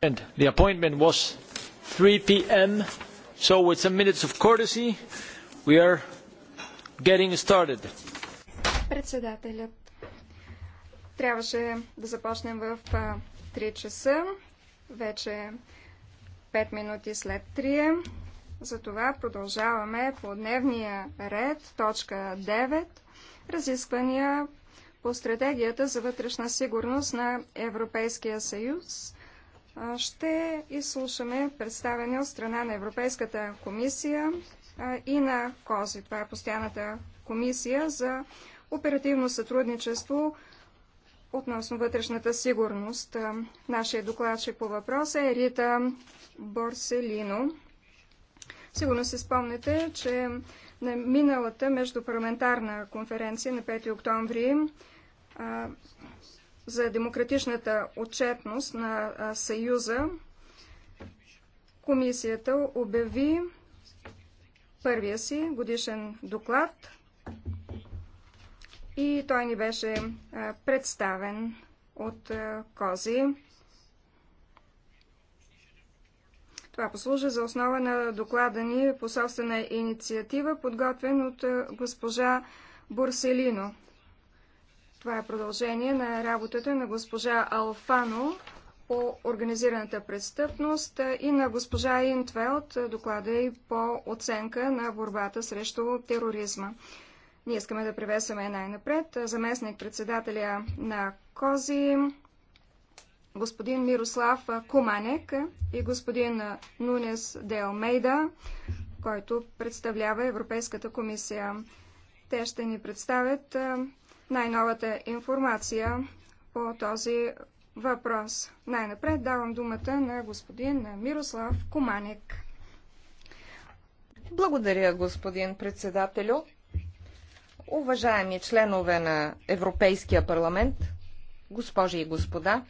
And the appointment was 3 p.m., so with some minutes of courtesy, we are getting started. Председателят. Трябваше да започнем в 3 часа. Вече 5 минути след 3. Е. Затова продължаваме по дневния ред, точка 9, разисквания по стратегията за вътрешна сигурност на Европейския съюз ще изслушаме представяне от страна на Европейската комисия и на КОЗИ. Това е постоянната комисия за оперативно сътрудничество относно вътрешната сигурност. Нашия докладчик по въпроса е Рита Борселино. Сигурно си спомняте, че на миналата междупарламентарна конференция на 5 октомври за демократичната отчетност на Съюза, комисията обяви първия си годишен доклад и той ни беше представен от Кози. Това послужи за основа на доклада ни по собствена инициатива, подготвен от госпожа Борселино. Това е продължение на работата на госпожа Алфано по организираната престъпност и на госпожа Интвелт доклада и по оценка на борбата срещу тероризма. Ние искаме да привесаме най-напред заместник председателя на КОЗИ, господин Мирослав Куманек и господин Нунес Делмейда, който представлява Европейската комисия. Те ще ни представят най-новата информация по този въпрос. Най-напред давам думата на господин Мирослав Команик. Благодаря, господин председателю. Уважаеми членове на Европейския парламент, госпожи и господа,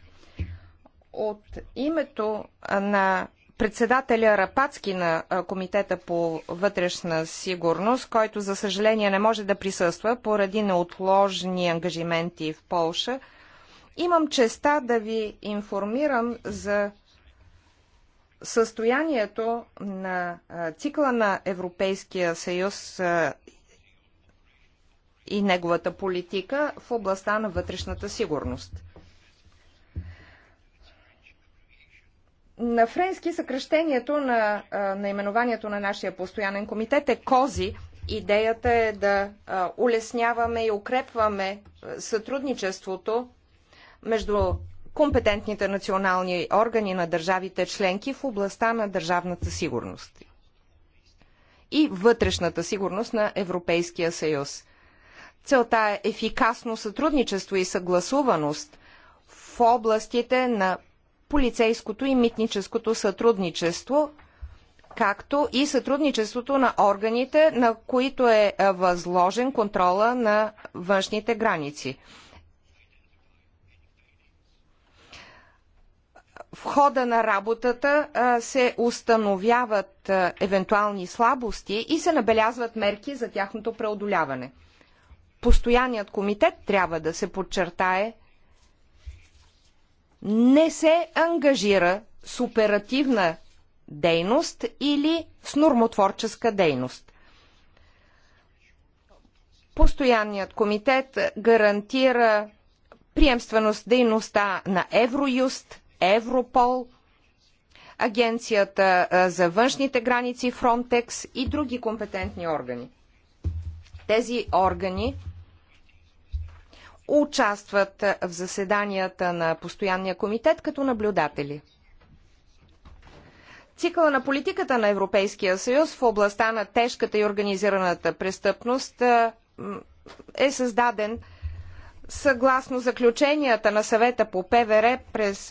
от името на председателя Рапацки на Комитета по вътрешна сигурност, който за съжаление не може да присъства поради неотложни ангажименти в Полша. Имам честа да ви информирам за състоянието на цикла на Европейския съюз и неговата политика в областта на вътрешната сигурност. На френски съкръщението на наименованието на нашия постоянен комитет е КОЗИ. Идеята е да улесняваме и укрепваме сътрудничеството между компетентните национални органи на държавите членки в областта на държавната сигурност и вътрешната сигурност на Европейския съюз. Целта е ефикасно сътрудничество и съгласуваност в областите на полицейското и митническото сътрудничество, както и сътрудничеството на органите, на които е, е възложен контрола на външните граници. в хода на работата е, се установяват е, евентуални слабости и се набелязват мерки за тяхното преодоляване. Постоянният комитет трябва да се подчертае не се ангажира с оперативна дейност или с нормотворческа дейност. Постоянният комитет гарантира приемственост дейността на Евроюст, Европол, Агенцията за външните граници Фронтекс и други компетентни органи. Тези органи участват в заседанията на постоянния комитет като наблюдатели. Цикъла на политиката на Европейския съюз в областта на тежката и организираната престъпност е създаден съгласно заключенията на съвета по ПВР през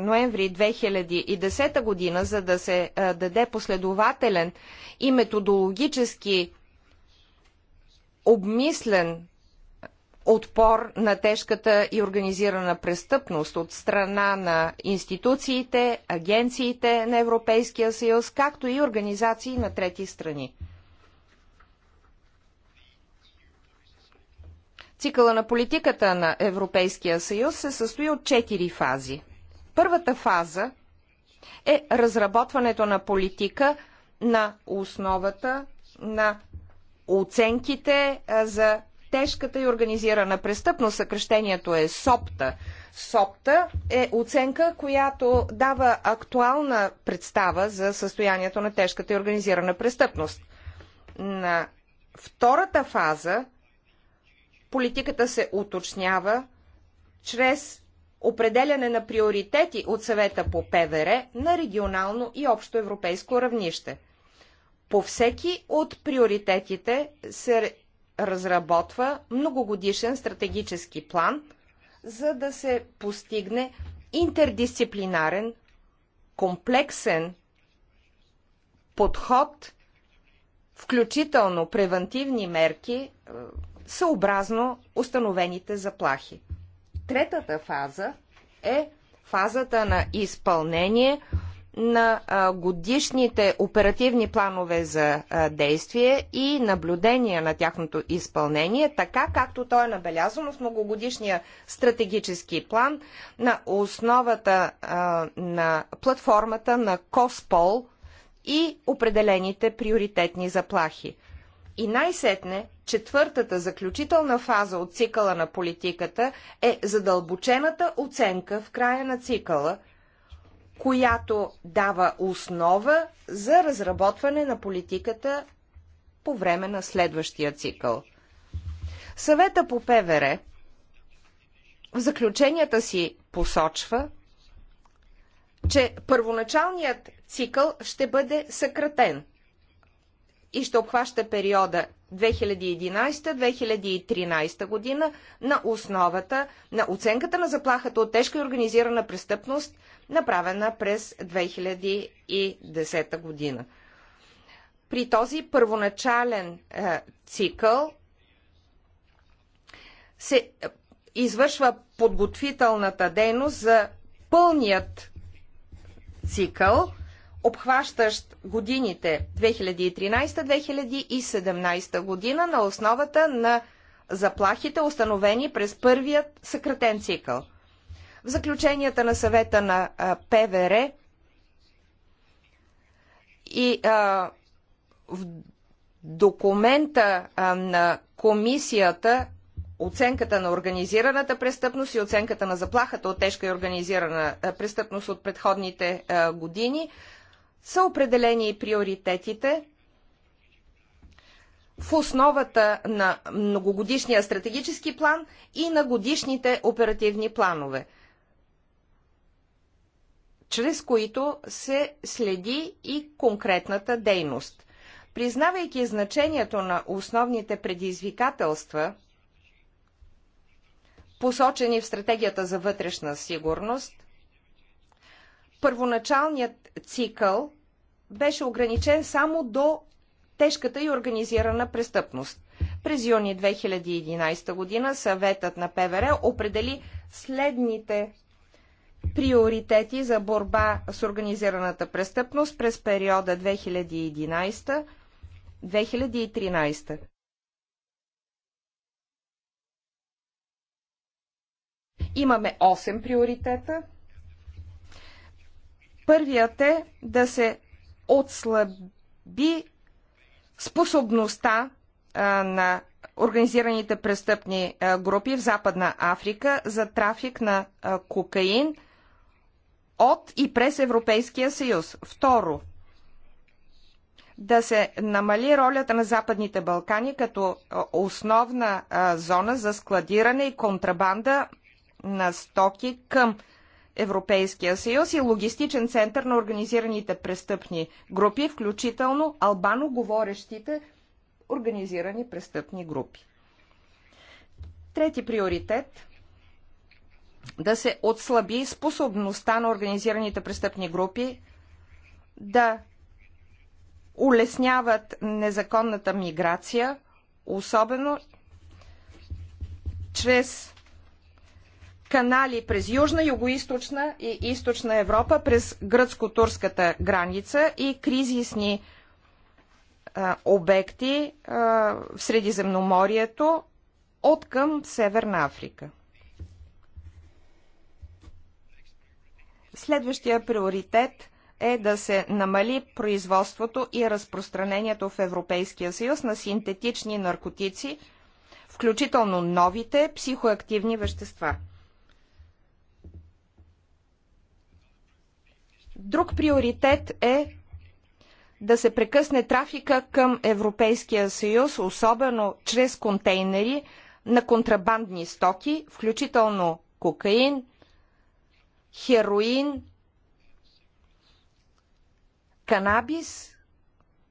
ноември 2010 година, за да се даде последователен и методологически обмислен отпор на тежката и организирана престъпност от страна на институциите, агенциите на Европейския съюз, както и организации на трети страни. Цикъла на политиката на Европейския съюз се състои от четири фази. Първата фаза е разработването на политика на основата на оценките за тежката и организирана престъпност. Съкръщението е СОПТА. СОПТА е оценка, която дава актуална представа за състоянието на тежката и организирана престъпност. На втората фаза политиката се уточнява чрез определяне на приоритети от съвета по ПВР на регионално и общо европейско равнище. По всеки от приоритетите се разработва многогодишен стратегически план, за да се постигне интердисциплинарен, комплексен подход, включително превентивни мерки, е, съобразно установените заплахи. Третата фаза е фазата на изпълнение – на годишните оперативни планове за действие и наблюдение на тяхното изпълнение, така както то е набелязано в многогодишния стратегически план на основата на платформата на Коспол и определените приоритетни заплахи. И най-сетне, четвъртата заключителна фаза от цикъла на политиката е задълбочената оценка в края на цикъла – която дава основа за разработване на политиката по време на следващия цикъл. Съвета по ПВР в заключенията си посочва, че първоначалният цикъл ще бъде съкратен – и ще обхваща периода 2011-2013 година на основата на оценката на заплахата от тежка и организирана престъпност, направена през 2010 година. При този първоначален е, цикъл се е, извършва подготвителната дейност за пълният цикъл – обхващащ годините 2013-2017 година на основата на заплахите, установени през първият съкратен цикъл. В заключенията на съвета на ПВР и а, в документа а, на комисията оценката на организираната престъпност и оценката на заплахата от тежка и организирана престъпност от предходните а, години са определени и приоритетите в основата на многогодишния стратегически план и на годишните оперативни планове, чрез които се следи и конкретната дейност. Признавайки значението на основните предизвикателства, посочени в стратегията за вътрешна сигурност, първоначалният цикъл беше ограничен само до тежката и организирана престъпност. През юни 2011 година съветът на ПВР определи следните приоритети за борба с организираната престъпност през периода 2011-2013. Имаме 8 приоритета. Първият е да се отслаби способността на организираните престъпни групи в Западна Африка за трафик на кокаин от и през Европейския съюз. Второ, да се намали ролята на Западните Балкани като основна зона за складиране и контрабанда на стоки към Европейския съюз и логистичен център на организираните престъпни групи, включително албано говорещите организирани престъпни групи. Трети приоритет да се отслаби способността на организираните престъпни групи да улесняват незаконната миграция, особено чрез канали през Южна, Югоизточна и Източна Европа, през гръцко-турската граница и кризисни а, обекти а, в Средиземноморието от към Северна Африка. Следващия приоритет е да се намали производството и разпространението в Европейския съюз на синтетични наркотици, включително новите психоактивни вещества. Друг приоритет е да се прекъсне трафика към Европейския съюз, особено чрез контейнери на контрабандни стоки, включително кокаин, хероин, канабис,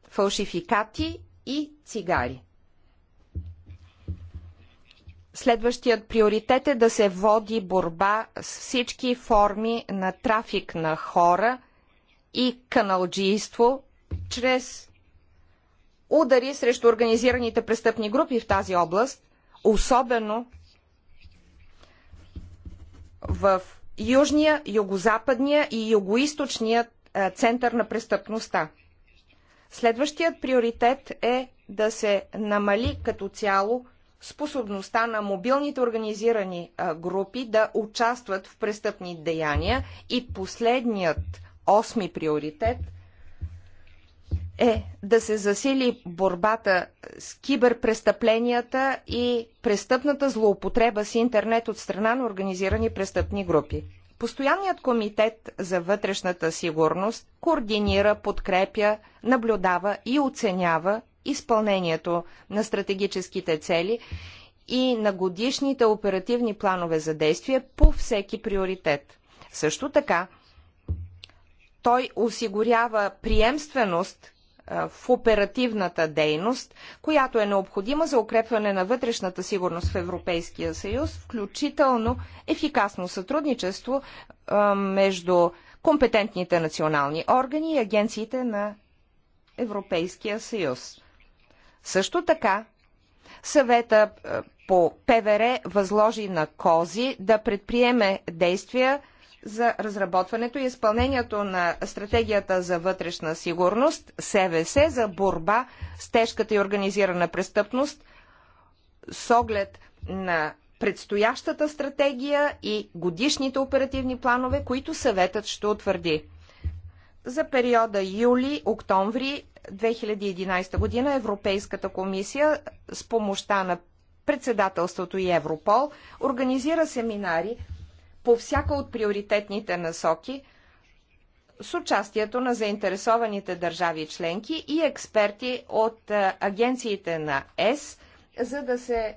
фалшификати и цигари. Следващият приоритет е да се води борба с всички форми на трафик на хора и каналджийство чрез удари срещу организираните престъпни групи в тази област, особено в южния, югозападния и югоисточния е, център на престъпността. Следващият приоритет е да се намали като цяло способността на мобилните организирани групи да участват в престъпни деяния. И последният, осми приоритет е да се засили борбата с киберпрестъпленията и престъпната злоупотреба с интернет от страна на организирани престъпни групи. Постоянният комитет за вътрешната сигурност координира, подкрепя, наблюдава и оценява изпълнението на стратегическите цели и на годишните оперативни планове за действие по всеки приоритет. Също така, той осигурява приемственост в оперативната дейност, която е необходима за укрепване на вътрешната сигурност в Европейския съюз, включително ефикасно сътрудничество между компетентните национални органи и агенциите на Европейския съюз. Също така, съвета е, по ПВР възложи на Кози да предприеме действия за разработването и изпълнението на стратегията за вътрешна сигурност СВС за борба с тежката и организирана престъпност с оглед на предстоящата стратегия и годишните оперативни планове, които съветът ще утвърди. За периода юли-октомври 2011 година Европейската комисия с помощта на председателството и Европол организира семинари по всяка от приоритетните насоки с участието на заинтересованите държави членки и експерти от е, агенциите на ЕС, за да се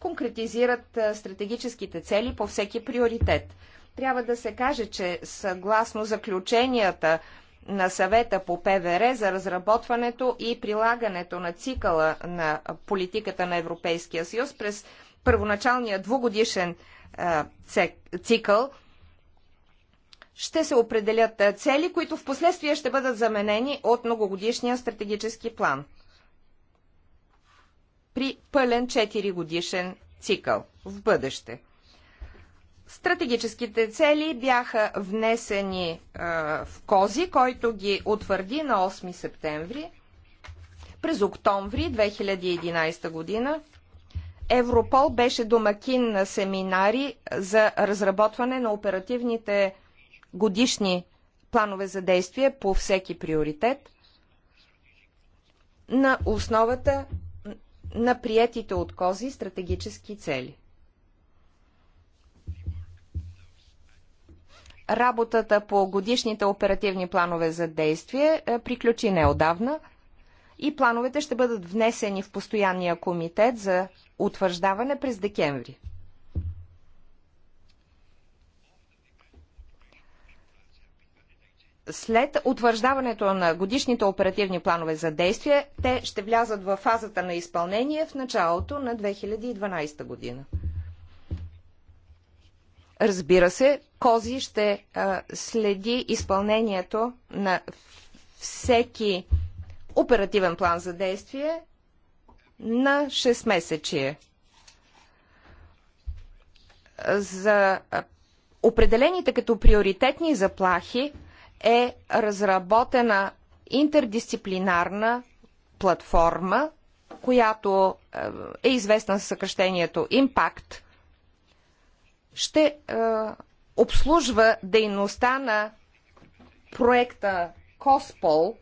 конкретизират е, стратегическите цели по всеки приоритет. Трябва да се каже, че съгласно заключенията на съвета по ПВР за разработването и прилагането на цикъла на политиката на Европейския съюз през първоначалния двугодишен цикъл ще се определят цели, които в последствие ще бъдат заменени от многогодишния стратегически план при пълен 4 годишен цикъл в бъдеще. Стратегическите цели бяха внесени а, е, в Кози, който ги утвърди на 8 септември. През октомври 2011 година Европол беше домакин на семинари за разработване на оперативните годишни планове за действие по всеки приоритет на основата на приетите от Кози стратегически цели. Работата по годишните оперативни планове за действие е, приключи неодавна и плановете ще бъдат внесени в постоянния комитет за утвърждаване през декември. След утвърждаването на годишните оперативни планове за действие, те ще влязат в фазата на изпълнение в началото на 2012 година. Разбира се, Кози ще а, следи изпълнението на всеки оперативен план за действие на 6 месечие. За определените като приоритетни заплахи е разработена интердисциплинарна платформа, която е известна със съкръщението Impact – ще е, обслужва дейността на проекта Коспол,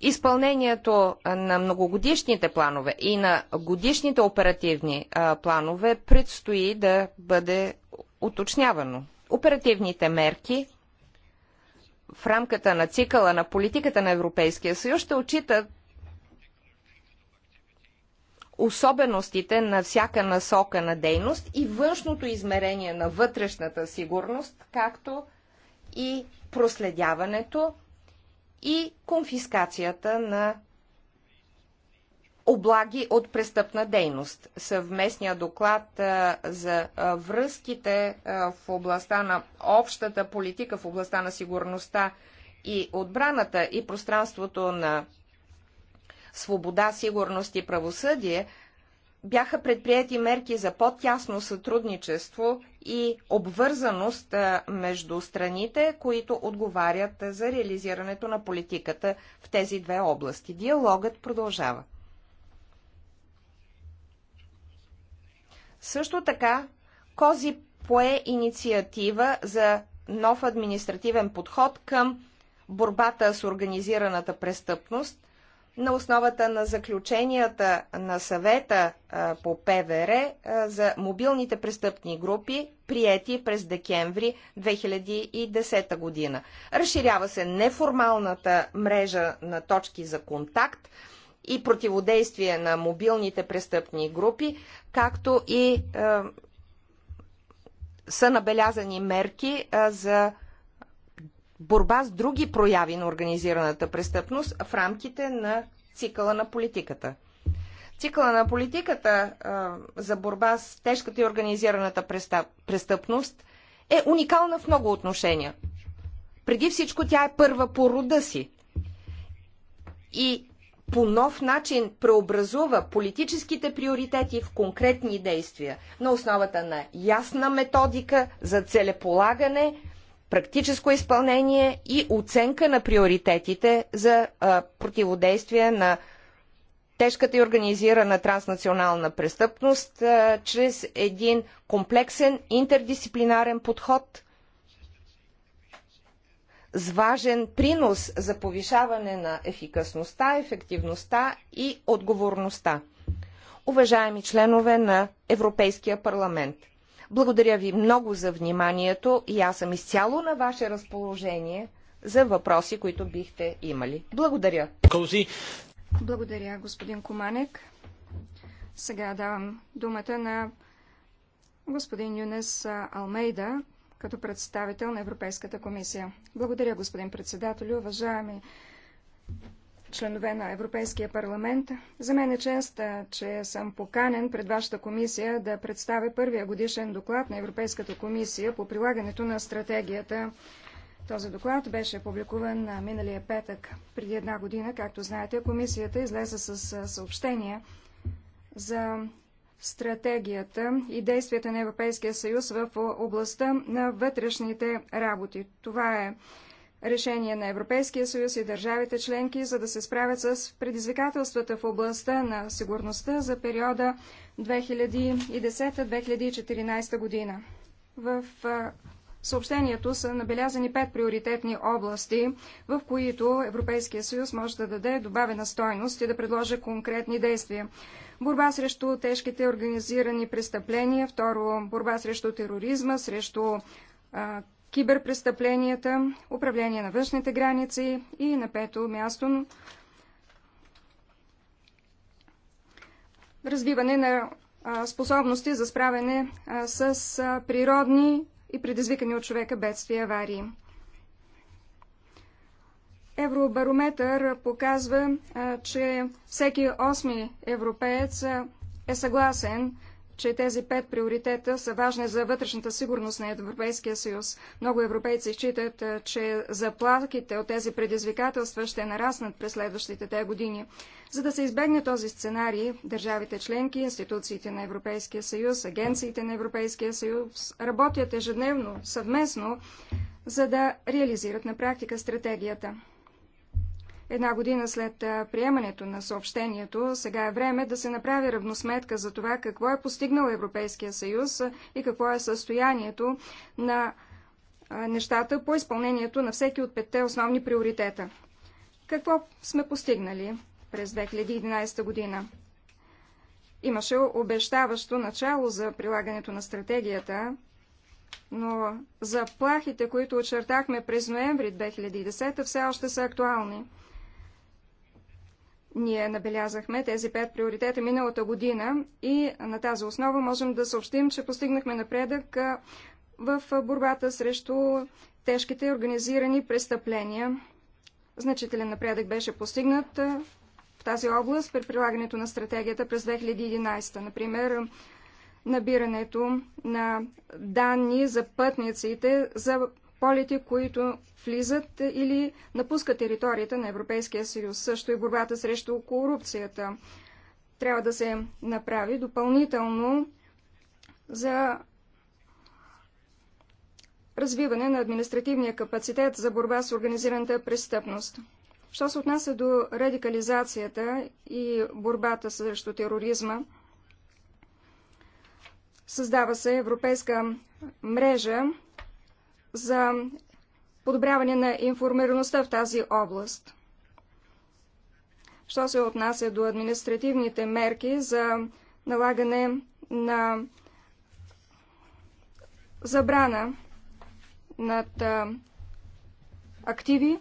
изпълнението на многогодишните планове и на годишните оперативни е, планове предстои да бъде уточнявано. Оперативните мерки в рамката на цикъла на политиката на Европейския съюз ще отчитат особеностите на всяка насока на дейност и външното измерение на вътрешната сигурност, както и проследяването и конфискацията на облаги от престъпна дейност. Съвместния доклад а, за а, връзките а, в областта на общата политика, в областта на сигурността и отбраната и пространството на свобода, сигурност и правосъдие, бяха предприяти мерки за по-тясно сътрудничество и обвързаност между страните, които отговарят за реализирането на политиката в тези две области. Диалогът продължава. Също така, Кози пое инициатива за нов административен подход към борбата с организираната престъпност на основата на заключенията на съвета по ПВР за мобилните престъпни групи, приети през декември 2010 година. Разширява се неформалната мрежа на точки за контакт и противодействие на мобилните престъпни групи, както и е, са набелязани мерки е, за борба с други прояви на организираната престъпност в рамките на цикъла на политиката. Цикъла на политиката а, за борба с тежката и организираната престъпност е уникална в много отношения. Преди всичко тя е първа по рода си и по нов начин преобразува политическите приоритети в конкретни действия на основата на ясна методика за целеполагане, практическо изпълнение и оценка на приоритетите за противодействие на тежката и организирана транснационална престъпност чрез един комплексен интердисциплинарен подход с важен принос за повишаване на ефикасността, ефективността и отговорността. Уважаеми членове на Европейския парламент – благодаря ви много за вниманието и аз съм изцяло на ваше разположение за въпроси, които бихте имали. Благодаря. Благодаря, господин Команек. Сега давам думата на господин Юнес Алмейда, като представител на Европейската комисия. Благодаря, господин председател, Уважаеми членове на Европейския парламент. За мен е чест, че съм поканен пред вашата комисия да представя първия годишен доклад на Европейската комисия по прилагането на стратегията. Този доклад беше публикуван на миналия петък. Преди една година, както знаете, комисията излезе с съобщение за стратегията и действията на Европейския съюз в областта на вътрешните работи. Това е Решение на Европейския съюз и държавите членки, за да се справят с предизвикателствата в областта на сигурността за периода 2010-2014 година. В съобщението са набелязани пет приоритетни области, в които Европейския съюз може да даде добавена стойност и да предложи конкретни действия. Борба срещу тежките организирани престъпления, второ борба срещу тероризма, срещу киберпрестъпленията, управление на външните граници и на пето място развиване на способности за справяне с природни и предизвикани от човека бедствия и аварии. Евробарометър показва, че всеки осми европеец е съгласен, че тези пет приоритета са важни за вътрешната сигурност на Европейския съюз. Много европейци считат, че заплатките от тези предизвикателства ще нараснат през следващите те години. За да се избегне този сценарий, държавите членки, институциите на Европейския съюз, агенциите на Европейския съюз работят ежедневно, съвместно, за да реализират на практика стратегията. Една година след приемането на съобщението, сега е време да се направи равносметка за това какво е постигнал Европейския съюз и какво е състоянието на нещата по изпълнението на всеки от петте основни приоритета. Какво сме постигнали през 2011 година? Имаше обещаващо начало за прилагането на стратегията, но заплахите, които очертахме през ноември 2010, все още са актуални. Ние набелязахме тези пет приоритета миналата година и на тази основа можем да съобщим, че постигнахме напредък в борбата срещу тежките организирани престъпления. Значителен напредък беше постигнат в тази област при прилагането на стратегията през 2011. Например, набирането на данни за пътниците за полети, които влизат или напускат територията на Европейския съюз. Също и борбата срещу корупцията трябва да се направи допълнително за развиване на административния капацитет за борба с организираната престъпност. Що се отнася до радикализацията и борбата срещу тероризма, създава се европейска мрежа за подобряване на информираността в тази област. Що се отнася до административните мерки за налагане на забрана над активи,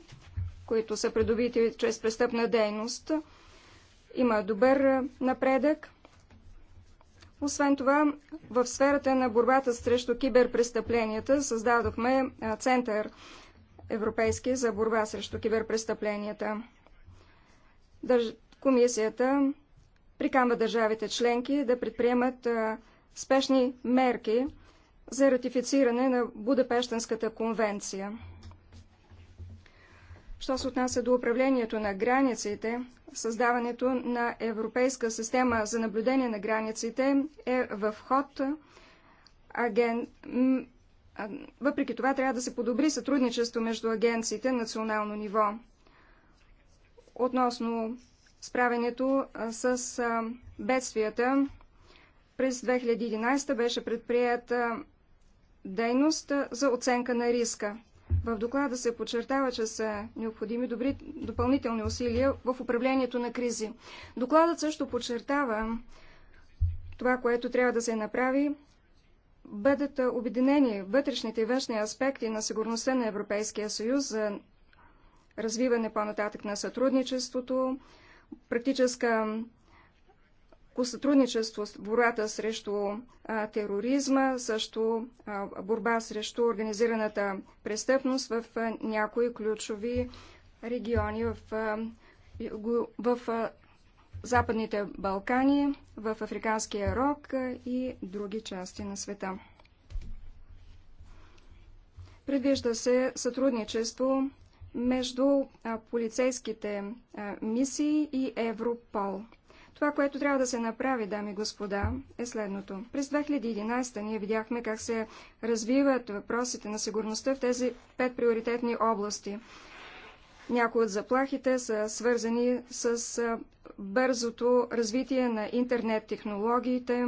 които са придобити чрез престъпна дейност, има добър напредък. Освен това, в сферата на борбата срещу киберпрестъпленията създадохме Център Европейски за борба срещу киберпрестъпленията. Държ... Комисията прикамва държавите членки да предприемат а, спешни мерки за ратифициране на Будапештенската конвенция. Що се отнася до управлението на границите, създаването на Европейска система за наблюдение на границите е в ход. Аген... Въпреки това трябва да се подобри сътрудничество между агенциите на национално ниво. Относно справенето с бедствията, през 2011 беше предприета дейност за оценка на риска. В доклада се подчертава, че са необходими добри допълнителни усилия в управлението на кризи. Докладът също подчертава това, което трябва да се направи, бъдат обединени вътрешните и външни аспекти на сигурността на Европейския съюз за развиване по-нататък на сътрудничеството, практическа сътрудничество с бората срещу а, тероризма, също а, борба срещу организираната престъпност в а, някои ключови региони в, в Западните Балкани, в Африканския рок и други части на света. Предвижда се сътрудничество между полицейските мисии и Европол. Това, което трябва да се направи, дами и господа, е следното. През 2011 ние видяхме как се развиват въпросите на сигурността в тези пет приоритетни области. Някои от заплахите са свързани с бързото развитие на интернет-технологиите,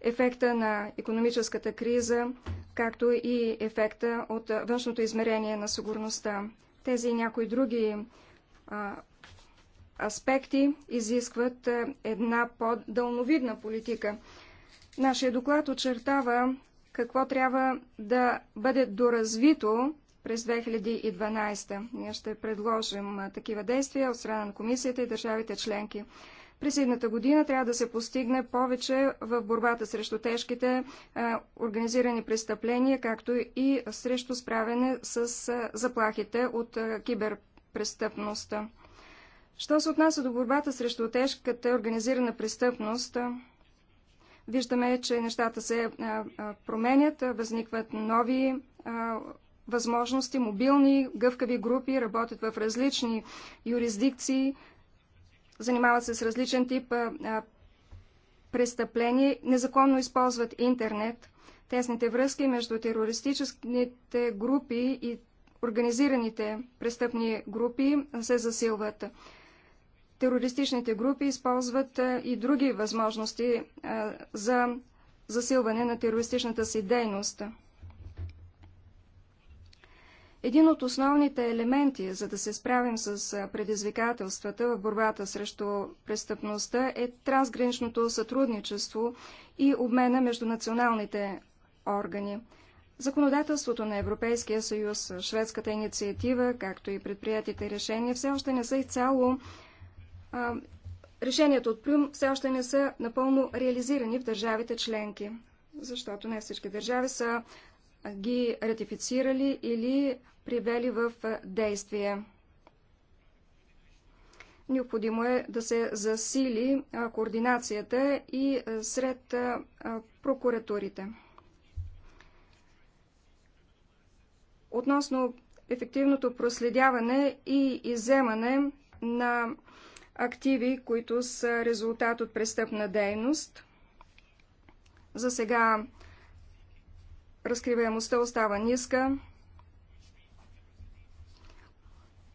ефекта на економическата криза, както и ефекта от външното измерение на сигурността. Тези и някои други а, аспекти изискват е, една по-дълновидна политика. Нашия доклад очертава какво трябва да бъде доразвито през 2012. Ние ще предложим е, такива действия от страна на комисията и държавите членки. През едната година трябва да се постигне повече в борбата срещу тежките а, е, организирани престъпления, както и срещу справяне с а, заплахите от а, киберпрестъпността. Що се отнася до борбата срещу тежката организирана престъпност, виждаме, че нещата се променят, възникват нови възможности, мобилни, гъвкави групи, работят в различни юрисдикции, занимават се с различен тип престъпления, незаконно използват интернет. Тесните връзки между терористическите групи и организираните престъпни групи се засилват терористичните групи използват и други възможности за засилване на терористичната си дейност. Един от основните елементи, за да се справим с предизвикателствата в борбата срещу престъпността, е трансграничното сътрудничество и обмена между националните органи. Законодателството на Европейския съюз, шведската инициатива, както и предприятите решения все още не са изцяло Решенията от Плюм все още не са напълно реализирани в държавите членки, защото не всички държави са ги ратифицирали или привели в действие. Необходимо е да се засили координацията и сред прокуратурите. Относно ефективното проследяване и иземане на активи, които са резултат от престъпна дейност. За сега разкриваемостта остава ниска.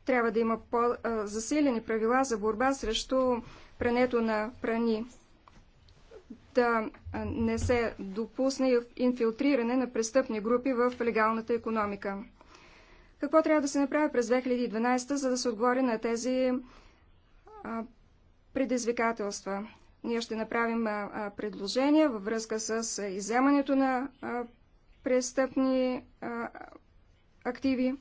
Трябва да има по-засилени правила за борба срещу прането на прани. Да не се допусне инфилтриране на престъпни групи в легалната економика. Какво трябва да се направи през 2012, за да се отговори на тези предизвикателства. Ние ще направим предложения във връзка с иземането на престъпни активи.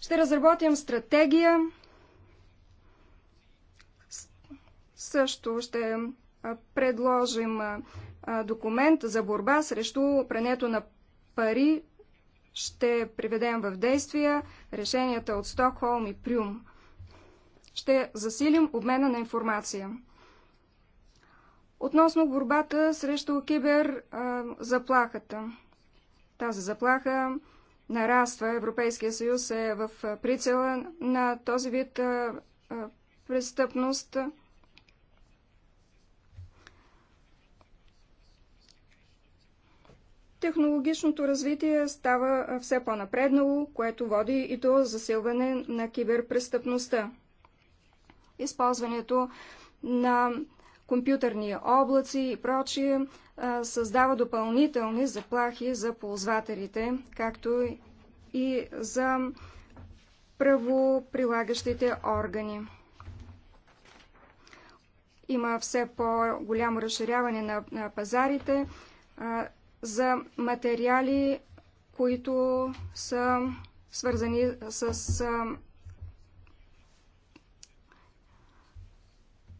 Ще разработим стратегия. Също ще предложим документ за борба срещу прането на пари ще приведем в действие решенията от Стокхолм и Прюм. Ще засилим обмена на информация. Относно борбата срещу заплахата. Тази заплаха нараства. Европейския съюз е в прицела на този вид престъпност. Технологичното развитие става все по-напреднало, което води и до засилване на киберпрестъпността. Използването на компютърни облаци и прочие създава допълнителни заплахи за ползвателите, както и за правоприлагащите органи. Има все по-голямо разширяване на, на пазарите, за материали, които са свързани с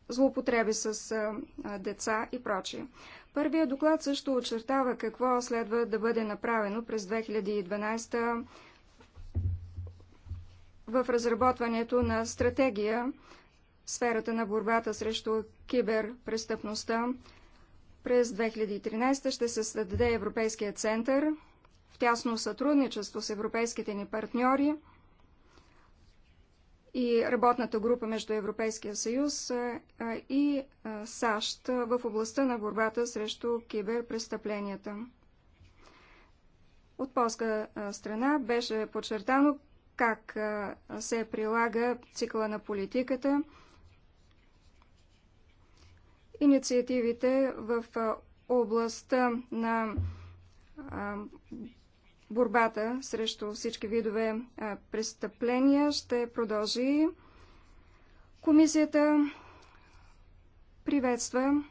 злоупотреби с деца и прочие. Първия доклад също очертава какво следва да бъде направено през 2012 в разработването на стратегия в сферата на борбата срещу киберпрестъпността, през 2013 ще се създаде Европейския център в тясно сътрудничество с европейските ни партньори и работната група между Европейския съюз и САЩ в областта на борбата срещу киберпрестъпленията. От полска страна беше подчертано как се прилага цикъла на политиката – инициативите в областта на борбата срещу всички видове престъпления ще продължи. Комисията приветства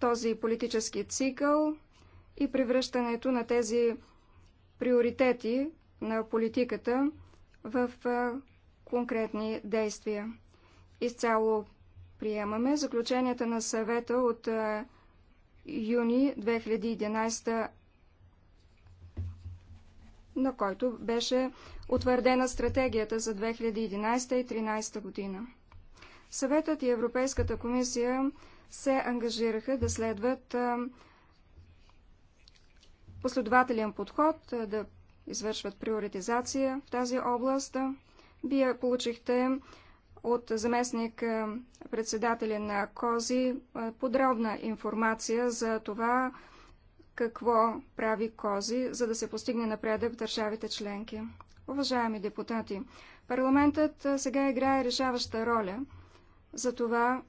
този политически цикъл и превръщането на тези приоритети на политиката в конкретни действия. Изцяло Приемаме заключенията на съвета от е, юни 2011, на който беше утвърдена стратегията за 2011 и 2013 година. Съветът и Европейската комисия се ангажираха да следват е, последователен подход, е, да извършват приоритизация в тази област. Вие получихте от заместник е, председателя на Кози е, подробна информация за това какво прави Кози, за да се постигне напредък в държавите членки. Уважаеми депутати, парламентът е, сега играе решаваща роля. за това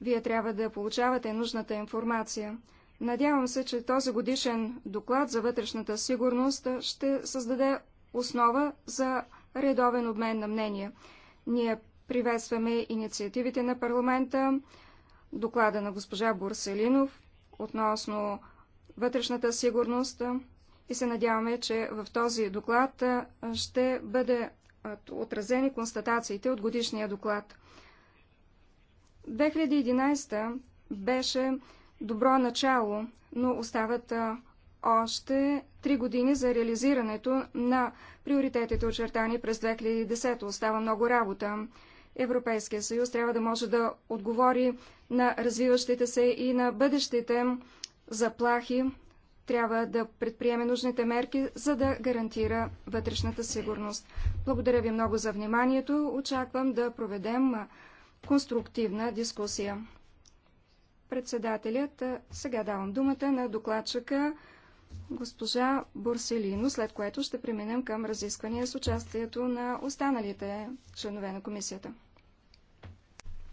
вие трябва да получавате нужната информация. Надявам се, че този годишен доклад за вътрешната сигурност ще създаде основа за редовен обмен на мнения. Ние Приветстваме инициативите на парламента, доклада на госпожа Бурселинов относно вътрешната сигурност и се надяваме, че в този доклад ще бъде отразени констатациите от годишния доклад. 2011 беше добро начало, но остават още три години за реализирането на приоритетите очертани през 2010. Остава много работа. Европейския съюз трябва да може да отговори на развиващите се и на бъдещите заплахи. Трябва да предприеме нужните мерки, за да гарантира вътрешната сигурност. Благодаря ви много за вниманието. Очаквам да проведем конструктивна дискусия. Председателят, сега давам думата на докладчика госпожа Борселино, след което ще преминем към разисквания с участието на останалите членове на комисията.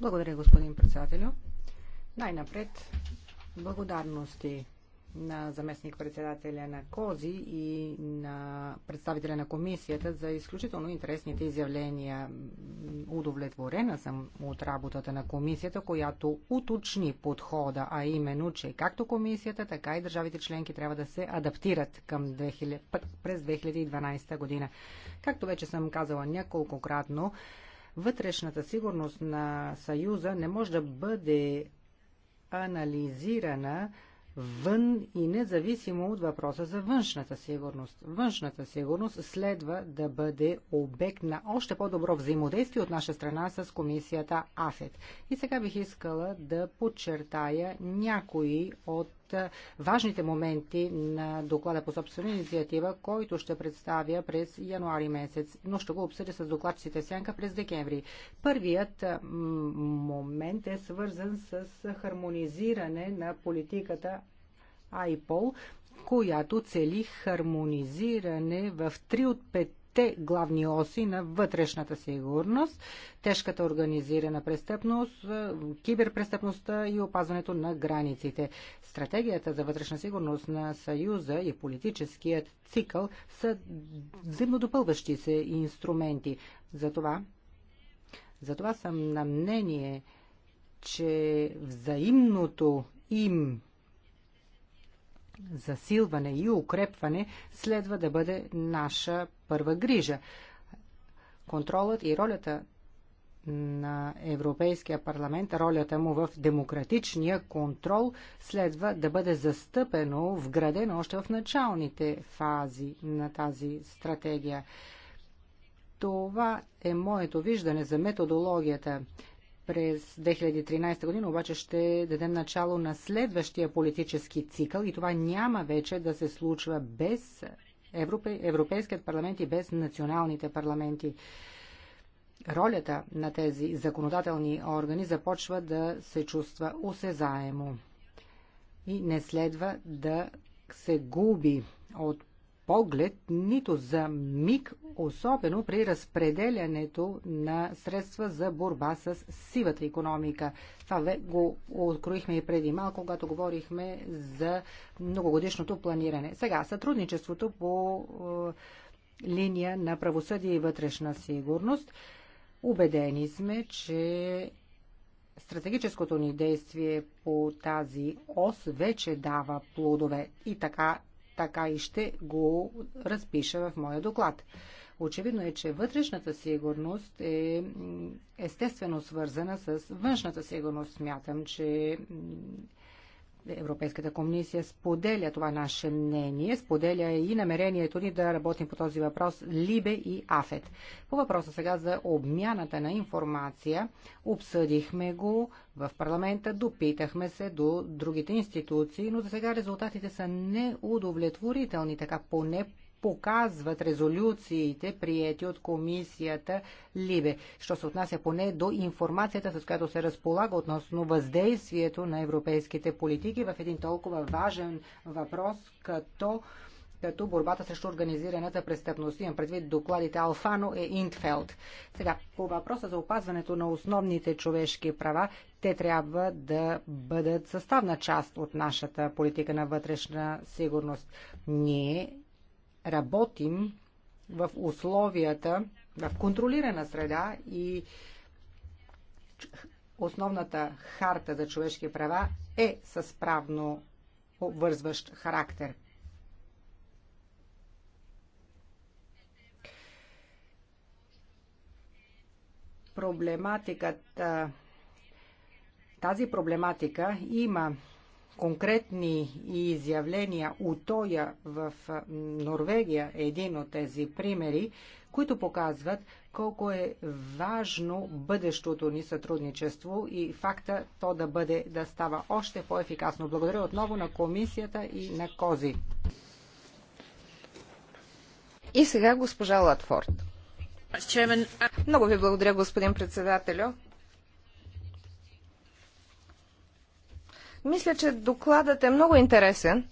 Благодаря, господин председателю. Най-напред благодарности на заместник-председателя на Кози и на представителя на комисията за изключително интересните изявления. Удовлетворена съм от работата на комисията, която уточни подхода, а именно, че както комисията, така и държавите членки трябва да се адаптират към 2000, през 2012 година. Както вече съм казала няколкократно, вътрешната сигурност на Съюза не може да бъде анализирана вън и независимо от въпроса за външната сигурност. Външната сигурност следва да бъде обект на още по-добро взаимодействие от наша страна с комисията АФЕД. И сега бих искала да подчертая някои от важните моменти на доклада по собствена инициатива, който ще представя през януари месец, но ще го обсъдя с докладчиците Сянка през декември. Първият момент е свързан с хармонизиране на политиката IPOL, която цели хармонизиране в три от пет те главни оси на вътрешната сигурност, тежката организирана престъпност, е, киберпрестъпността и опазването на границите. Стратегията за вътрешна сигурност на Съюза и политическият цикъл са взаимодопълващи се инструменти. Затова, затова съм на мнение, че взаимното им засилване и укрепване следва да бъде наша първа грижа. Контролът и ролята на Европейския парламент, ролята му в демократичния контрол следва да бъде застъпено, вградено още в началните фази на тази стратегия. Това е моето виждане за методологията. През 2013 година обаче ще дадем начало на следващия политически цикъл и това няма вече да се случва без Европейският парламент и без националните парламенти. Ролята на тези законодателни органи започва да се чувства осезаемо и не следва да се губи от поглед, нито за миг, особено при разпределянето на средства за борба с сивата економика. Това го откроихме и преди малко, когато говорихме за многогодишното планиране. Сега, сътрудничеството по е, линия на правосъдие и вътрешна сигурност. Убедени сме, че стратегическото ни действие по тази ос вече дава плодове и така така и ще го разпиша в моя доклад. Очевидно е, че вътрешната сигурност е естествено свързана с външната сигурност. Смятам, че Европейската комисия споделя това наше мнение, споделя и намерението ни да работим по този въпрос Либе и Афет. По въпроса сега за обмяната на информация, обсъдихме го в парламента, допитахме се до другите институции, но за сега резултатите са неудовлетворителни, така поне показват резолюциите, приети от комисията Либе, що се отнася поне до информацията, с която се разполага относно въздействието на европейските политики в един толкова важен въпрос, като като борбата срещу организираната престъпност. Имам предвид докладите Алфано и Интфелд. Сега, по въпроса за опазването на основните човешки права, те трябва да бъдат съставна част от нашата политика на вътрешна сигурност. Ние работим в условията, в контролирана среда и основната харта за човешки права е с правно обвързващ характер. Проблематиката тази проблематика има конкретни изявления. Утоя в Норвегия е един от тези примери, които показват колко е важно бъдещото ни сътрудничество и факта то да бъде да става още по-ефикасно. Благодаря отново на комисията и на Кози. И сега госпожа Латфорд. Много ви благодаря, господин председателю. Мисля, че докладът е много интересен.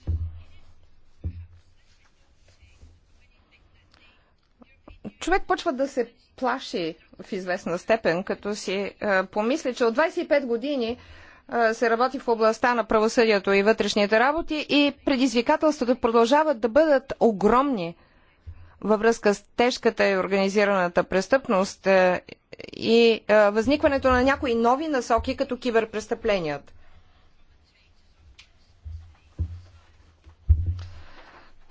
Човек почва да се плаши в известна степен, като си е, помисли, че от 25 години е, се работи в областта на правосъдието и вътрешните работи и предизвикателствата продължават да бъдат огромни във връзка с тежката и организираната престъпност е, и е, възникването на някои нови насоки, като киберпрестъпленията.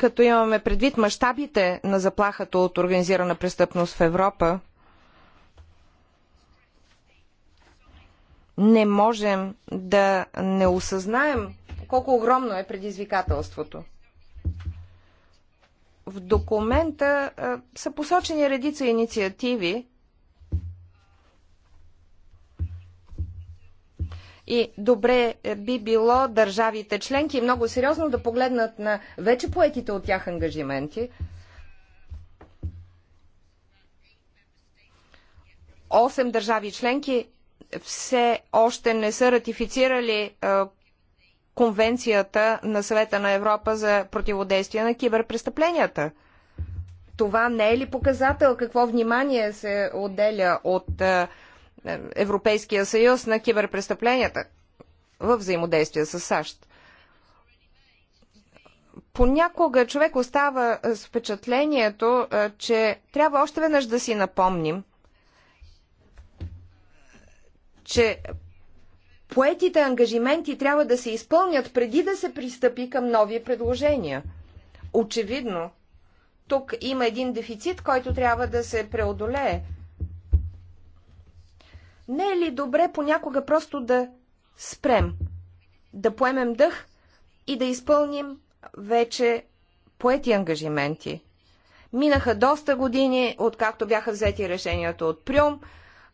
като имаме предвид мащабите на заплахата от организирана престъпност в Европа, не можем да не осъзнаем колко огромно е предизвикателството. В документа а, са посочени редица инициативи, И добре би било държавите членки много сериозно да погледнат на вече поетите от тях ангажименти. Осем държави членки все още не са ратифицирали е, Конвенцията на Съвета на Европа за противодействие на киберпрестъпленията. Това не е ли показател какво внимание се отделя от е, Европейския съюз на киберпрестъпленията в взаимодействие с САЩ. Понякога човек остава с впечатлението, че трябва още веднъж да си напомним, че поетите ангажименти трябва да се изпълнят преди да се пристъпи към нови предложения. Очевидно, тук има един дефицит, който трябва да се преодолее – не е ли добре понякога просто да спрем, да поемем дъх и да изпълним вече поети ангажименти? Минаха доста години, откакто бяха взети решението от Прюм,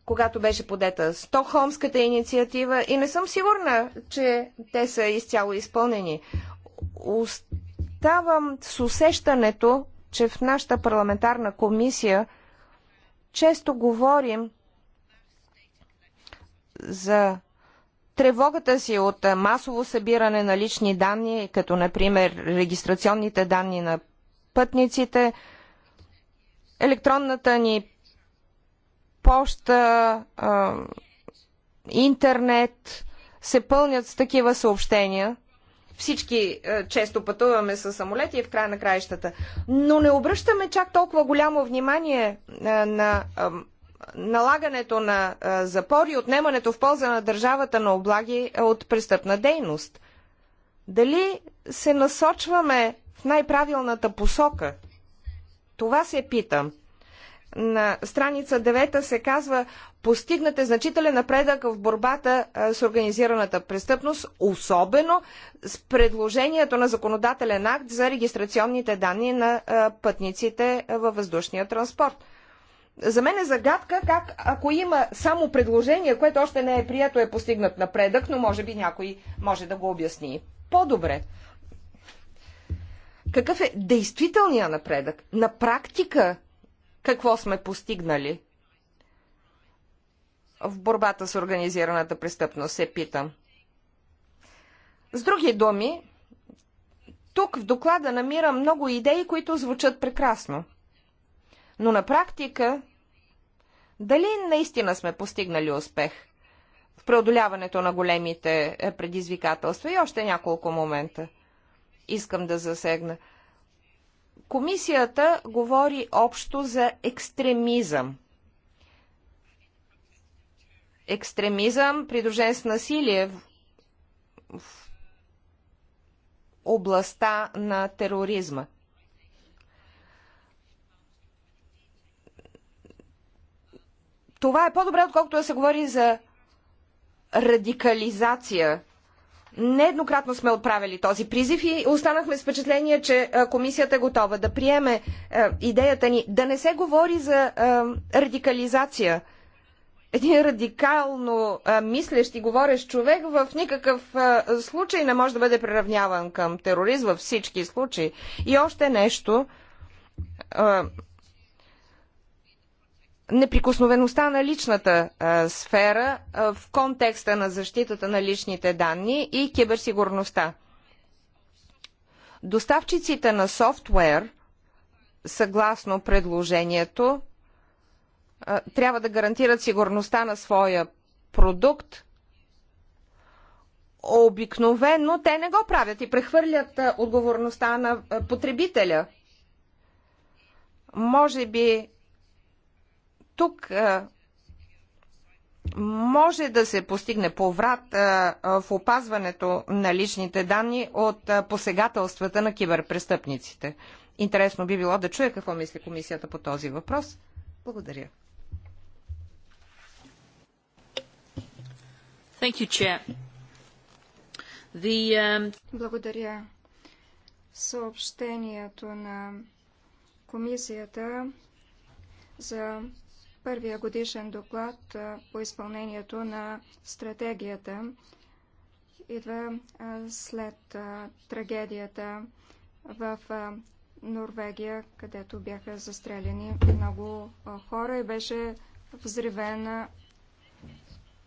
когато беше подета Стокхолмската инициатива и не съм сигурна, че те са изцяло изпълнени. Оставам с усещането, че в нашата парламентарна комисия често говорим за тревогата си от масово събиране на лични данни, като например регистрационните данни на пътниците, електронната ни поща, интернет се пълнят с такива съобщения. Всички често пътуваме с самолети и в края на краищата. Но не обръщаме чак толкова голямо внимание на налагането на запор и отнемането в полза на държавата на облаги е от престъпна дейност. Дали се насочваме в най-правилната посока? Това се питам. На страница 9 се казва постигнат е значителен напредък в борбата с организираната престъпност, особено с предложението на законодателен акт за регистрационните данни на пътниците във въздушния транспорт. За мен е загадка как, ако има само предложение, което още не е прието, е постигнат напредък, но може би някой може да го обясни по-добре. Какъв е действителният напредък? На практика какво сме постигнали? В борбата с организираната престъпност се питам. С други думи, тук в доклада намирам много идеи, които звучат прекрасно. Но на практика дали наистина сме постигнали успех в преодоляването на големите е, предизвикателства? И още няколко момента искам да засегна. Комисията говори общо за екстремизъм. Екстремизъм, придружен с насилие в областта на тероризма. Това е по-добре, отколкото да се говори за радикализация. Нееднократно сме отправили този призив и останахме с впечатление, че е, комисията е готова да приеме е, идеята ни да не се говори за е, радикализация. Един радикално мислещ и говорещ човек в никакъв случай не може да бъде приравняван към терорист във всички случаи. И още нещо неприкосновеността на личната а, сфера а, в контекста на защитата на личните данни и киберсигурността. Доставчиците на софтуер, съгласно предложението, а, трябва да гарантират сигурността на своя продукт. Обикновено те не го правят и прехвърлят отговорността на потребителя. Може би тук може да се постигне поврат в опазването на личните данни от посегателствата на киберпрестъпниците. Интересно би било да чуя какво мисли комисията по този въпрос. Благодаря. You, The, um, Благодаря. Съобщението на комисията за първия годишен доклад по изпълнението на стратегията идва след трагедията в Норвегия, където бяха застреляни много хора и беше взривена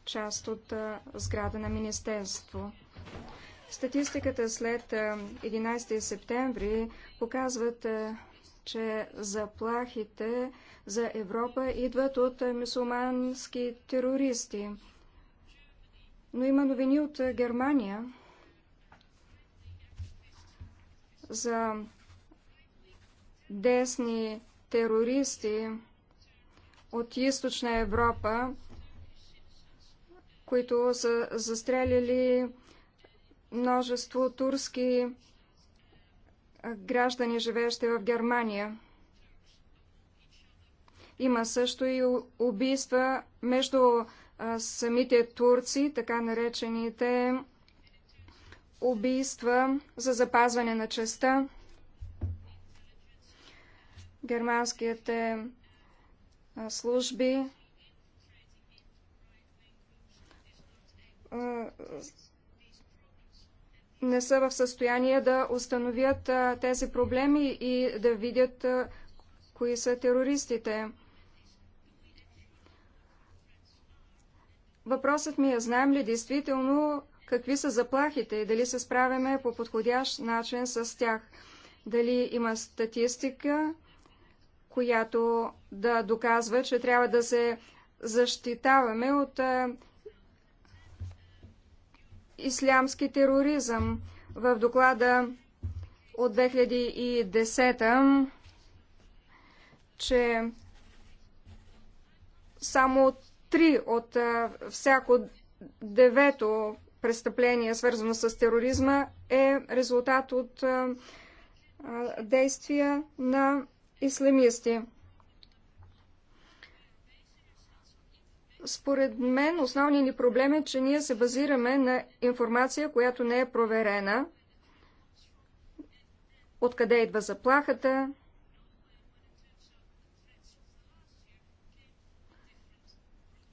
част от сграда на Министерство. Статистиката след 11 септември показват, че заплахите за Европа идват от мусулмански терористи. Но има новини от Германия за десни терористи от източна Европа, които са застрелили множество турски граждани, живеещи в Германия. Има също и убийства между самите турци, така наречените убийства за запазване на честа. Германските служби не са в състояние да установят тези проблеми и да видят кои са терористите. Въпросът ми е, знаем ли действително какви са заплахите и дали се справяме по подходящ начин с тях. Дали има статистика, която да доказва, че трябва да се защитаваме от ислямски тероризъм. В доклада от 2010 че само три от всяко девето престъпление, свързано с тероризма, е резултат от действия на ислямисти. Според мен основният ни проблем е, че ние се базираме на информация, която не е проверена, откъде идва заплахата,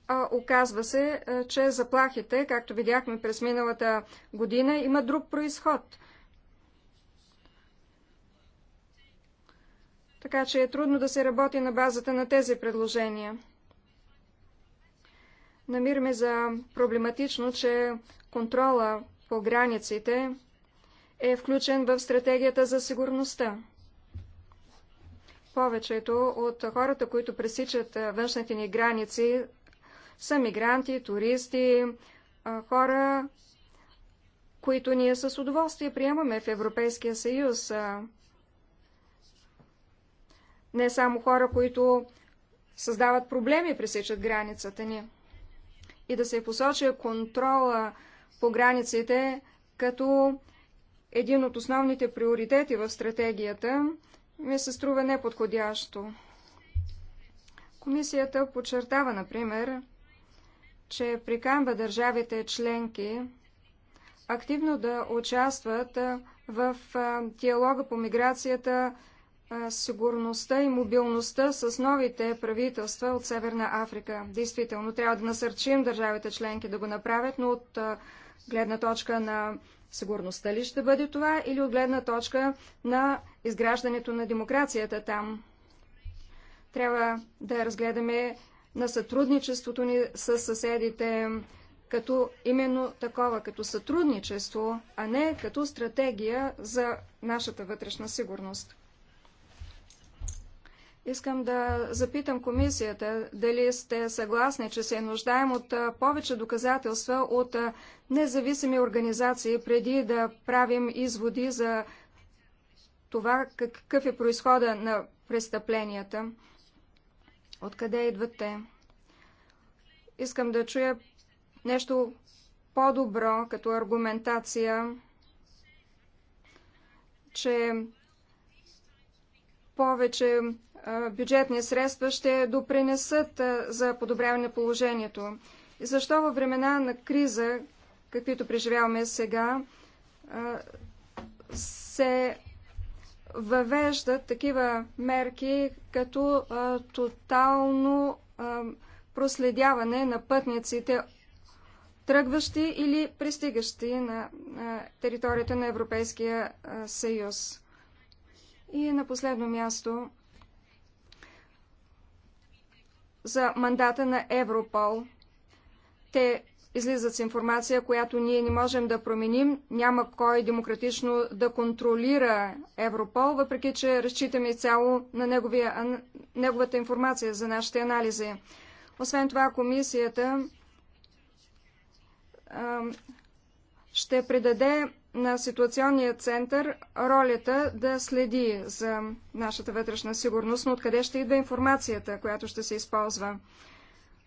а оказва се, че заплахите, както видяхме през миналата година, има друг происход. Така че е трудно да се работи на базата на тези предложения намираме за проблематично, че контрола по границите е включен в стратегията за сигурността. Повечето от хората, които пресичат външните ни граници, са мигранти, туристи, хора, които ние с удоволствие приемаме в Европейския съюз. Не само хора, които създават проблеми, пресичат границата ни и да се посочи контрола по границите като един от основните приоритети в стратегията, ми се струва неподходящо. Комисията подчертава, например, че приканва държавите членки активно да участват в диалога по миграцията сигурността и мобилността с новите правителства от Северна Африка. Действително, трябва да насърчим държавите членки да го направят, но от гледна точка на сигурността ли ще бъде това или от гледна точка на изграждането на демокрацията там. Трябва да разгледаме на сътрудничеството ни с съседите като именно такова, като сътрудничество, а не като стратегия за нашата вътрешна сигурност. Искам да запитам комисията дали сте съгласни, че се нуждаем от повече доказателства от независими организации, преди да правим изводи за това какъв е происхода на престъпленията, откъде идват те. Искам да чуя нещо по-добро като аргументация, че повече бюджетни средства ще допринесат за подобряване на положението. И защо във времена на криза, каквито преживяваме сега, се въвеждат такива мерки като тотално проследяване на пътниците, тръгващи или пристигащи на територията на Европейския съюз. И на последно място за мандата на Европол. Те излизат с информация, която ние не можем да променим. Няма кой демократично да контролира Европол, въпреки че разчитаме цяло на неговия, неговата информация за нашите анализи. Освен това, комисията ще предаде на ситуационния център ролята да следи за нашата вътрешна сигурност, но откъде ще идва информацията, която ще се използва.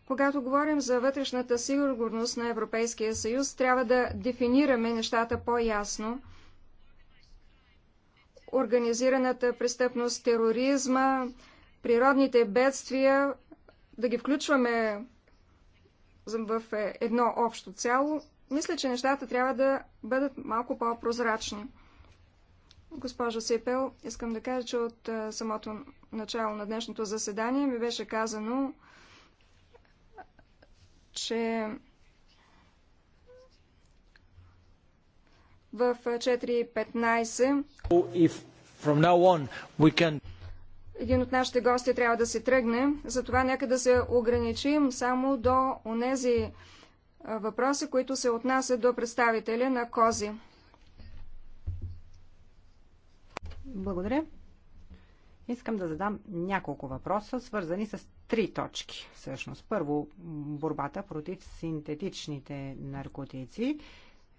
Когато говорим за вътрешната сигурност на Европейския съюз, трябва да дефинираме нещата по-ясно. Организираната престъпност, тероризма, природните бедствия, да ги включваме в едно общо цяло, мисля, че нещата трябва да бъдат малко по-прозрачни. Госпожо Сипел, искам да кажа, че от самото начало на днешното заседание ми беше казано, че в 4.15 can... един от нашите гости трябва да се тръгне, затова нека да се ограничим само до онези въпроси, които се отнасят до представителя на Кози. Благодаря. Искам да задам няколко въпроса, свързани с три точки. Всъщност, първо, борбата против синтетичните наркотици.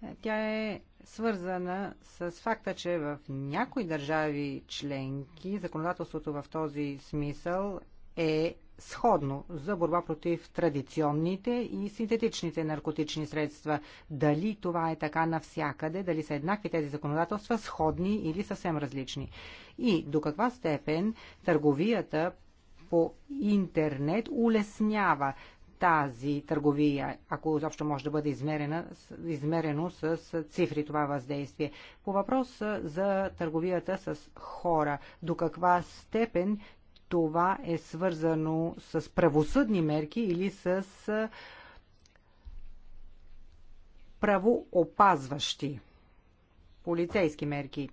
Е, тя е свързана с факта, че в някои държави членки законодателството в този смисъл е сходно за борба против традиционните и синтетичните наркотични средства. Дали това е така навсякъде, дали са еднакви тези законодателства, сходни или съвсем различни. И до каква степен търговията по интернет улеснява тази търговия, ако изобщо може да бъде измерена, измерено с цифри това въздействие. По въпрос за търговията с хора, до каква степен това е свързано с правосъдни мерки или с правоопазващи полицейски мерки.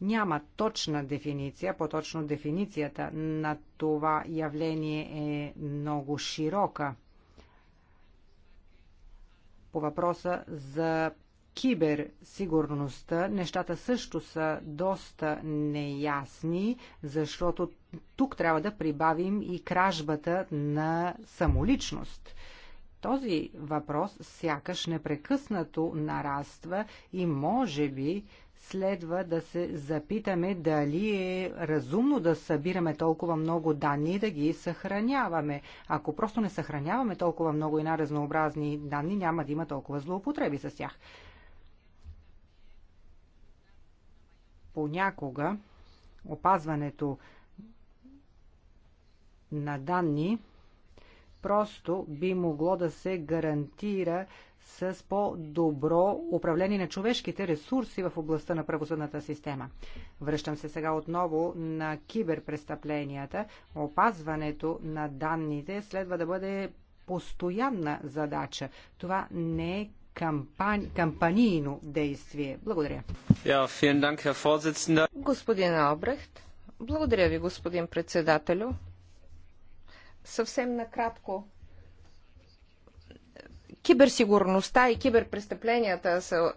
Няма точна дефиниция, по-точно дефиницията на това явление е много широка. По въпроса за киберсигурността нещата също са доста неясни, защото тук трябва да прибавим и кражбата на самоличност. Този въпрос сякаш непрекъснато нараства и може би следва да се запитаме дали е разумно да събираме толкова много данни и да ги съхраняваме. Ако просто не съхраняваме толкова много и на разнообразни данни, няма да има толкова злоупотреби с тях. понякога опазването на данни просто би могло да се гарантира с по-добро управление на човешките ресурси в областта на правосъдната система. Връщам се сега отново на киберпрестъпленията. Опазването на данните следва да бъде постоянна задача. Това не е кампанийно действие. Благодаря. Dank, господин Албрехт, благодаря ви, господин председателю. Съвсем накратко. Киберсигурността и киберпрестъпленията са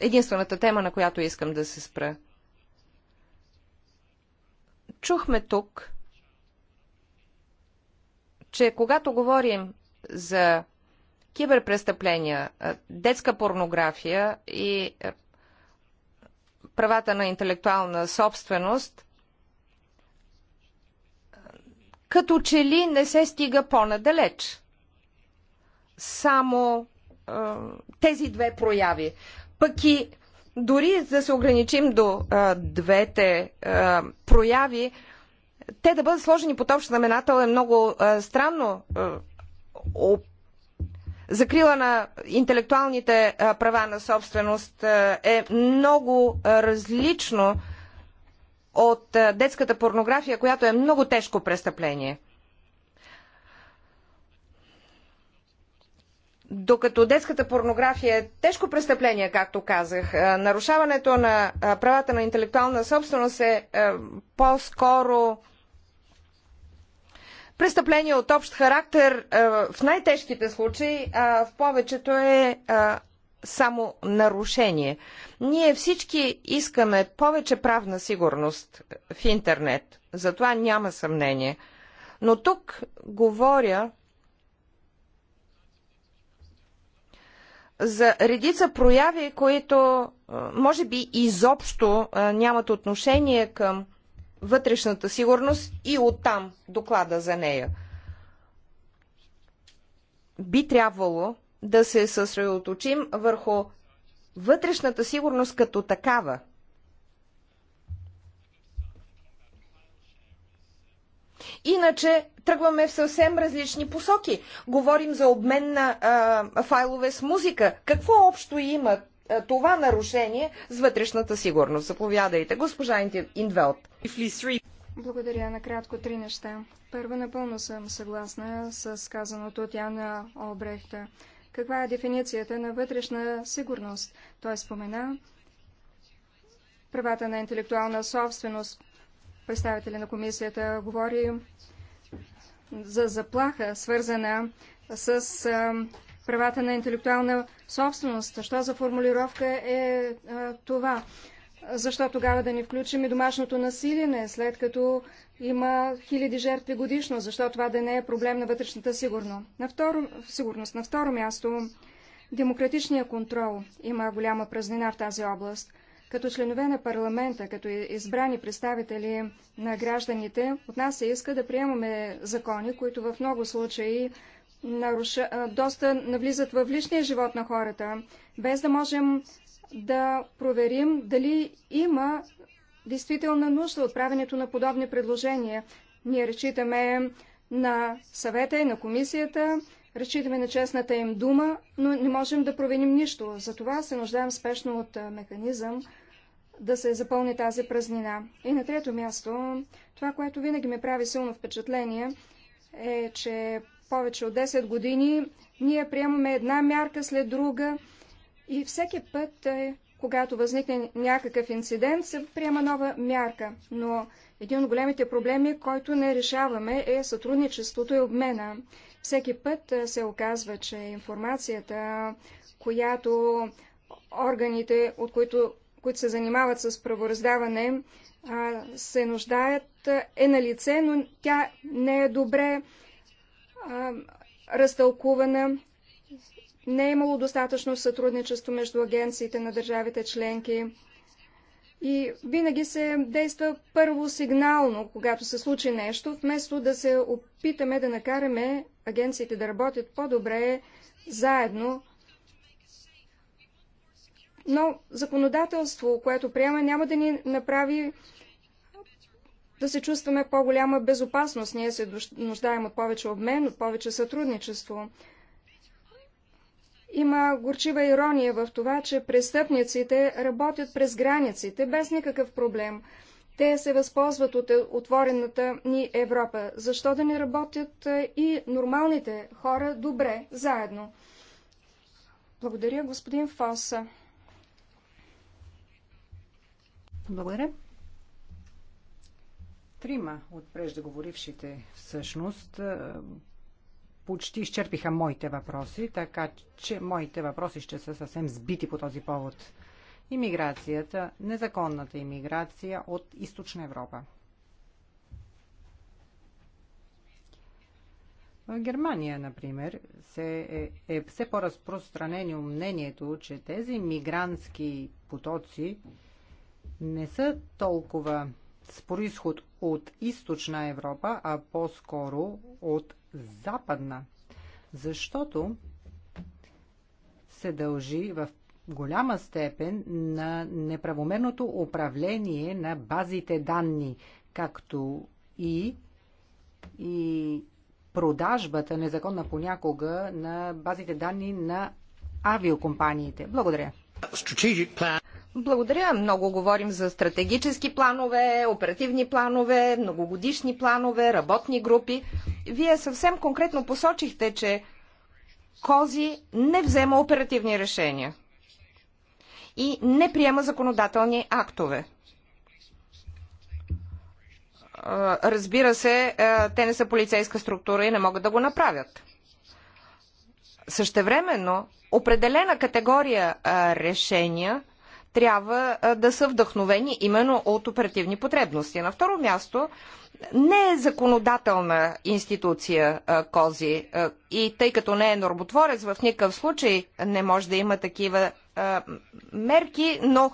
е, единствената тема, на която искам да се спра. Чухме тук, че когато говорим за киберпрестъпления, детска порнография и е, правата на интелектуална собственост, като че ли не се стига по-надалеч. Само е, тези две прояви. Пък и дори да се ограничим до е, двете е, прояви, те да бъдат сложени под общ знаменател е много е, странно. Е, закрила на интелектуалните права на собственост е много различно от детската порнография, която е много тежко престъпление. Докато детската порнография е тежко престъпление, както казах, нарушаването на правата на интелектуална собственост е по-скоро престъпление от общ характер е, в най-тежките случаи, а в повечето е само нарушение. Ние всички искаме повече правна сигурност в интернет. За това няма съмнение. Но тук говоря за редица прояви, които е, може би изобщо е, нямат отношение към вътрешната сигурност и оттам доклада за нея. Би трябвало да се съсредоточим върху вътрешната сигурност като такава. Иначе тръгваме в съвсем различни посоки. Говорим за обмен на а, файлове с музика. Какво общо имат е, това нарушение с вътрешната сигурност. Заповядайте, госпожа Индвелт. Благодаря. на кратко три неща. Първо, напълно съм съгласна с казаното от Яна Обрехта. Каква е дефиницията на вътрешна сигурност? Той спомена правата на интелектуална собственост. Представителя на комисията говори за заплаха, свързана с правата на интелектуална собственост. Що за формулировка е а, това? Защо тогава да не включим и домашното насилие, след като има хиляди жертви годишно? Защо това да не е проблем на вътрешната сигурност? На второ, сигурност. На второ място, демократичният контрол има голяма празнина в тази област. Като членове на парламента, като избрани представители на гражданите, от нас се иска да приемаме закони, които в много случаи наруша, доста навлизат в личния живот на хората, без да можем да проверим дали има действителна нужда от правенето на подобни предложения. Ние речитаме на съвета и на комисията, разчитаме на честната им дума, но не можем да провеним нищо. Затова се нуждаем спешно от механизъм да се запълни тази празнина. И на трето място, това, което винаги ми прави силно впечатление, е, че повече от 10 години ние приемаме една мярка след друга и всеки път, е, когато възникне някакъв инцидент, се приема нова мярка. Но един от големите проблеми, който не решаваме, е сътрудничеството и обмена. Всеки път е, се оказва, че информацията, която органите, от които, които се занимават с правораздаване, се нуждаят, е на лице, но тя не е добре а, разтълкувана. Не е имало достатъчно сътрудничество между агенциите на държавите членки. И винаги се действа първо сигнално, когато се случи нещо, вместо да се опитаме да накараме агенциите да работят по-добре заедно. Но законодателство, което приема, няма да ни направи да се чувстваме в по-голяма безопасност. Ние се нуждаем от повече обмен, от повече сътрудничество. Има горчива ирония в това, че престъпниците работят през границите без никакъв проблем. Те се възползват от отворената ни Европа. Защо да не работят е, и нормалните хора добре, заедно? Благодаря, господин Фоса. Благодаря. Трима от преждеговорившите всъщност е, почти изчерпиха моите въпроси, така че моите въпроси ще са съвсем сбити по този повод. Имиграцията, незаконната имиграция от Източна Европа. В Германия, например, се е, е все по-разпространено мнението, че тези мигрантски потоци не са толкова с происход от източна Европа, а по-скоро от западна. Защото се дължи в голяма степен на неправомерното управление на базите данни, както и, и продажбата, незаконна понякога, на базите данни на авиокомпаниите. Благодаря. Благодаря. Много говорим за стратегически планове, оперативни планове, многогодишни планове, работни групи. Вие съвсем конкретно посочихте, че Кози не взема оперативни решения и не приема законодателни актове. Разбира се, те не са полицейска структура и не могат да го направят. Същевременно, определена категория решения – трябва да са вдъхновени именно от оперативни потребности. На второ място, не е законодателна институция Кози и тъй като не е нормотворец, в никакъв случай не може да има такива мерки, но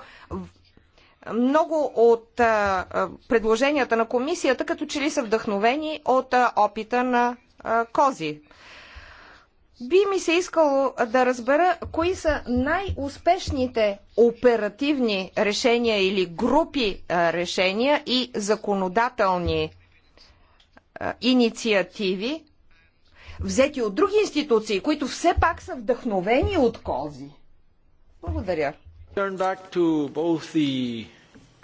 много от предложенията на комисията като че ли са вдъхновени от опита на Кози би ми се искало да разбера кои са най-успешните оперативни решения или групи решения и законодателни инициативи, взети от други институции, които все пак са вдъхновени от кози. Благодаря.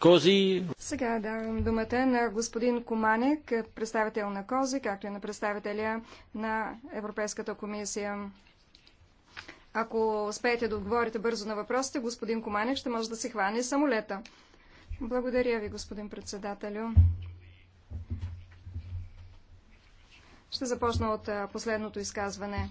Кози. Сега давам думата на господин Команек, представител на Кози, както и на представителя на Европейската комисия. Ако успеете да отговорите бързо на въпросите, господин Команек ще може да се хване самолета. Благодаря ви, господин председателю. Ще започна от последното изказване.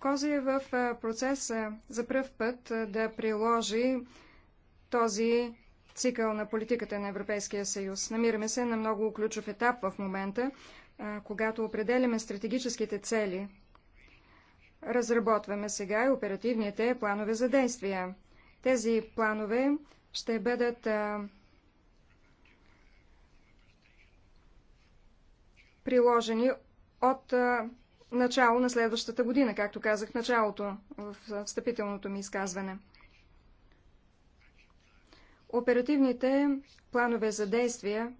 Кози е в процеса за пръв път да приложи този цикъл на политиката на Европейския съюз. Намираме се на много ключов етап в момента, когато определяме стратегическите цели. Разработваме сега и оперативните планове за действия. Тези планове ще бъдат приложени от начало на следващата година, както казах началото в встъпителното ми изказване. Оперативните планове за действия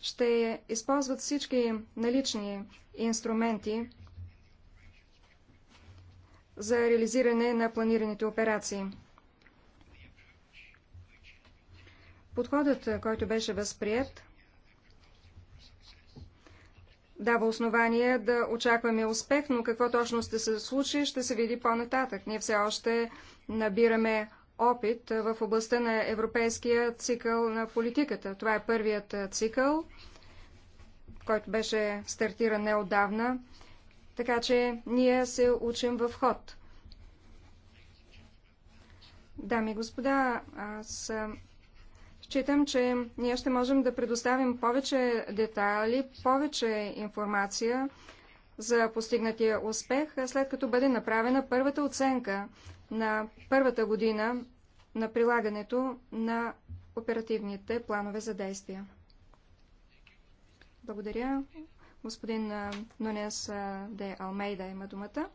ще използват всички налични инструменти за реализиране на планираните операции. Подходът, който беше възприят, дава основания да очакваме успех, но какво точно ще се случи, ще се види по-нататък. Ние все още набираме опит в областта на европейския цикъл на политиката. Това е първият цикъл, който беше стартиран неодавна, така че ние се учим в ход. Дами и господа, аз Считам, че ние ще можем да предоставим повече детайли, повече информация за постигнатия успех, след като бъде направена първата оценка на първата година на прилагането на оперативните планове за действия. Благодаря. Господин Нонес де Алмейда има думата.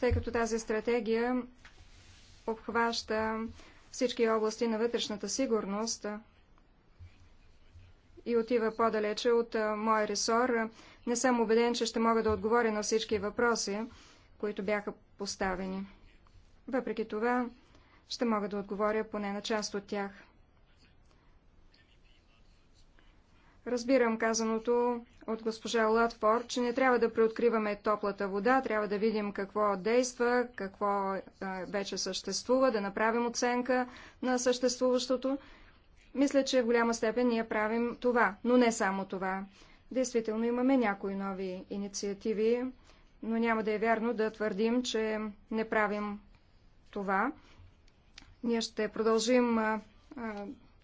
Тъй като тази стратегия обхваща всички области на вътрешната сигурност и отива по-далече от мой ресор. Не съм убеден, че ще мога да отговоря на всички въпроси, които бяха поставени. Въпреки това, ще мога да отговоря поне на част от тях. Разбирам казаното от госпожа Латфор, че не трябва да преоткриваме топлата вода, трябва да видим какво действа, какво вече съществува, да направим оценка на съществуващото. Мисля, че в голяма степен ние правим това, но не само това. Действително имаме някои нови инициативи, но няма да е вярно да твърдим, че не правим това. Ние ще продължим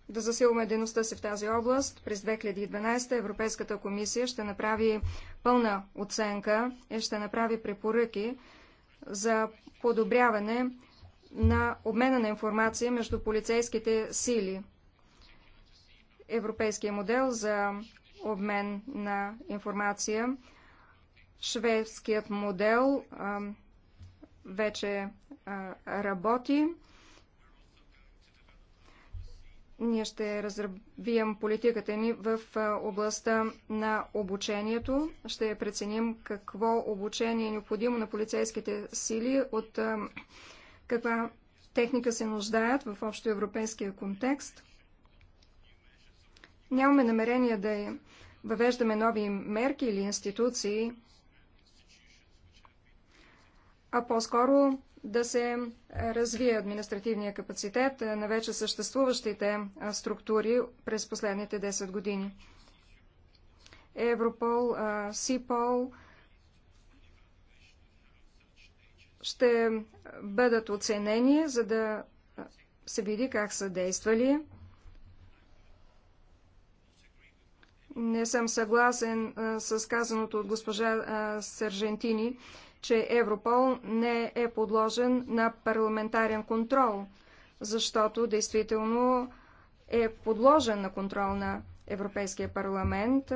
да засилваме дейността си в тази област. През 2012 Европейската комисия ще направи пълна оценка и ще направи препоръки за подобряване на обмена на информация между полицейските сили. Европейския модел за обмен на информация, шведският модел а, вече а, работи. Ние ще развием политиката ни в областта на обучението. Ще преценим какво обучение е необходимо на полицейските сили, от каква техника се нуждаят в общо европейския контекст. Нямаме намерение да въвеждаме нови мерки или институции, а по-скоро да се е, развие административния капацитет е, на вече съществуващите е, структури през последните 10 години. Европол, СИПОЛ ще бъдат оценени, за да се види как са действали. Не съм съгласен с казаното от госпожа Сержентини, че Европол не е подложен на парламентарен контрол, защото действително е подложен на контрол на Европейския парламент.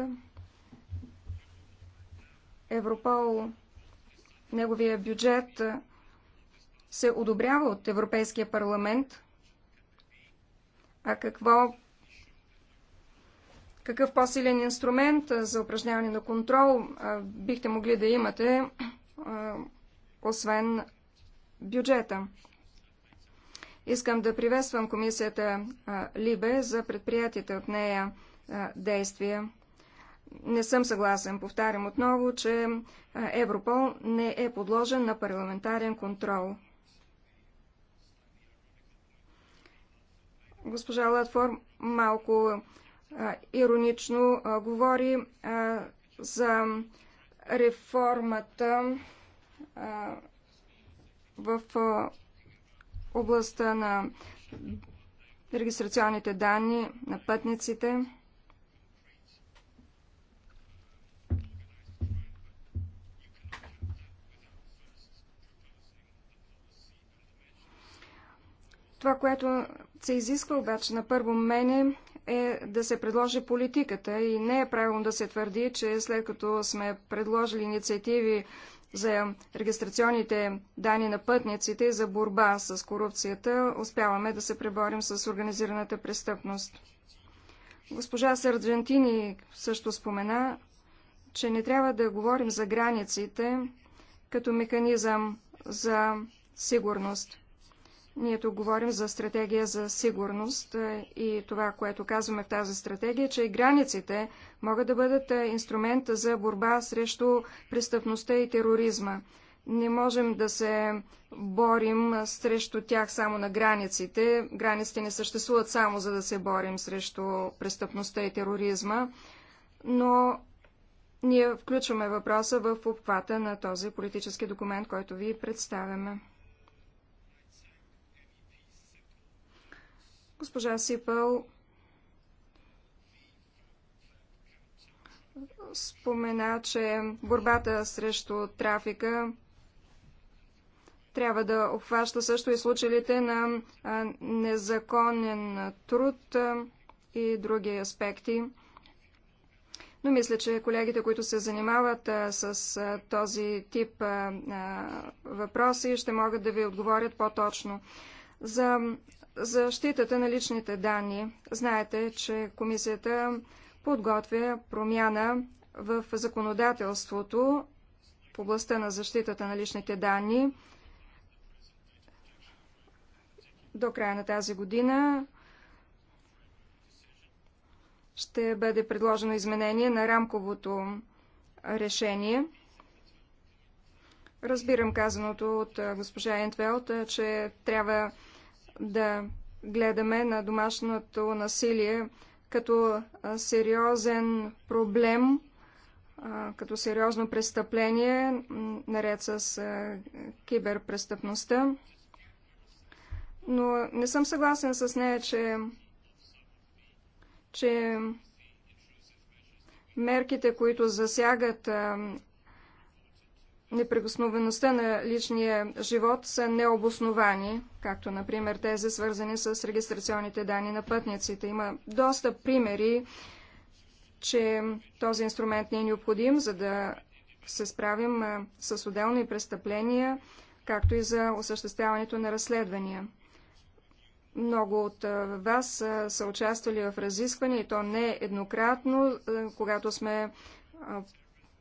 Европол, неговия бюджет се одобрява от Европейския парламент. А какво какъв по-силен инструмент за упражняване на контрол бихте могли да имате освен бюджета. Искам да приветствам комисията Либе за предприятите от нея действия. Не съм съгласен, повтарям отново, че Европол не е подложен на парламентарен контрол. Госпожа Латфор малко иронично говори за реформата в областта на регистрационните данни на пътниците. Това, което се изисква обаче на първо мнение е да се предложи политиката и не е правилно да се твърди, че след като сме предложили инициативи за регистрационните данни на пътниците и за борба с корупцията, успяваме да се преборим с организираната престъпност. Госпожа Сарджентини също спомена, че не трябва да говорим за границите като механизъм за сигурност. Ние тук говорим за стратегия за сигурност е, и това, което казваме в тази стратегия, е, че и границите могат да бъдат е, инструмент за борба срещу престъпността и тероризма. Не можем да се борим срещу тях само на границите. Границите не съществуват само за да се борим срещу престъпността и тероризма, но ние включваме въпроса в обхвата на този политически документ, който ви представяме. Госпожа Сипъл спомена, че борбата срещу трафика трябва да обхваща също и случаите на незаконен труд и други аспекти. Но мисля, че колегите, които се занимават с този тип въпроси, ще могат да ви отговорят по-точно. За защитата на личните данни. Знаете, че комисията подготвя промяна в законодателството в областта на защитата на личните данни. До края на тази година ще бъде предложено изменение на рамковото решение. Разбирам казаното от госпожа Ентвелт, че трябва да гледаме на домашното насилие като сериозен проблем, като сериозно престъпление, наред с киберпрестъпността. Но не съм съгласен с нея, че, че мерките, които засягат неприкосновеността на личния живот са необосновани, както например тези свързани с регистрационните данни на пътниците. Има доста примери, че този инструмент не е необходим, за да се справим с отделни престъпления, както и за осъществяването на разследвания. Много от вас са участвали в разискване и то не еднократно, когато сме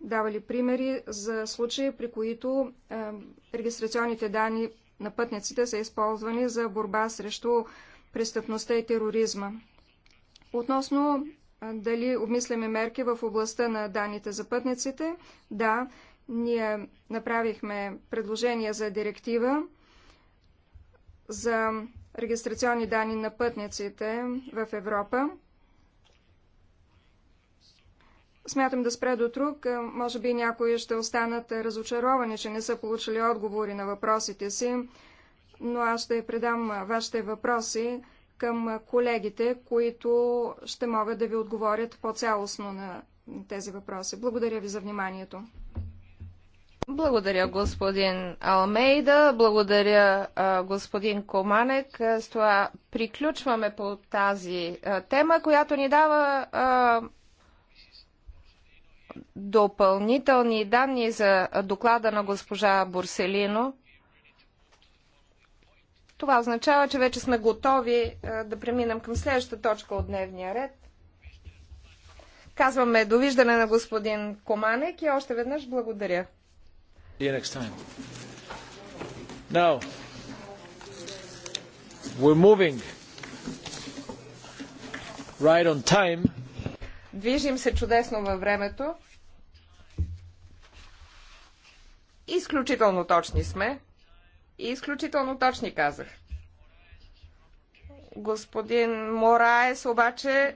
давали примери за случаи, при които е, регистрационните данни на пътниците са използвани за борба срещу престъпността и тероризма. Относно е, дали обмисляме мерки в областта на данните за пътниците, да, ние направихме предложение за директива за регистрационни данни на пътниците в Европа. Смятам да спре до тук. Е, може би някои ще останат е, разочаровани, че не са получили отговори на въпросите си, но аз ще предам е, вашите въпроси към колегите, които ще могат да ви отговорят по-цялостно на тези въпроси. Благодаря ви за вниманието. Благодаря, господин Алмейда. Благодаря, господин Команек. С това приключваме по тази тема, която ни дава допълнителни данни за доклада на госпожа Борселино, това означава, че вече сме готови е, да преминем към следващата точка от дневния ред. Казваме довиждане на господин Команек и още веднъж благодаря. Now, we're moving right on time. Движим се чудесно във времето. Изключително точни сме. изключително точни казах. Господин Мораес обаче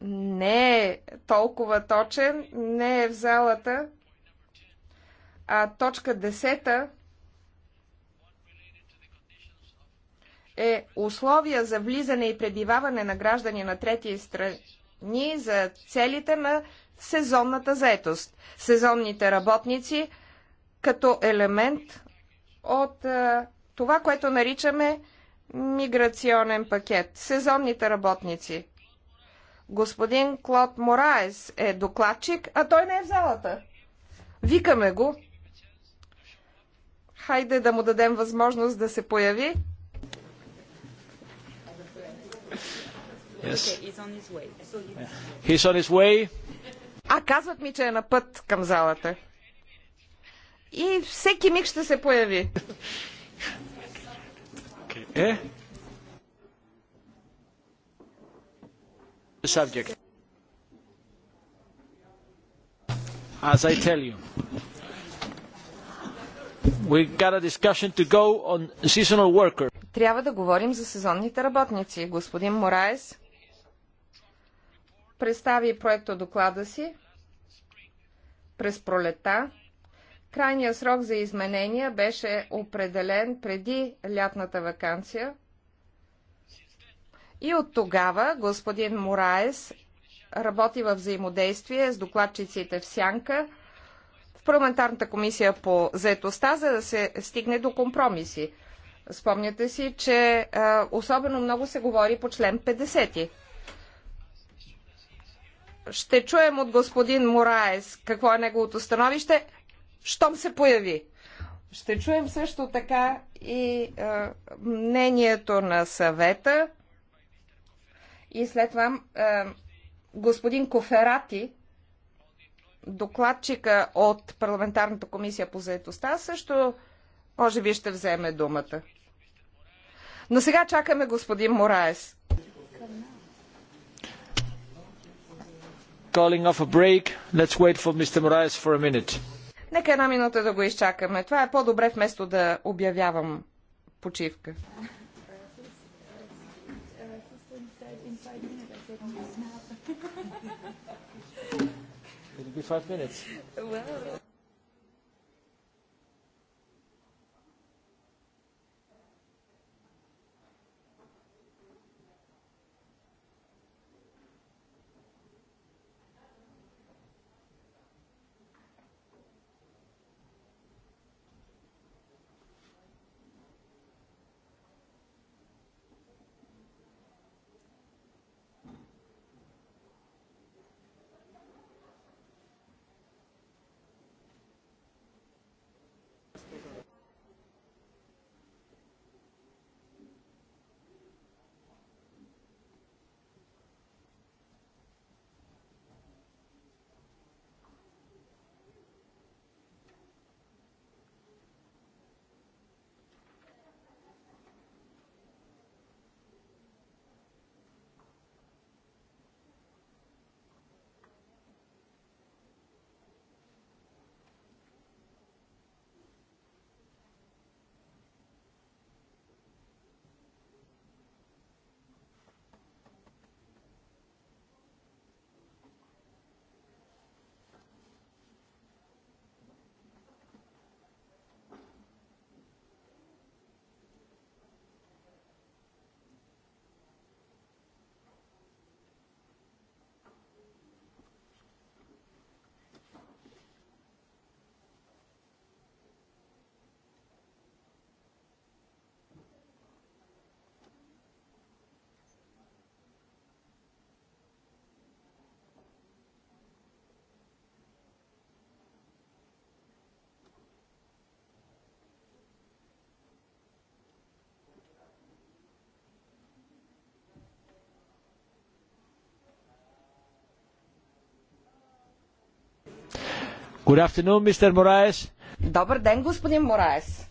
не е толкова точен, не е в залата, а точка 10 е условия за влизане и пребиваване на граждани на трети страни за целите на сезонната заетост. Сезонните работници като елемент от а, е, това, което наричаме миграционен пакет. Сезонните работници. Господин Клод Мораес е докладчик, а той не е в залата. Викаме го. Хайде да му дадем възможност да се появи. Yes. He's on his way. А, казват ми, че е на път към залата. И всеки миг ще се появи. Е? Subject. As I tell you, we got a discussion to go on seasonal worker. Трябва да говорим за сезонните работници. Господин Мораес представи проекто доклада си през пролета. Крайният срок за изменения беше определен преди лятната вакансия. И от тогава господин Мораес работи в взаимодействие с докладчиците в Сянка в парламентарната комисия по заетостта, за да се стигне до компромиси. Спомняте си, че особено много се говори по член 50 ще чуем от господин Мораес какво е неговото становище, щом се появи. Ще чуем също така и е, мнението на съвета. И след това е, господин Коферати, докладчика от парламентарната комисия по заедостта, също може би ще вземе думата. Но сега чакаме господин Мораес. calling off a break. Let's wait for Mr. Moraes for a minute. Нека една минута да го изчакаме. Това е по-добре вместо да обявявам почивка. It'll be five minutes. Well. Good afternoon, Mr. Moraes. Добър ден, господин Мораес.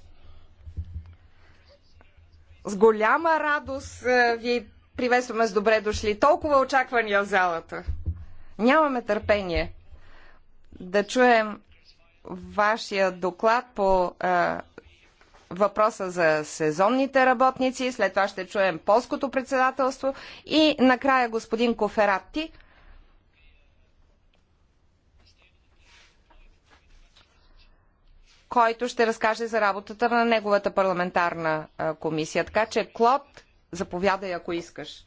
С голяма радост е, ви приветстваме с добре дошли. Толкова очаквания в залата. Нямаме търпение да чуем вашия доклад по е, въпроса за сезонните работници, след това ще чуем полското председателство и накрая господин Коферати който ще разкаже за работата на неговата парламентарна комисия. Така че, Клод, заповядай, ако искаш.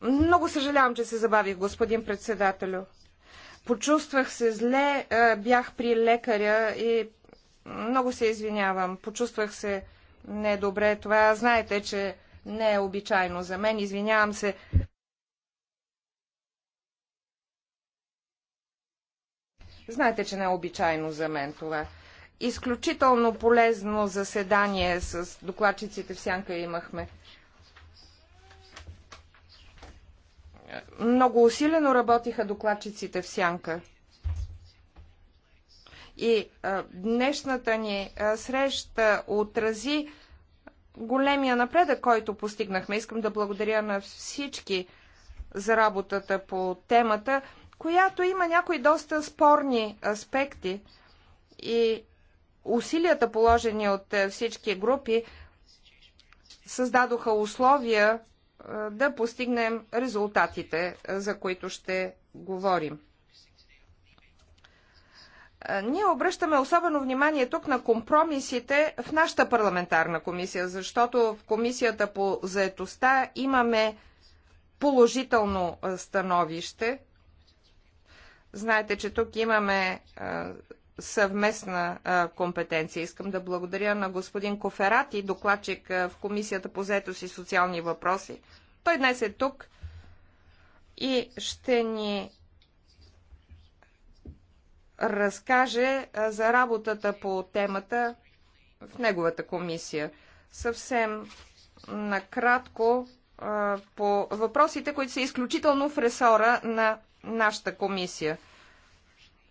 Много съжалявам, че се забавих, господин председателю. Почувствах се зле, бях при лекаря и много се извинявам. Почувствах се недобре. Това знаете, че не е обичайно за мен. Извинявам се. Знаете, че не е обичайно за мен това. Изключително полезно заседание с докладчиците в Сянка имахме. Много усилено работиха докладчиците в Сянка. И а, днешната ни а, среща отрази големия напредък, който постигнахме. Искам да благодаря на всички за работата по темата, която има някои доста спорни аспекти. И усилията положени от е, всички групи създадоха условия е, да постигнем резултатите, е, за които ще говорим. Ние обръщаме особено внимание тук на компромисите в нашата парламентарна комисия, защото в комисията по заетостта имаме положително становище. Знаете, че тук имаме съвместна а, компетенция. Искам да благодаря на господин Коферати, докладчик а, в Комисията по заетост и социални въпроси. Той днес е тук и ще ни разкаже а, за работата по темата в неговата комисия. Съвсем накратко по въпросите, които са изключително в ресора на нашата комисия –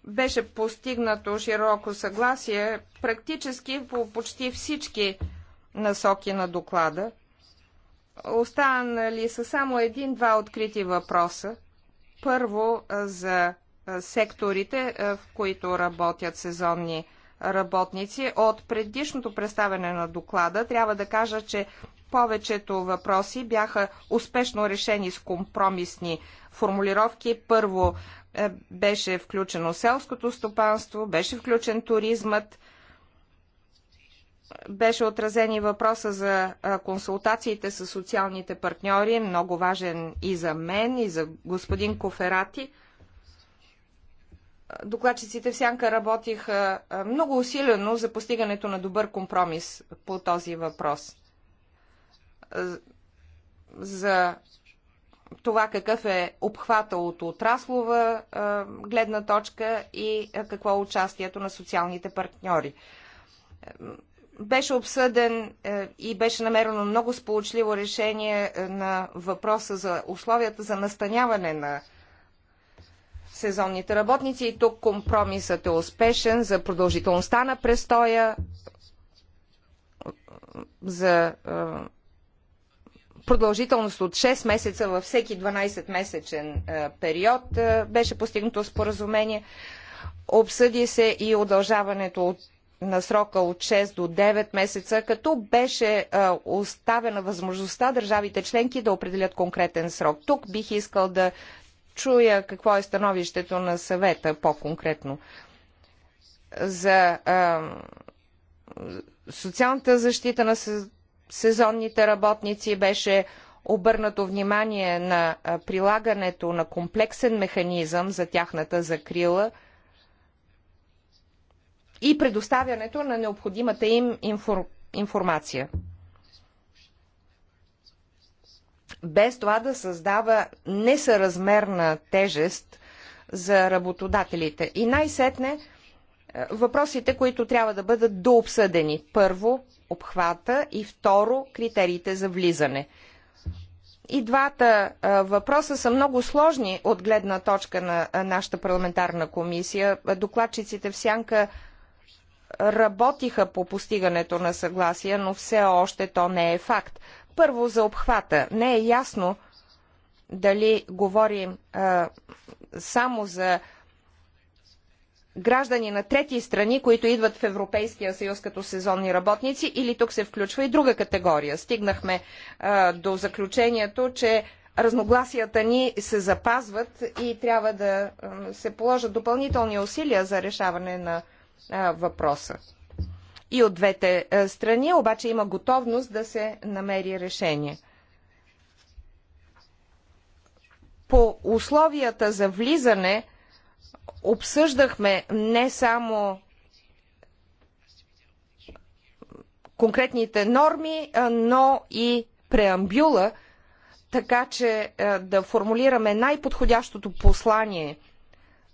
беше постигнато широко съгласие практически по почти всички насоки на доклада. Останали са само един-два открити въпроса. Първо за секторите, в които работят сезонни работници. От предишното представяне на доклада трябва да кажа, че повечето въпроси бяха успешно решени с компромисни формулировки. Първо, е, беше включено селското стопанство, беше включен туризмът, беше отразен и въпроса за консултациите с социалните партньори, много важен и за мен, и за господин Коферати. Докладчиците в Сянка работиха много усилено за постигането на добър компромис по този въпрос. За това какъв е обхвата от отраслова гледна точка и какво е участието на социалните партньори. Беше обсъден и беше намерено много сполучливо решение на въпроса за условията за настаняване на сезонните работници и тук компромисът е успешен за продължителността на престоя, за продължителност от 6 месеца във всеки 12-месечен е, период е, беше постигнато споразумение. Обсъди се и удължаването от на срока от 6 до 9 месеца, като беше е, оставена възможността държавите членки да определят конкретен срок. Тук бих искал да чуя какво е становището на съвета по-конкретно за а, социалната защита на сезонните работници беше обърнато внимание на прилагането на комплексен механизъм за тяхната закрила и предоставянето на необходимата им инфор... информация. Без това да създава несъразмерна тежест за работодателите. И най-сетне въпросите, които трябва да бъдат дообсъдени. Първо, обхвата и второ критериите за влизане. И двата въпроса са много сложни от гледна точка на нашата парламентарна комисия. Докладчиците в Сянка работиха по постигането на съгласие, но все още то не е факт. Първо за обхвата. Не е ясно дали говорим а, само за граждани на трети страни, които идват в Европейския съюз като сезонни работници, или тук се включва и друга категория. Стигнахме а, до заключението, че разногласията ни се запазват и трябва да а, се положат допълнителни усилия за решаване на а, въпроса. И от двете а, страни обаче има готовност да се намери решение. По условията за влизане – обсъждахме не само конкретните норми, но и преамбюла, така че да формулираме най-подходящото послание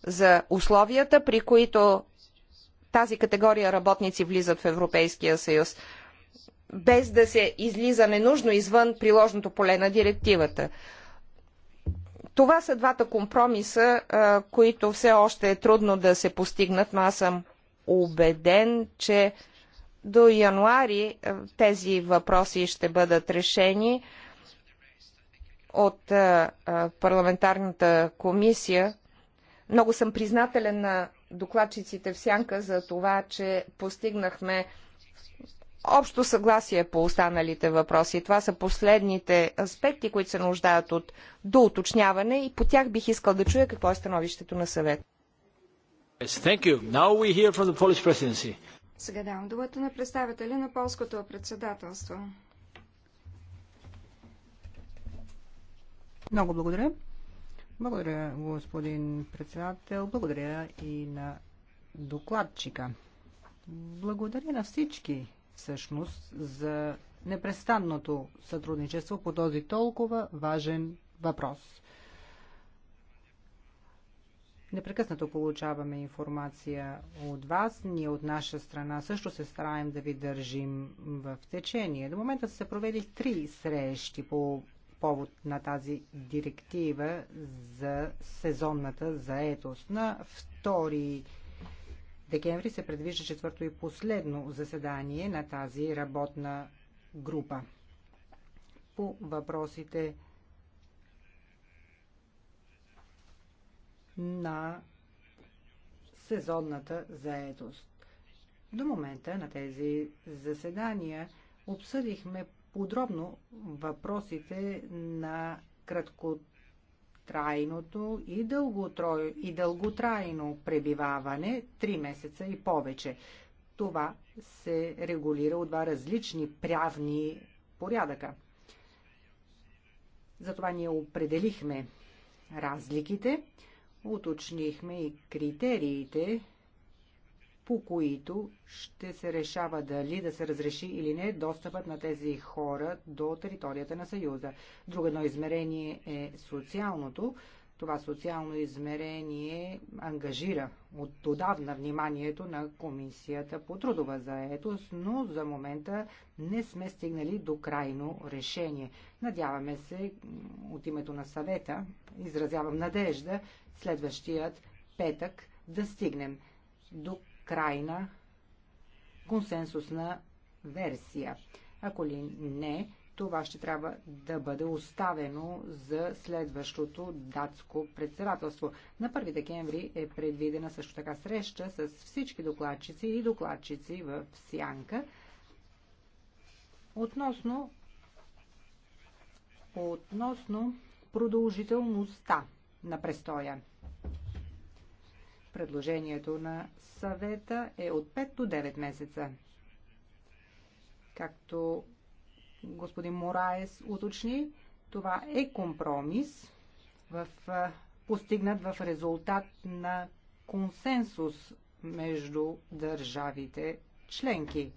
за условията, при които тази категория работници влизат в Европейския съюз, без да се излиза ненужно извън приложното поле на директивата. Това са двата компромиса, които все още е трудно да се постигнат, но аз съм убеден, че до януари тези въпроси ще бъдат решени от парламентарната комисия. Много съм признателен на докладчиците в Сянка за това, че постигнахме общо съгласие по останалите въпроси. Това са последните аспекти, които се нуждаят от доуточняване и по тях бих искал да чуя какво е становището на съвет. Сега давам думата на представителя на полското председателство. Много благодаря. Благодаря, господин председател. Благодаря и на докладчика. Благодаря на всички всъщност за непрестанното сътрудничество по този толкова важен въпрос. Непрекъснато получаваме информация от вас. Ние от наша страна също се стараем да ви държим в течение. До момента са се провели три срещи по повод на тази директива за сезонната заетост. На 2 декември се предвижда четвърто и последно заседание на тази работна група. По въпросите на сезонната заедост. До момента на тези заседания обсъдихме подробно въпросите на кратко трайното и, дълготро... и дълготрайно пребиваване 3 месеца и повече. Това се регулира от два различни правни порядъка. Затова ние определихме разликите, уточнихме и критериите, по които ще се решава дали да се разреши или не достъпът на тези хора до територията на Съюза. Друго едно измерение е социалното. Това социално измерение ангажира от отдавна вниманието на Комисията по трудова заетост, но за момента не сме стигнали до крайно решение. Надяваме се от името на съвета, изразявам надежда, следващият петък да стигнем до крайна консенсусна версия. Ако ли не, това ще трябва да бъде оставено за следващото датско председателство. На 1 декември е предвидена също така среща с всички докладчици и докладчици в Сянка относно, относно продължителността на престоя. Предложението на съвета е от 5 до 9 месеца. Както господин Мораес уточни, това е компромис в, постигнат в резултат на консенсус между държавите членки.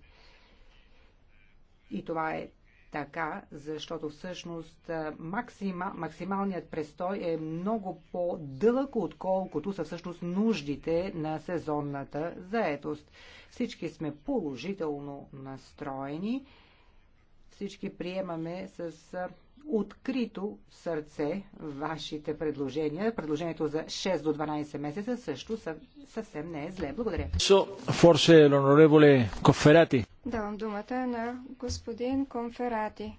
И това е така, защото всъщност максима, максималният престой е много по-дълъг, отколкото са всъщност нуждите на сезонната заетост. Всички сме положително настроени, всички приемаме с открито сърце вашите предложения. Предложението за 6 до 12 месеца също съвсем не е зле. Благодаря. Форсе, лонореволе Давам думата на господин Конферати,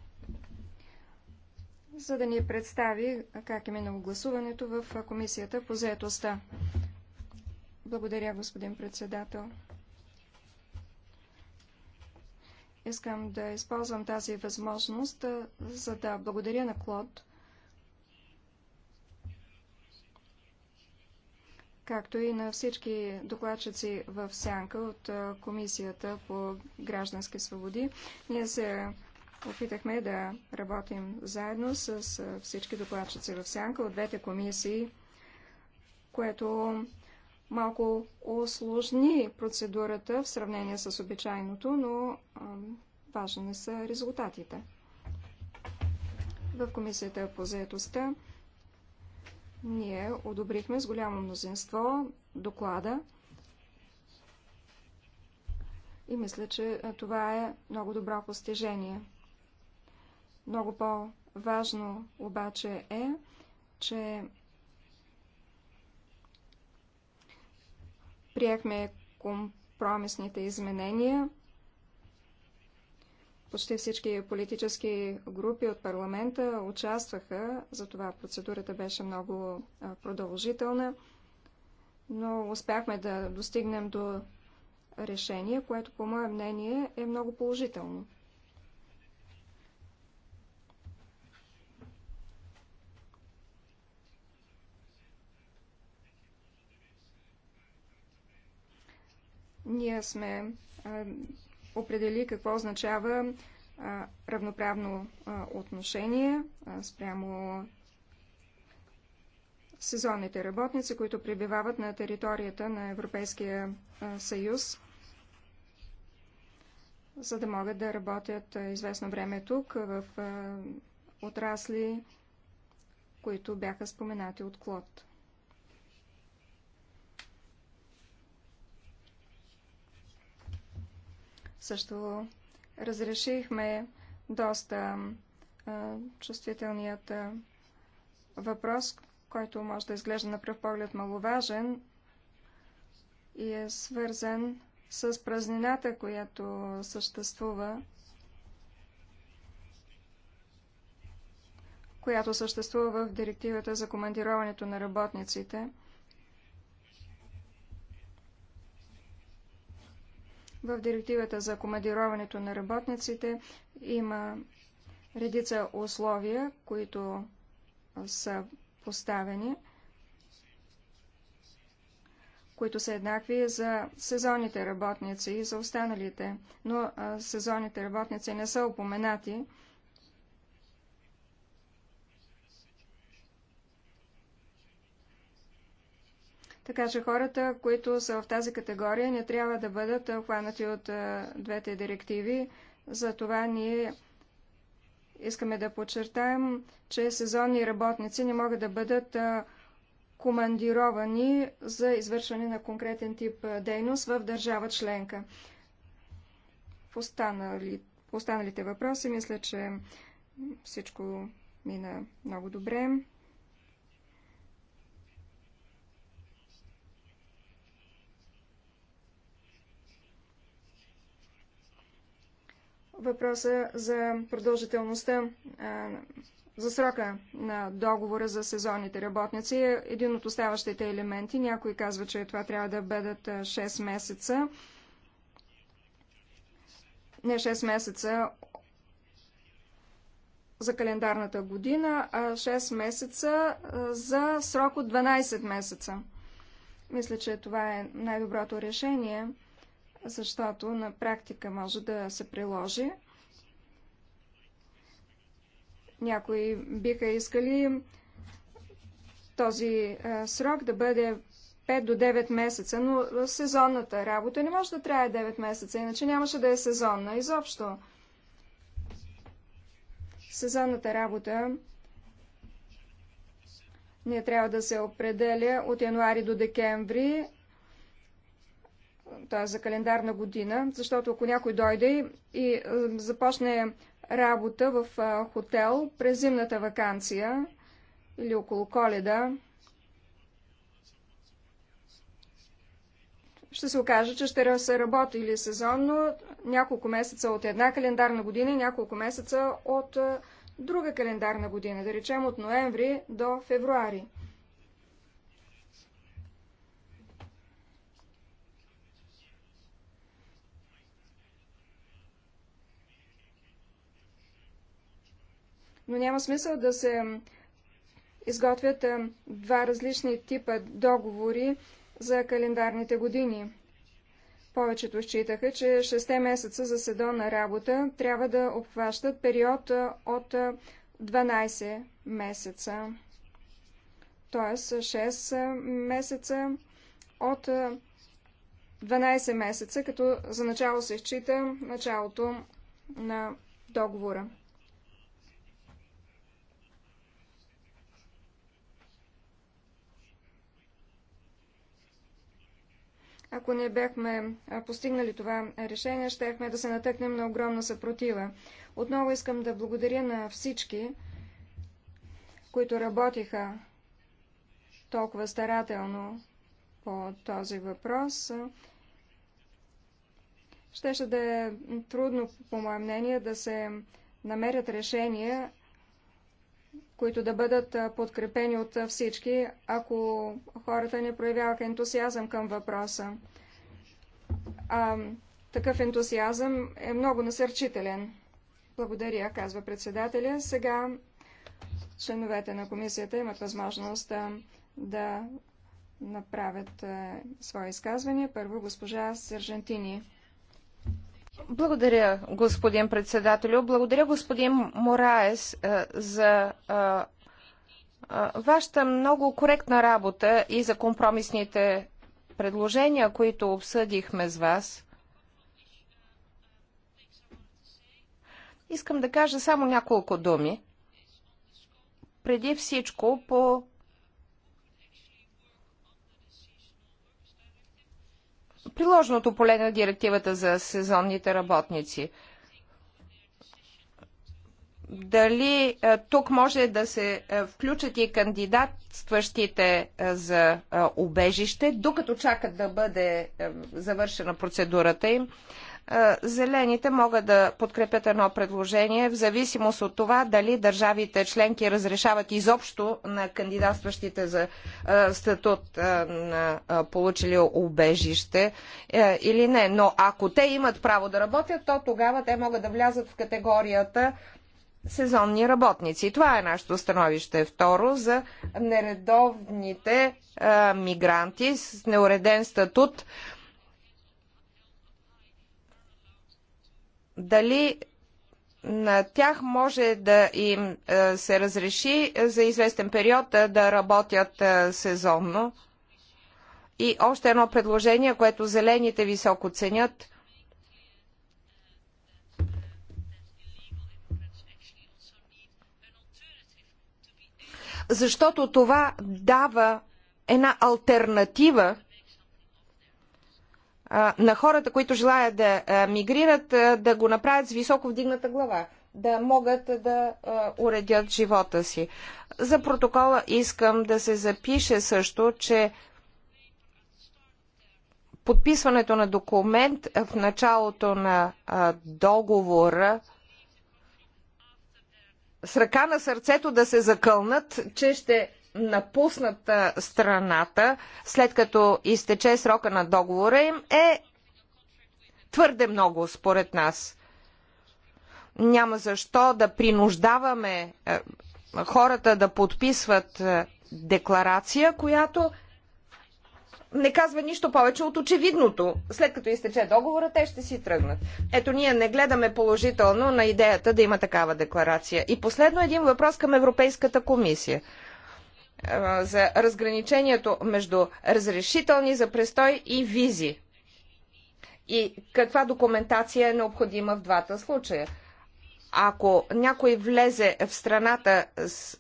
за да ни представи как е минало гласуването в Комисията по заедостта. Благодаря, господин председател. Искам да използвам тази възможност, за да благодаря на Клод, както и на всички докладчици в сянка от Комисията по граждански свободи. Ние се опитахме да работим заедно с всички докладчици в сянка от двете комисии, което малко осложни процедурата в сравнение с обичайното, но важни са резултатите. В комисията по заедостта ние одобрихме с голямо мнозинство доклада и мисля, че това е много добро постижение. Много по-важно обаче е, че Приехме компромисните изменения. Почти всички политически групи от парламента участваха, затова процедурата беше много продължителна, но успяхме да достигнем до решение, което по мое мнение е много положително. Ние сме определи какво означава равноправно отношение спрямо сезонните работници, които пребивават на територията на Европейския съюз, за да могат да работят известно време тук в отрасли, които бяха споменати от Клод. Също разрешихме доста а, чувствителният а, въпрос, който може да изглежда на пръв поглед маловажен и е свързан с празнината, която съществува, която съществува в директивата за командироването на работниците – В директивата за командироването на работниците има редица условия, които са поставени, които са еднакви за сезонните работници и за останалите, но сезонните работници не са упоменати Така че хората, които са в тази категория, не трябва да бъдат обхванати от двете директиви. Затова ние искаме да подчертаем, че сезонни работници не могат да бъдат командировани за извършване на конкретен тип дейност в държава членка. В, останали, в останалите въпроси мисля, че всичко мина много добре. въпроса за продължителността, за срока на договора за сезонните работници е един от оставащите елементи. Някой казва, че това трябва да бъдат 6 месеца. Не 6 месеца за календарната година, а 6 месеца за срок от 12 месеца. Мисля, че това е най-доброто решение защото на практика може да се приложи. Някои биха искали този срок да бъде 5 до 9 месеца, но сезонната работа не може да трае 9 месеца, иначе нямаше да е сезонна изобщо. Сезонната работа не трябва да се определя от януари до декември, т.е. за календарна година, защото ако някой дойде и е, започне работа в е, хотел през зимната вакансия или около коледа, ще се окаже, че ще се работи или сезонно няколко месеца от една календарна година и няколко месеца от е, друга календарна година, да речем от ноември до февруари. но няма смисъл да се изготвят два различни типа договори за календарните години. Повечето считаха, че 6 месеца за седонна работа трябва да обхващат период от 12 месеца, т.е. 6 месеца от 12 месеца, като за начало се счита началото на договора. Ако не бяхме постигнали това решение, щехме да се натъкнем на огромна съпротива. Отново искам да благодаря на всички, които работиха толкова старателно по този въпрос. Щеше да е трудно, по мое мнение, да се намерят решения които да бъдат подкрепени от всички, ако хората не проявяваха ентусиазъм към въпроса. А, такъв ентусиазъм е много насърчителен. Благодаря, казва председателя. Сега членовете на комисията имат възможност да направят а, свои изказвания. Първо госпожа Сержантини. Благодаря, господин председателю. Благодаря, господин Мораес, е, за е, е, вашата много коректна работа и за компромисните предложения, които обсъдихме с вас. Искам да кажа само няколко думи. Преди всичко по приложното поле на директивата за сезонните работници. Дали е, тук може да се е, включат и кандидатстващите е, за убежище, докато чакат да бъде завършена процедурата им е, зелените могат да подкрепят едно предложение в зависимост от това дали държавите членки разрешават изобщо на кандидатстващите за е, статут е, на получили убежище или не. Но ако те имат право да работят, то тогава те могат да влязат в категорията сезонни работници. Това е нашето становище. Второ, за нередовните а, мигранти с неуреден статут дали на тях може да им е, се разреши за известен период е, да работят е, сезонно. И още едно предложение, което зелените високо ценят. Защото това дава една альтернатива на хората, които желаят да мигрират, да го направят с високо вдигната глава, да могат да уредят живота си. За протокола искам да се запише също, че подписването на документ в началото на договора с ръка на сърцето да се закълнат, че ще напуснат страната, след като изтече срока на договора им, е твърде много, според нас. Няма защо да принуждаваме е, хората да подписват е, декларация, която не казва нищо повече от очевидното. След като изтече договора, те ще си тръгнат. Ето, ние не гледаме положително на идеята да има такава декларация. И последно един въпрос към Европейската комисия за разграничението между разрешителни за престой и визи. И каква документация е необходима в двата случая. Ако някой влезе в страната с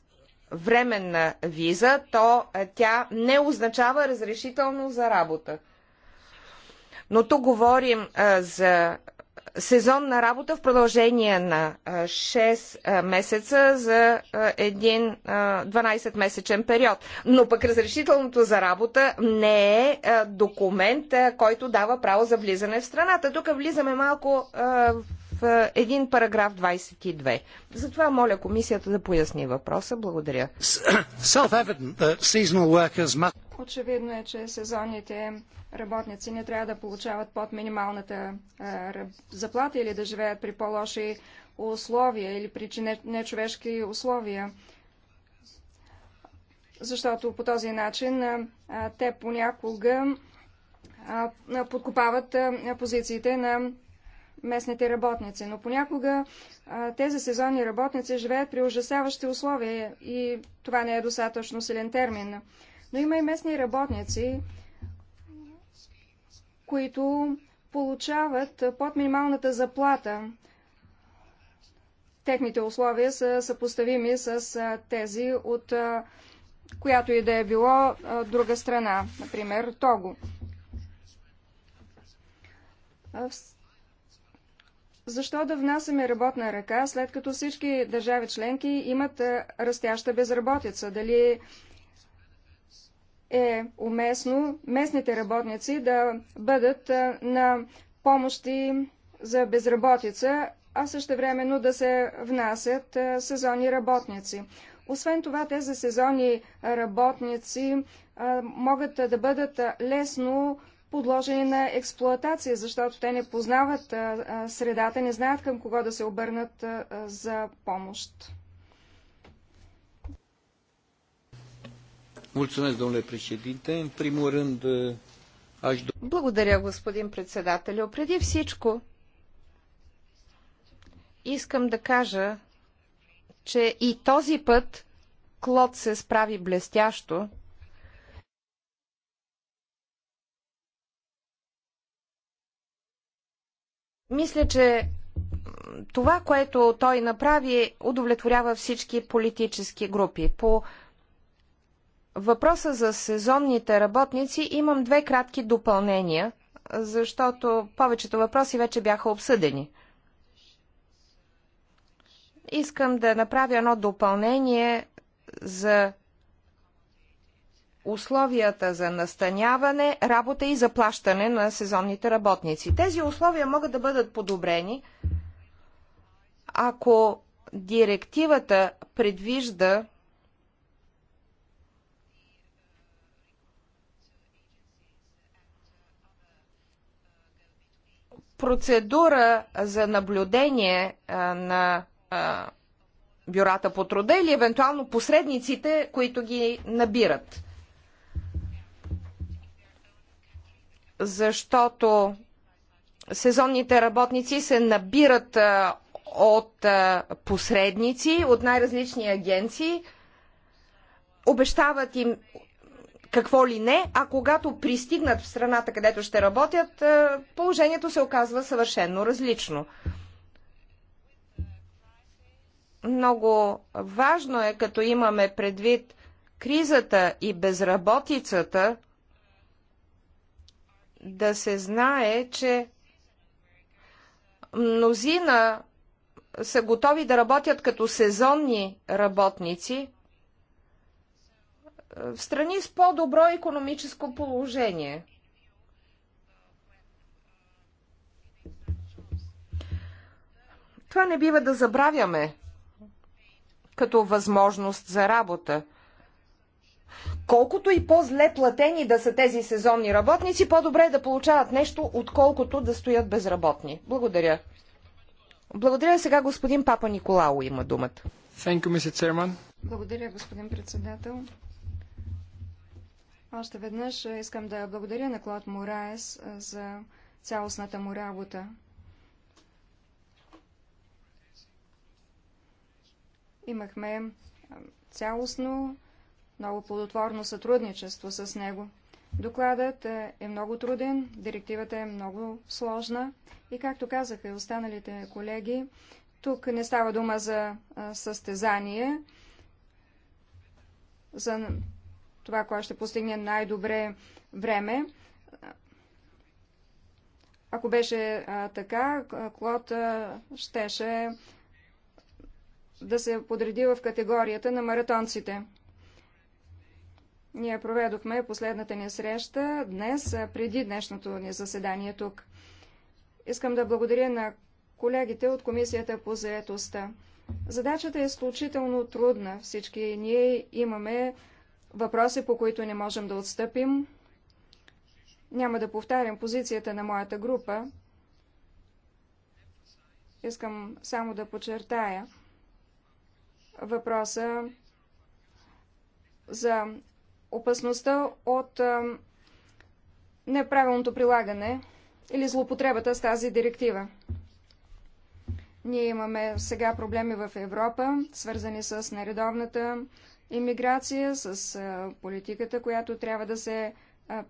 временна виза, то тя не означава разрешително за работа. Но тук говорим а, за сезонна работа в продължение на 6 месеца за един 12-месечен период. Но пък разрешителното за работа не е документ, който дава право за влизане в страната. Тук влизаме малко в един параграф 22. Затова моля комисията да поясни въпроса. Благодаря. Очевидно е, че сезонните работници не трябва да получават под минималната е, а, заплата или да живеят при по-лоши условия или при нечовешки условия, защото по този начин а, е, е, те понякога а, подкопават позициите на местните работници. Но понякога а, тези сезонни работници живеят при ужасяващи условия и това не е достатъчно силен термин. Но има и местни работници, които получават под минималната заплата. Техните условия са съпоставими с тези от която и да е било друга страна, например Того. Защо да внасяме работна ръка, след като всички държави членки имат растяща безработица? Дали е уместно местните работници да бъдат на помощи за безработица, а също времено да се внасят сезонни работници. Освен това, тези сезонни работници могат да бъдат лесно подложени на експлоатация, защото те не познават средата, не знаят към кого да се обърнат за помощ. Mulțumesc, domnule președinte. În primul rând, aș... Благодаря, господин председател. Преди всичко, искам да кажа, че и този път Клод се справи блестящо. Мисля, че това, което той направи, удовлетворява всички политически групи. По въпроса за сезонните работници имам две кратки допълнения, защото повечето въпроси вече бяха обсъдени. Искам да направя едно допълнение за условията за настаняване, работа и заплащане на сезонните работници. Тези условия могат да бъдат подобрени, ако директивата предвижда процедура за наблюдение на бюрата по труда или евентуално посредниците, които ги набират. Защото сезонните работници се набират от посредници, от най-различни агенции, обещават им какво ли не, а когато пристигнат в страната, където ще работят, е, положението се оказва съвършенно различно. Много важно е, като имаме предвид кризата и безработицата, да се знае, че мнозина са готови да работят като сезонни работници – в страни с по-добро економическо положение. Това не бива да забравяме като възможност за работа. Колкото и по-зле платени да са тези сезонни работници, по-добре е да получават нещо, отколкото да стоят безработни. Благодаря. Благодаря сега господин Папа Николао има думата. Thank you, Mr. Благодаря, господин председател. Още веднъж искам да благодаря на Клод Мораес за цялостната му работа. Имахме цялостно, много плодотворно сътрудничество с него. Докладът е много труден, директивата е много сложна и, както казаха и останалите колеги, тук не става дума за състезание, за това, кое ще постигне най-добре време. Ако беше а, така, Клод а, щеше да се подреди в категорията на маратонците. Ние проведохме последната ни среща днес, преди днешното ни заседание тук. Искам да благодаря на колегите от Комисията по заетостта. Задачата е изключително трудна. Всички ние имаме въпроси, по които не можем да отстъпим. Няма да повтарям позицията на моята група. Искам само да подчертая въпроса за опасността от неправилното прилагане или злоупотребата с тази директива. Ние имаме сега проблеми в Европа, свързани с нередовната иммиграция, с политиката, която трябва да се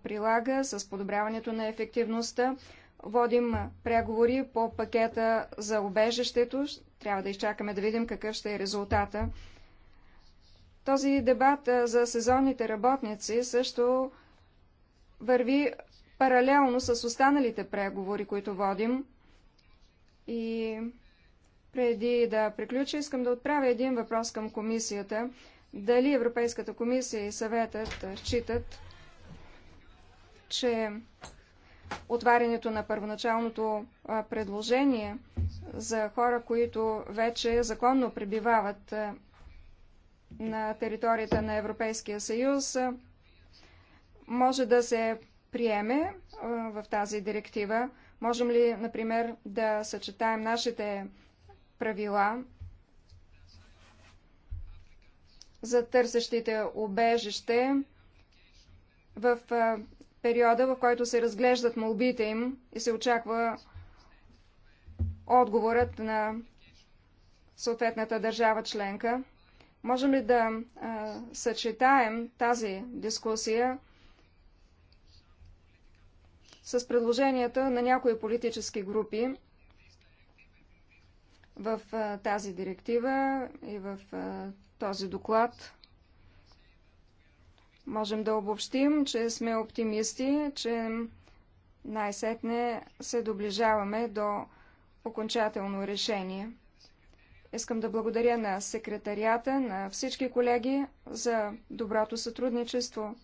прилага, с подобряването на ефективността. Водим преговори по пакета за обежището. Трябва да изчакаме да видим какъв ще е резултата. Този дебат за сезонните работници също върви паралелно с останалите преговори, които водим. И преди да приключа, искам да отправя един въпрос към комисията дали Европейската комисия и съветът считат, че отварянето на първоначалното предложение за хора, които вече законно пребивават на територията на Европейския съюз, може да се приеме в тази директива. Можем ли, например, да съчетаем нашите правила за търсещите обежище в периода, в който се разглеждат молбите им и се очаква отговорът на съответната държава членка. Можем ли да а, съчетаем тази дискусия с предложенията на някои политически групи в а, тази директива и в а, този доклад. Можем да обобщим, че сме оптимисти, че най-сетне се доближаваме до окончателно решение. Искам да благодаря на секретарията, на всички колеги за доброто сътрудничество.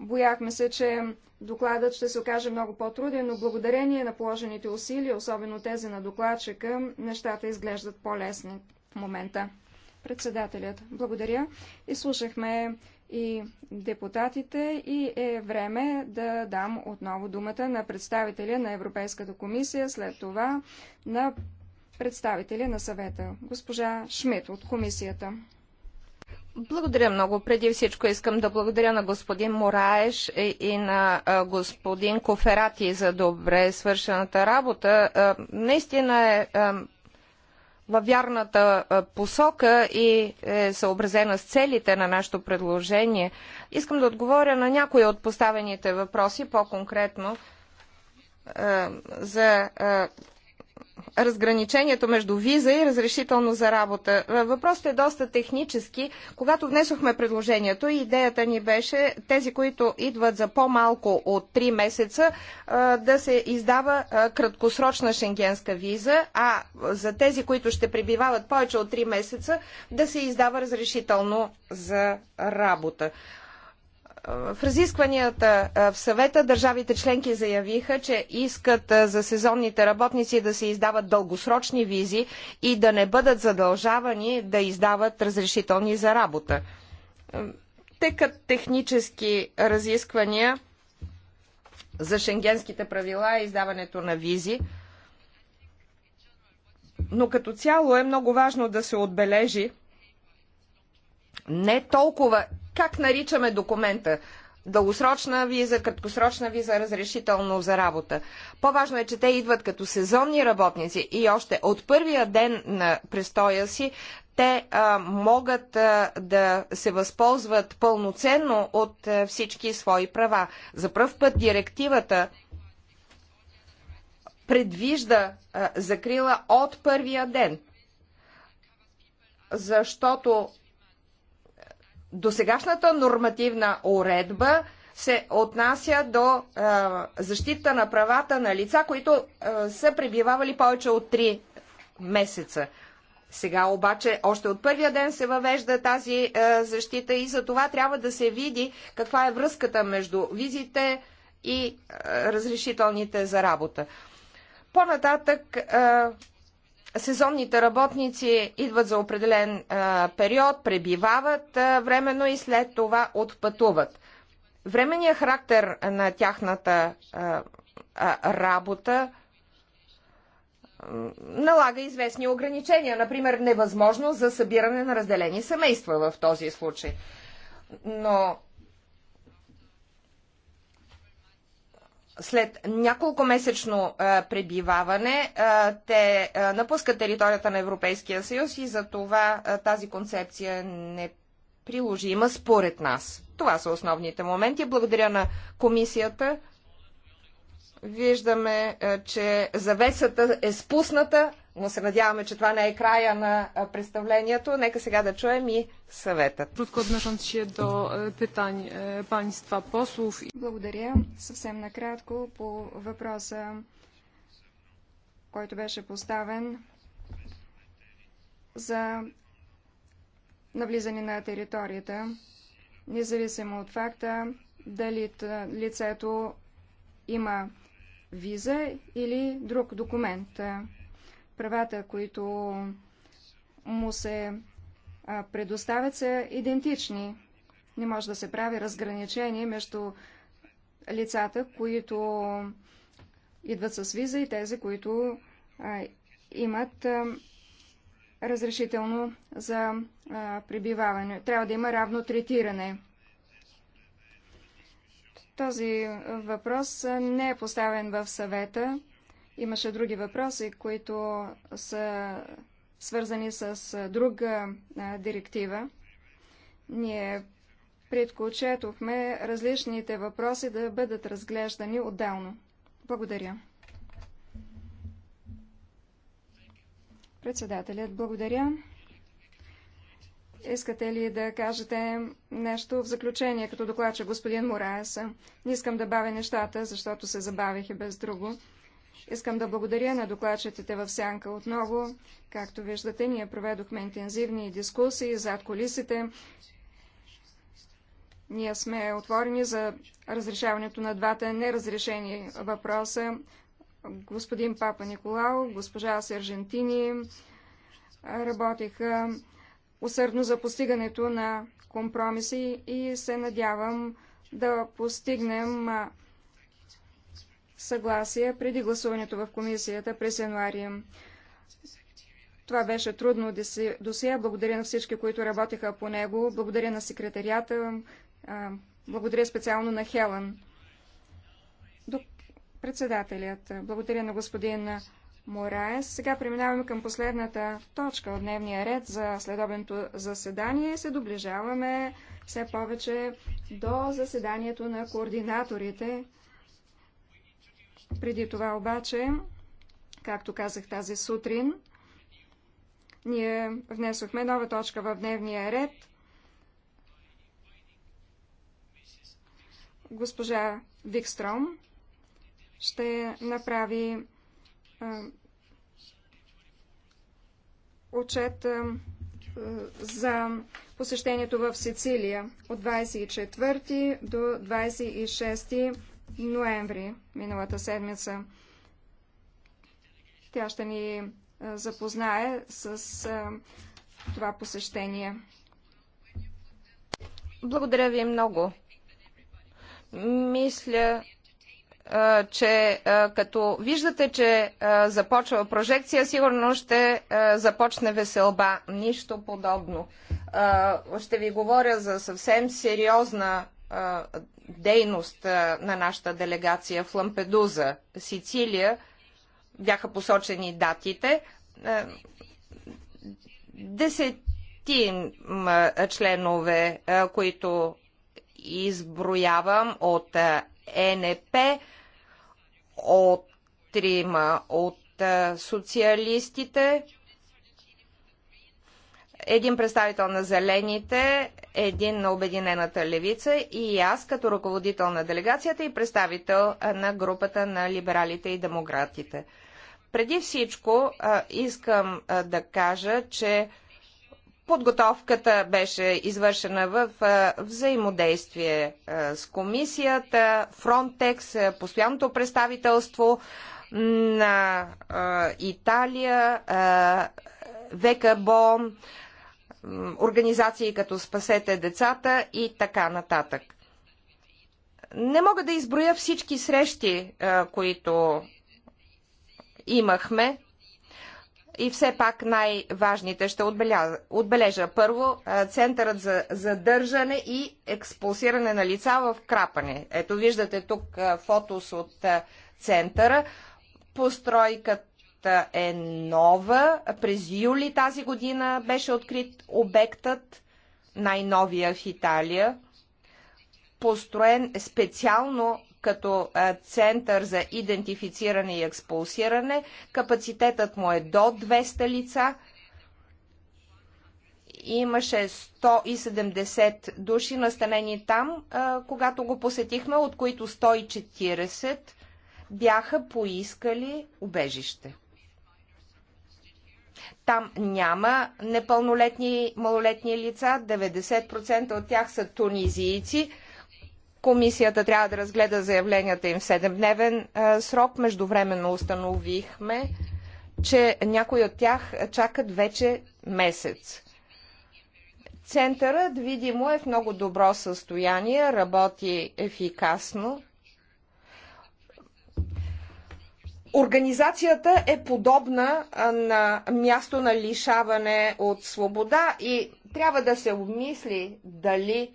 Бояхме се, че докладът ще се окаже много по-труден, но благодарение на положените усилия, особено тези на докладчика, нещата изглеждат по-лесни в момента. Председателят, благодаря. И слушахме и депутатите и е време да дам отново думата на представителя на Европейската комисия, след това на представителя на съвета, госпожа Шмидт от комисията. Благодаря много. Преди всичко искам да благодаря на господин Мораеш и на господин Коферати за добре свършената работа. Наистина е във вярната посока и е съобразена с целите на нашето предложение. Искам да отговоря на някои от поставените въпроси по-конкретно за разграничението между виза и разрешително за работа. Е, въпросът е доста технически. Когато внесохме предложението, идеята ни беше тези, които идват за по-малко от 3 месеца, е, да се издава е, краткосрочна шенгенска виза, а за тези, които ще пребивават повече от 3 месеца, да се издава разрешително за работа. В разискванията в съвета държавите членки заявиха, че искат за сезонните работници да се издават дългосрочни визи и да не бъдат задължавани да издават разрешителни за работа. Текат технически разисквания за шенгенските правила и издаването на визи. Но като цяло е много важно да се отбележи не толкова как наричаме документа дългосрочна виза, краткосрочна виза, разрешително за работа. По-важно е, че те идват като сезонни работници и още от първия ден на престоя си те а, могат а, да се възползват пълноценно от а, всички свои права. За пръв път директивата предвижда а, закрила от първия ден, защото досегашната нормативна уредба се отнася до а, е, защита на правата на лица, които а, е, са пребивавали повече от 3 месеца. Сега обаче още от първия ден се въвежда тази а, е, защита и за това трябва да се види каква е връзката между визите и а, разрешителните за работа. По-нататък а, сезонните работници идват за определен а, период, пребивават а, временно и след това отпътуват. Временният характер на тяхната а, а, работа налага известни ограничения, например невъзможност за събиране на разделени семейства в този случай. Но след няколко месечно е, пребиваване е, те е, напускат територията на Европейския съюз и за това тази концепция не приложима според нас. Това са основните моменти. Благодаря на комисията. Виждаме, че завесата е спусната но се надяваме, че това не е края на представлението. Нека сега да чуем и съветът. Кратко отношънc се до е, питани е, паниства послов. Благодаря. Съвсем накратко по въпроса, който беше поставен за навлизане на територията, независимо от факта дали е, лицето има виза или друг документ правата, които му се предоставят, са идентични. Не може да се прави разграничение между лицата, които идват с виза и тези, които имат разрешително за прибиваване. Трябва да има равно третиране. Този въпрос не е поставен в съвета. Имаше други въпроси, които са свързани с друга директива. Ние предпочетохме различните въпроси да бъдат разглеждани отделно. Благодаря. Председателят, благодаря. Искате ли да кажете нещо в заключение, като докладче господин Мураеса? Не искам да бавя нещата, защото се забавих и без друго. Искам да благодаря на докладчетите в Сянка отново. Както виждате, ние проведохме интензивни дискусии зад колисите. Ние сме отворени за разрешаването на двата неразрешени въпроса. Господин Папа Николао, госпожа Сержентини работиха усърдно за постигането на компромиси и се надявам да постигнем съгласие преди гласуването в комисията през януари. Това беше трудно досия. Благодаря на всички, които работеха по него. Благодаря на секретарията. Благодаря специално на Хелън. Председателят. Благодаря на господин Мораес. Сега преминаваме към последната точка от дневния ред за следобеното заседание. Се доближаваме все повече до заседанието на координаторите. Преди това обаче, както казах тази сутрин, ние внесохме нова точка в дневния ред. Госпожа Викстром ще направи отчет за посещението в Сицилия от 24 до 26 ноември миналата седмица. Тя ще ни е, запознае с е, това посещение. Благодаря ви много. Мисля, е, че като виждате, че започва прожекция, сигурно ще започне веселба. Нищо подобно. Ще ви говоря за съвсем сериозна дейност на нашата делегация в Лампедуза, Сицилия, бяха посочени датите. Десети членове, които изброявам от ЕНП, от трима от социалистите, един представител на Зелените, един на Обединената левица и аз като ръководител на делегацията и представител на групата на либералите и демократите. Преди всичко искам да кажа, че подготовката беше извършена в взаимодействие с комисията, Фронтекс, постоянното представителство на Италия, ВКБО, организации като Спасете децата и така нататък. Не мога да изброя всички срещи, е, които имахме и все пак най-важните ще отбележа. Първо, е, Центърът за задържане и експулсиране на лица в Крапане. Ето виждате тук е, фотос от центъра. Постройката Сградата е нова. През юли тази година беше открит обектът, най-новия в Италия, построен специално като център за идентифициране и експулсиране. Капацитетът му е до 200 лица. Имаше 170 души настанени там, когато го посетихме, от които 140 бяха поискали убежище. Там няма непълнолетни малолетни лица, 90% от тях са тунизийци. Комисията трябва да разгледа заявленията им в 7-дневен срок. Междувременно установихме, че някои от тях чакат вече месец. Центърът видимо е в много добро състояние, работи ефикасно Организацията е подобна на място на лишаване от свобода и трябва да се обмисли дали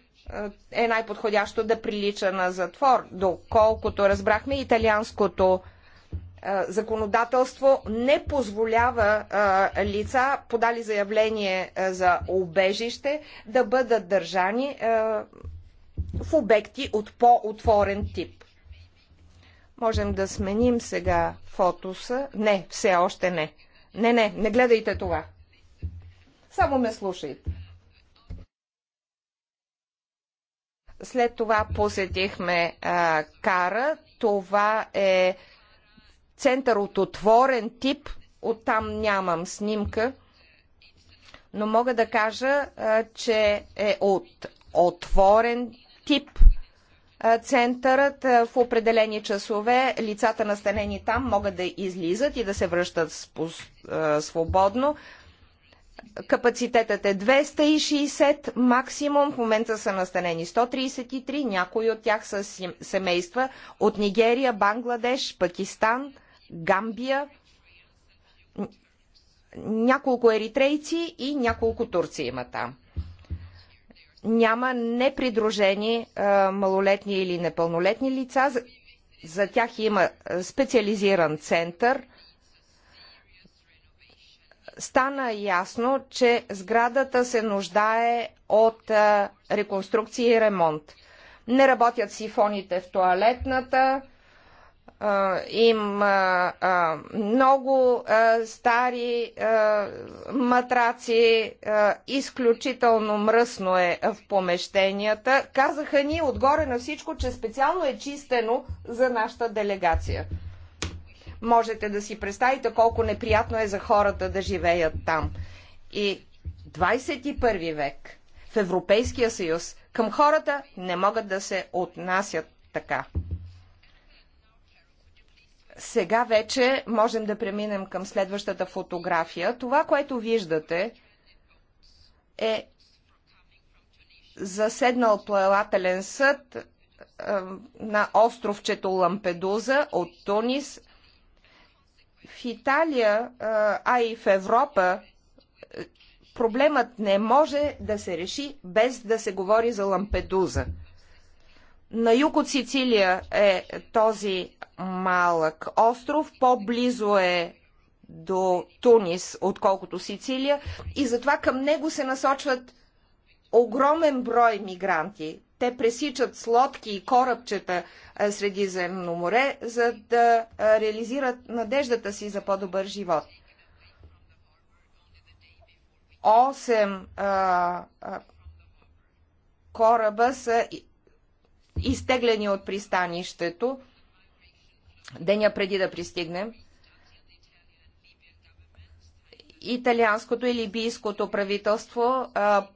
е най-подходящо да прилича на затвор. Доколкото разбрахме, италианското законодателство не позволява лица, подали заявление за обежище, да бъдат държани в обекти от по-отворен тип. Можем да сменим сега фотоса. Не, все още не. Не, не, не гледайте това. Само ме слушайте. След това посетихме а, Кара. Това е център от отворен тип. Оттам нямам снимка. Но мога да кажа, а, че е от отворен тип центърът в определени часове. Лицата настанени там могат да излизат и да се връщат свободно. Капацитетът е 260 максимум, в момента са настанени 133, някои от тях са семейства от Нигерия, Бангладеш, Пакистан, Гамбия, няколко еритрейци и няколко турци има там няма непридружени малолетни или непълнолетни лица. За, тях има специализиран център. Стана ясно, че сградата се нуждае от реконструкция и ремонт. Не работят сифоните в туалетната, има много стари матраци, изключително мръсно е в помещенията. Казаха ни отгоре на всичко, че специално е чистено за нашата делегация. Можете да си представите колко неприятно е за хората да живеят там. И 21 век в Европейския съюз към хората не могат да се отнасят така. Сега вече можем да преминем към следващата фотография. Това, което виждате, е заседнал плавателен съд е, на островчето Лампедуза от Тунис. В Италия, е, а и в Европа, е, проблемът не може да се реши без да се говори за Лампедуза. На юг от Сицилия е този малък остров, по-близо е до Тунис, отколкото Сицилия, и затова към него се насочват огромен брой мигранти. Те пресичат с лодки и корабчета е, Средиземно море, за да е, реализират надеждата си за по-добър живот. Осем а, а, кораба са изтегляни от пристанището деня преди да пристигнем. Италианското и либийското правителство а,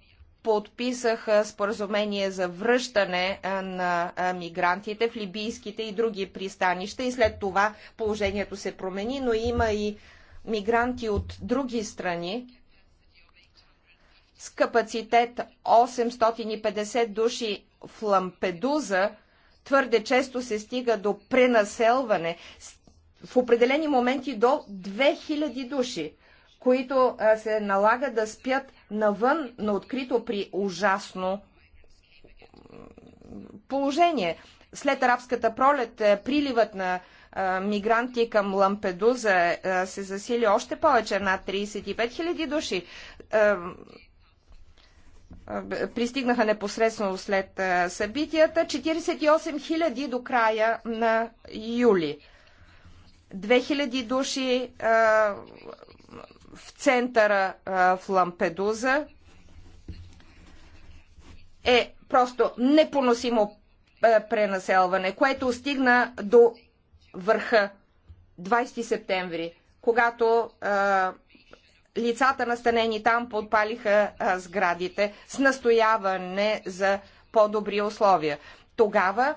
подписаха споразумение за връщане на мигрантите в либийските и други пристанища и след това положението се промени, но има и мигранти от други страни, с капацитет 850 души в Лампедуза, твърде често се стига до пренаселване в определени моменти до 2000 души, които се налага да спят навън на открито при ужасно положение. След арабската пролет е, приливът на мигранти към Лампедуза е, се засили още повече, над 35 000 души пристигнаха непосредствено след събитията, 48 000 до края на юли. 2000 души а, в центъра а, в Лампедуза е просто непоносимо пренаселване, което стигна до върха 20 септември, когато а, лицата настанени там подпалиха сградите с настояване за по-добри условия. Тогава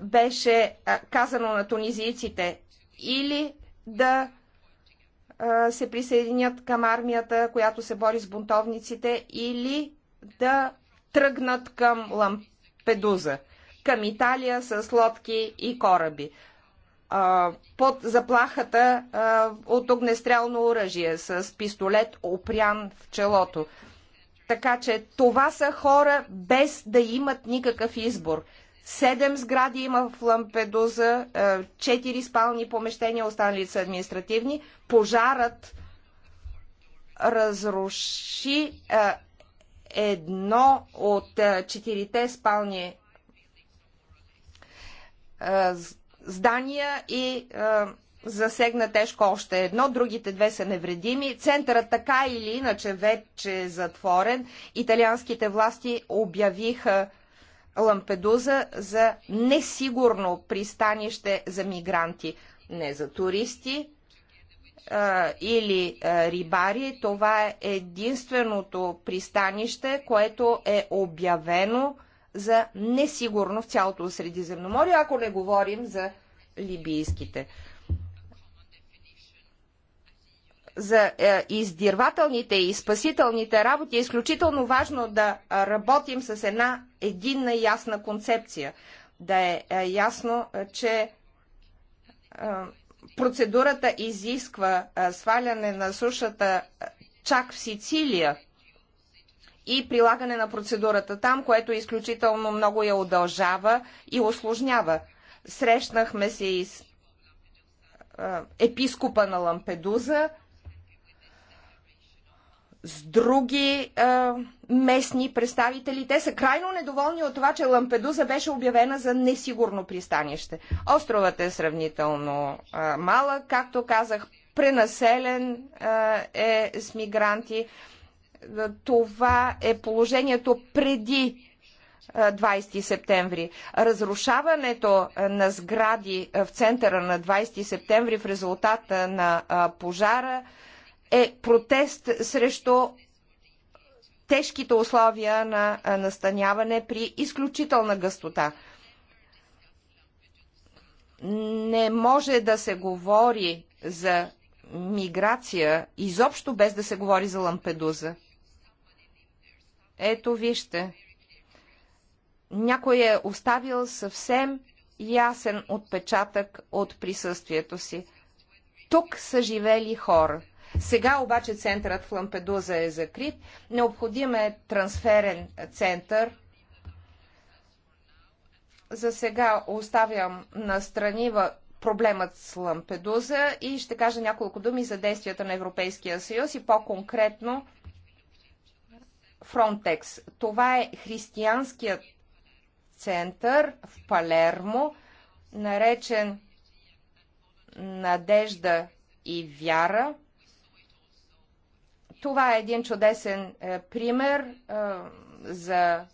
беше казано на тунизийците или да се присъединят към армията, която се бори с бунтовниците, или да тръгнат към Лампедуза, към Италия с лодки и кораби под заплахата от огнестрелно оръжие с пистолет опрян в челото. Така че това са хора без да имат никакъв избор. Седем сгради има в Лампедуза, четири спални помещения, останали са административни. Пожарът разруши едно от четирите спални здания и е, засегна тежко още едно, другите две са невредими. Центърът така или иначе вече е затворен. Италианските власти обявиха Лампедуза за несигурно пристанище за мигранти, не за туристи е, или е, рибари. Това е единственото пристанище, което е обявено за несигурно в цялото Средиземноморие, ако не говорим за либийските. За е, издирвателните и спасителните работи е изключително важно да работим с една единна ясна концепция. Да е, е ясно, е, че е, процедурата изисква е, сваляне на сушата е, чак в Сицилия – и прилагане на процедурата там, което изключително много я удължава и осложнява. Срещнахме се и с епископа на Лампедуза, с други е, местни представители. Те са крайно недоволни от това, че Лампедуза беше обявена за несигурно пристанище. Островът е сравнително е, малък, както казах, пренаселен е, е с мигранти. Е, е, това е положението преди 20 е, септември. Разрушаването е, на сгради в центъра на 20 септември в резултат на пожара е протест срещу тежките условия на настаняване при изключителна гъстота. Не може да се говори за миграция изобщо без да се говори за Лампедуза. Ето вижте, някой е оставил съвсем ясен отпечатък от присъствието си. Тук са живели хора. Сега обаче центърът в Лампедуза е закрит. Необходим е трансферен център. За сега оставям на страни проблемът с Лампедуза и ще кажа няколко думи за действията на Европейския съюз и по-конкретно Фронтекс. Това е християнският център в Палермо, наречен Надежда и вяра. Това е един чудесен е, пример е, за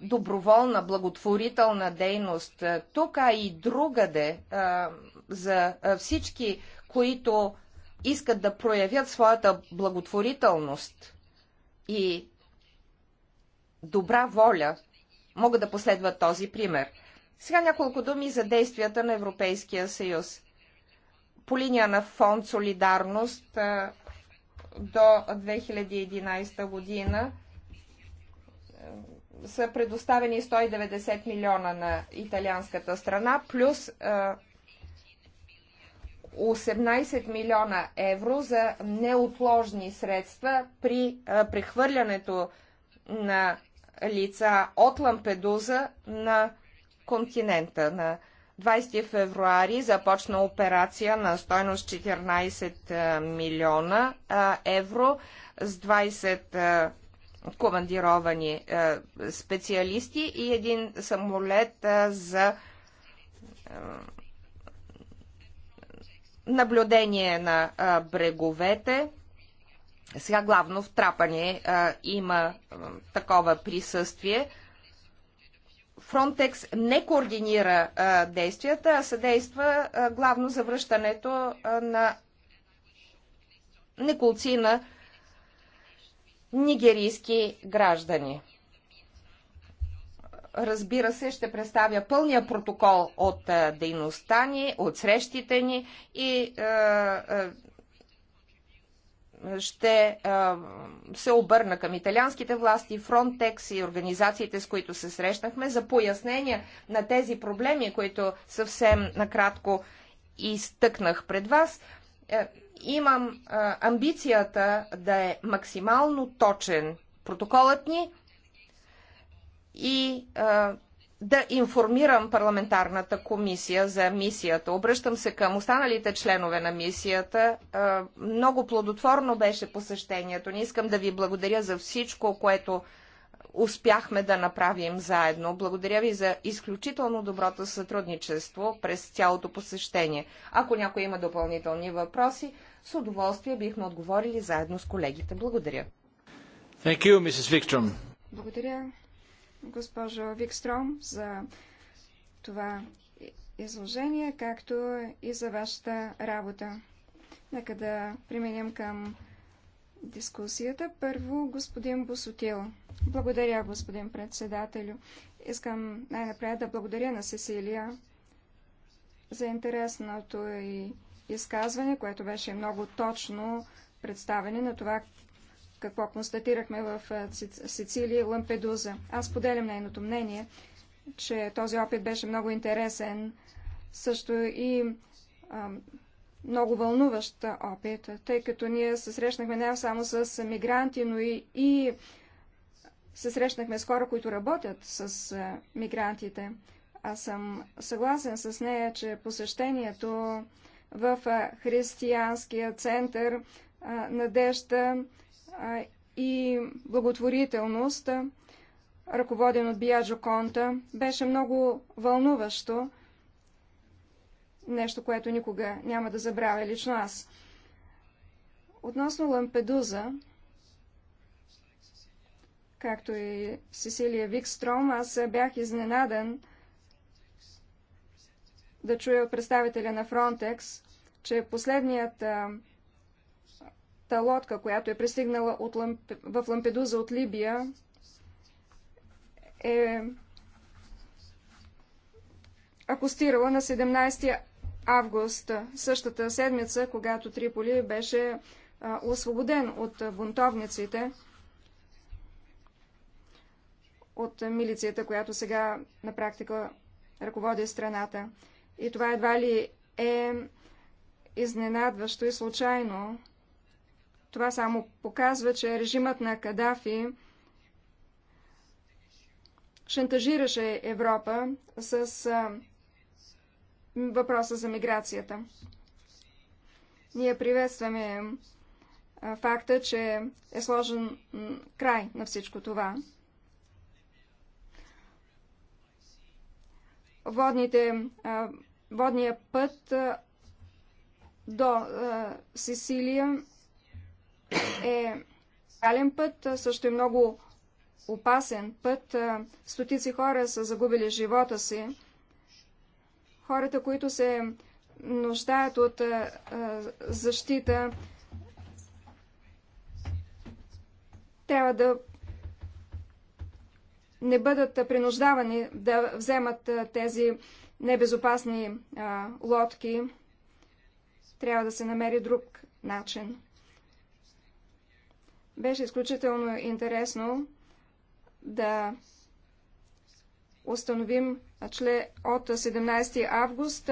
доброволна, благотворителна дейност е, тук, а и другаде за всички, които искат да проявят своята благотворителност и добра воля могат да последват този пример. Сега няколко думи за действията на Европейския съюз. По линия на фонд Солидарност до 2011 година са предоставени 190 милиона на италианската страна, плюс 18 милиона евро за неотложни средства при прехвърлянето на лица от Лампедуза на континента. На 20 февруари започна операция на стойност 14 милиона евро с 20 командировани специалисти и един самолет за наблюдение на а, бреговете. Сега главно в Трапане а, има а, такова присъствие. Фронтекс не координира а, действията, а съдейства а, главно за връщането а, на нигерийски граждани разбира се, ще представя пълния протокол от е, дейността ни, от срещите ни и е, е, ще се обърна към италианските власти, Frontex и организациите, с които се срещнахме, за пояснения на тези проблеми, които съвсем накратко изтъкнах пред вас. Имам амбицията да е максимално точен протоколът ни и а, да информирам парламентарната комисия за мисията. Обръщам се към останалите членове на мисията. А, много плодотворно беше посещението. Не искам да ви благодаря за всичко, което успяхме да направим заедно. Благодаря ви за изключително доброто сътрудничество през цялото посещение. Ако някой има допълнителни въпроси, с удоволствие бихме отговорили заедно с колегите. Благодаря. Thank you, Mrs. Благодаря, госпожо Викстром, за това изложение, както и за вашата работа. Нека да преминем към дискусията. Първо, господин Босотил. Благодаря, господин председателю. Искам най-напред да благодаря на Сесилия за интересното и изказване, което беше много точно представене на това какво констатирахме в Сицилия и Лампедуза. Аз поделям нейното мнение, че този опит беше много интересен, също и а, много вълнуващ опит, тъй като ние се срещнахме не само с мигранти, но и, и се срещнахме с хора, които работят с мигрантите. Аз съм съгласен с нея, че посещението в християнския център Надежда и благотворителност, ръководен от Биаджо Конта, беше много вълнуващо. Нещо, което никога няма да забравя лично аз. Относно Лампедуза, както и Сесилия Викстром, аз бях изненадан да чуя от представителя на Фронтекс, че последният Та лодка, която е пристигнала от Ламп... в Лампедуза от Либия, е акустирала на 17 август, същата седмица, когато Триполи беше освободен от бунтовниците, от милицията, която сега на практика ръководи страната. И това едва ли е изненадващо и случайно. Това само показва, че режимът на Кадафи шантажираше Европа с въпроса за миграцията. Ние приветстваме факта, че е сложен край на всичко това. Водните, водния път до Сесилия е реален път, също и много опасен път. Стотици хора са загубили живота си. Хората, които се нуждаят от защита, трябва да не бъдат принуждавани да вземат тези небезопасни лодки. Трябва да се намери друг начин. Беше изключително интересно да установим чле от 17 август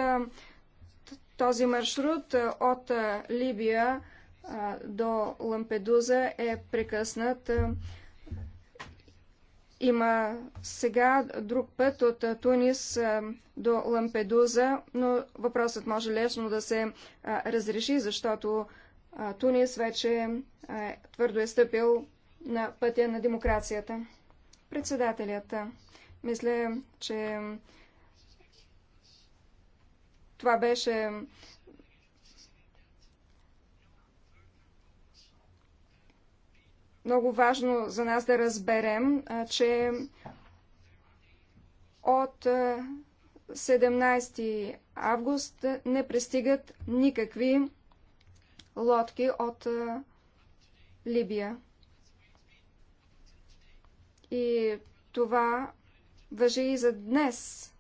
този маршрут от Либия до Лампедуза е прекъснат. Има сега друг път от Тунис до Лампедуза, но въпросът може лесно да се разреши, защото Тунис вече твърдо е стъпил на пътя на демокрацията. Председателят, мисля, че това беше много важно за нас да разберем, че от 17 август не пристигат никакви лодки от Либия. И това въжи и за днес.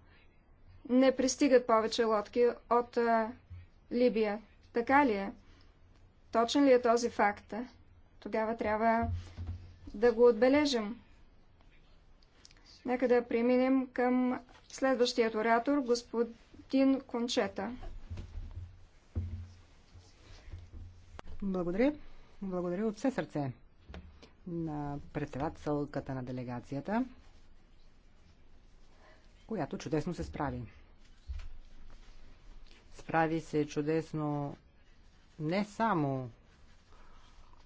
Не пристигат повече лодки от Либия. Така ли е? Точен ли е този факт? Тогава трябва да го отбележим. Нека да преминем към следващия оратор, господин Кончета. Благодаря. Благодаря от все сърце на председателката на делегацията, която чудесно се справи. Справи се чудесно не само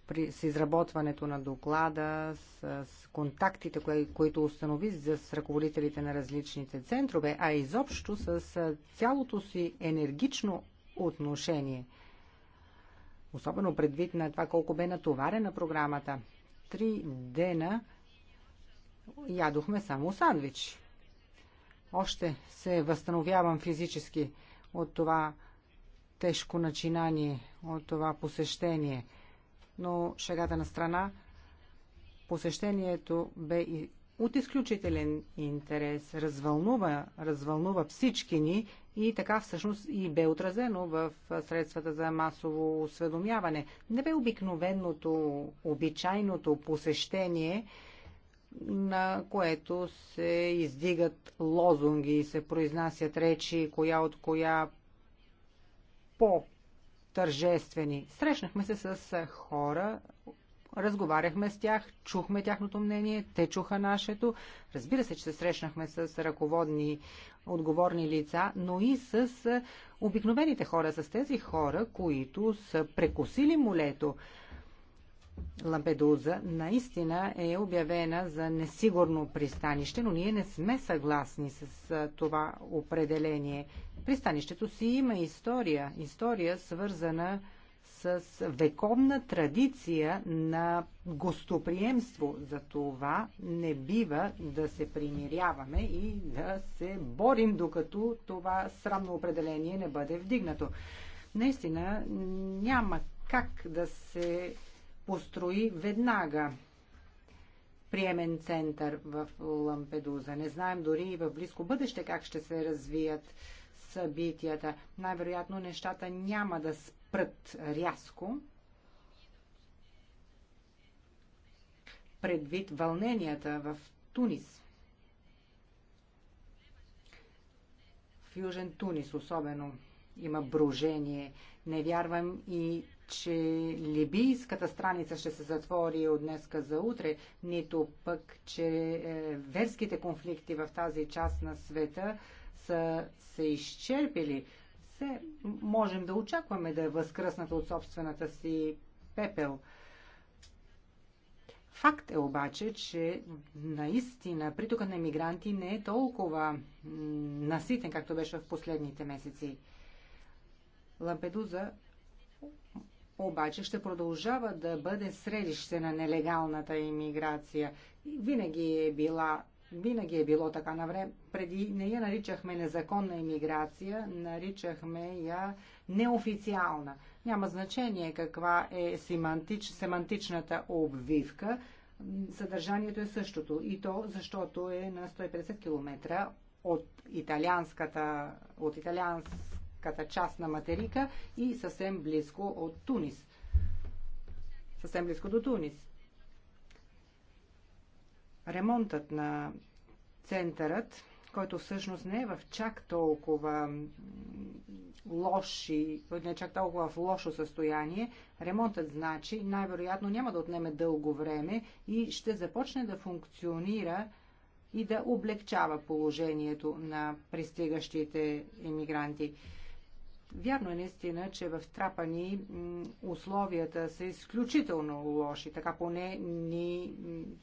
при, с изработването на доклада, с, с контактите, кои, които установи с ръководителите на различните центрове, а изобщо с цялото си енергично отношение – особено предвид на това колко бе натоварена програмата. Три дена ядохме само сандвич. Още се възстановявам физически от това тежко начинание, от това посещение. Но шегата на страна, посещението бе и от изключителен интерес. Развълнува, развълнува всички ни и така всъщност и бе отразено в средствата за масово осведомяване. Не бе обикновеното, обичайното посещение, на което се издигат лозунги и се произнасят речи, коя от коя по-тържествени. Срещнахме се с хора разговаряхме с тях, чухме тяхното мнение, те чуха нашето. Разбира се, че се срещнахме с ръководни отговорни лица, но и с обикновените хора, с тези хора, които са прекусили молето. Лампедуза наистина е обявена за несигурно пристанище, но ние не сме съгласни с това определение. Пристанището си има история, история свързана с с вековна традиция на гостоприемство. За това не бива да се примиряваме и да се борим, докато това срамно определение не бъде вдигнато. Наистина няма как да се построи веднага приемен център в Лампедуза. Не знаем дори и в близко бъдеще как ще се развият събитията. Най-вероятно нещата няма да спрят пред рязко, предвид вълненията в Тунис. В Южен Тунис особено има брожение. Не вярвам и, че либийската страница ще се затвори от днеска за утре, нито пък, че е, верските конфликти в тази част на света са се изчерпили се можем да очакваме да е възкръсната от собствената си пепел. Факт е обаче, че наистина притока на емигранти не е толкова наситен, както беше в последните месеци. Лампедуза обаче ще продължава да бъде средище на нелегалната иммиграция. Винаги е била винаги е било така на време. Преди не я наричахме незаконна иммиграция, наричахме я неофициална. Няма значение каква е семантич, семантичната обвивка. Съдържанието е същото. И то защото е на 150 км от италианската, от италианската част на материка и съвсем близко от Тунис. Съвсем близко до Тунис ремонтът на центърът, който всъщност не е в чак толкова лоши, не е чак толкова в лошо състояние, ремонтът значи най-вероятно няма да отнеме дълго време и ще започне да функционира и да облегчава положението на пристигащите емигранти. Вярно е наистина, че в Трапани условията са изключително лоши. Така поне ни,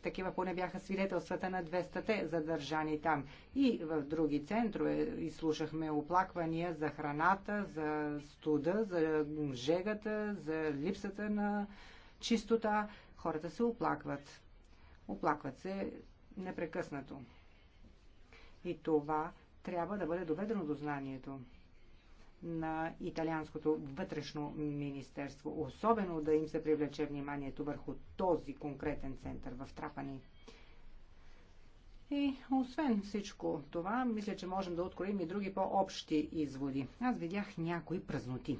такива поне бяха свидетелствата на 200-те задържани там. И в други центрове изслушахме оплаквания за храната, за студа, за жегата, за липсата на чистота. Хората се оплакват. Оплакват се непрекъснато. И това трябва да бъде доведено до знанието на Италианското вътрешно министерство. Особено да им се привлече вниманието върху този конкретен център в Трапани. И освен всичко това, мисля, че можем да откроим и други по-общи изводи. Аз видях някои празноти.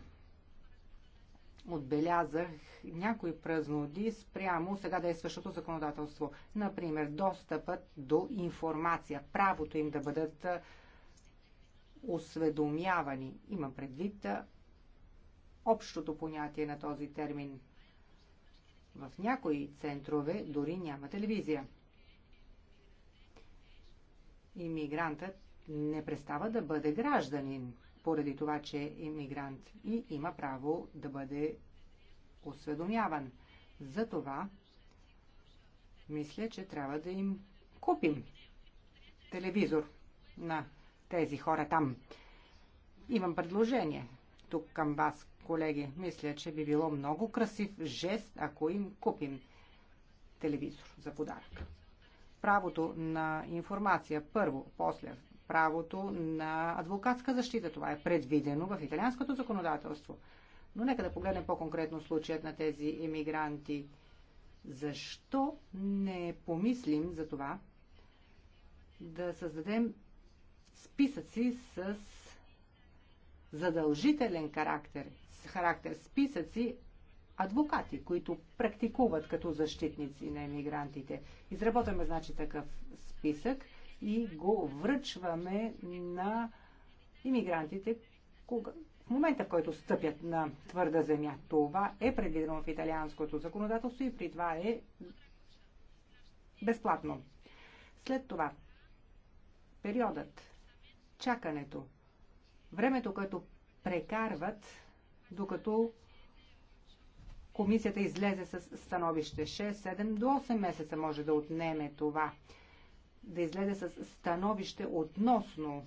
Отбелязах някои празноти спрямо сега действащото законодателство. Например, достъпът до информация, правото им да бъдат осведомявани. Имам предвид общото понятие на този термин. В някои центрове дори няма телевизия. Имигрантът не престава да бъде гражданин, поради това, че е иммигрант и има право да бъде осведомяван. Затова мисля, че трябва да им купим телевизор на тези хора там. Имам предложение тук към вас, колеги. Мисля, че би било много красив жест, ако им купим телевизор за подарък. Правото на информация първо, после правото на адвокатска защита. Това е предвидено в италианското законодателство. Но нека да погледнем по-конкретно случаят на тези иммигранти. Защо не помислим за това да създадем списъци с задължителен характер, с характер списъци адвокати, които практикуват като защитници на емигрантите. Изработваме, значи, такъв списък и го връчваме на иммигрантите кога... в момента, в който стъпят на твърда земя. Това е предвидено в италианското законодателство и при това е безплатно. След това периодът чакането. Времето, което прекарват, докато комисията излезе с становище 6, 7 до 8 месеца може да отнеме това. Да излезе с становище относно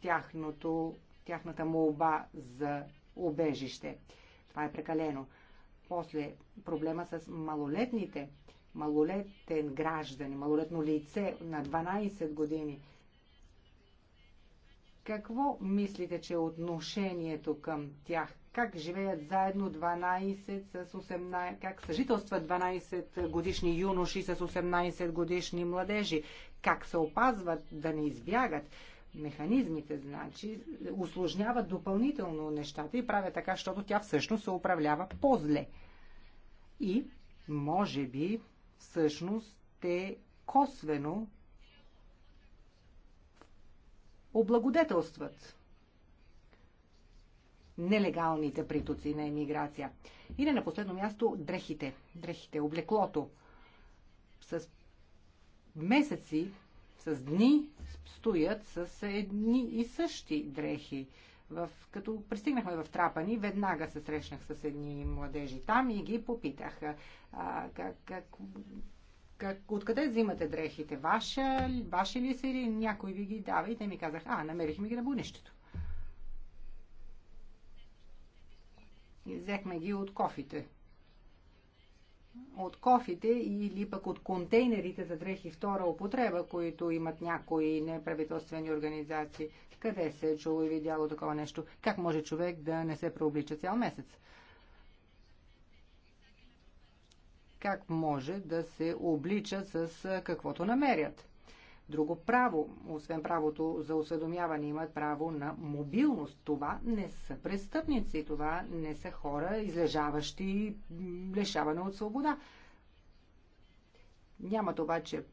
тяхното, тяхната молба за обежище. Това е прекалено. После проблема с малолетните, малолетен граждани, малолетно лице на 12 години – какво мислите, че е отношението към тях? Как живеят заедно 12 с 18, как съжителстват 12 годишни юноши с 18 годишни младежи? Как се опазват да не избягат? Механизмите, значи, усложняват допълнително нещата и правят така, защото тя всъщност се управлява по-зле. И, може би, всъщност те косвено облагодетелстват нелегалните притоци на емиграция. И не на последно място дрехите, дрехите, облеклото. С месеци, с дни стоят с едни и същи дрехи. В, като пристигнахме в Трапани, веднага се срещнах с едни младежи там и ги попитах а, как, как, как, откъде взимате дрехите? Ваша, ваши ли са или някой ви ги дава? И те ми казаха, а, намерихме ги на бунището. И взехме ги от кофите. От кофите или пък от контейнерите за дрехи втора употреба, които имат някои неправителствени организации. Къде се е чуло и видяло такова нещо? Как може човек да не се преоблича цял месец? как може да се обличат с каквото намерят. Друго право, освен правото за осведомяване, имат право на мобилност. Това не са престъпници, това не са хора, излежаващи лишаване от свобода. Нямат обаче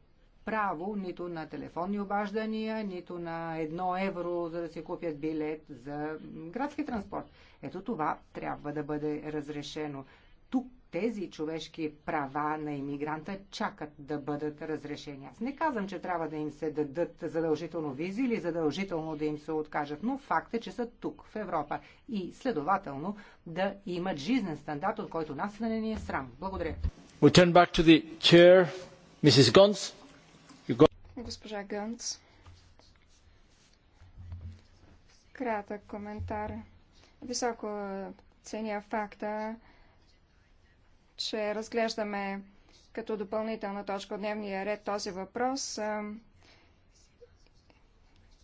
право нито на телефонни обаждания, нито на едно евро, за да си купят билет за градски транспорт. Ето това трябва да бъде разрешено. Тук тези човешки права на иммигранта чакат да бъдат разрешени. Аз не казвам, че трябва да им се дадат задължително визи или задължително да им се откажат, но факт е, че са тук, в Европа и следователно да имат жизнен стандарт, от който нас да не ни е срам. Благодаря. We'll chair, go... Госпожа Гънц. Кратък коментар. Високо ценя факта, че разглеждаме като допълнителна точка от дневния ред този въпрос.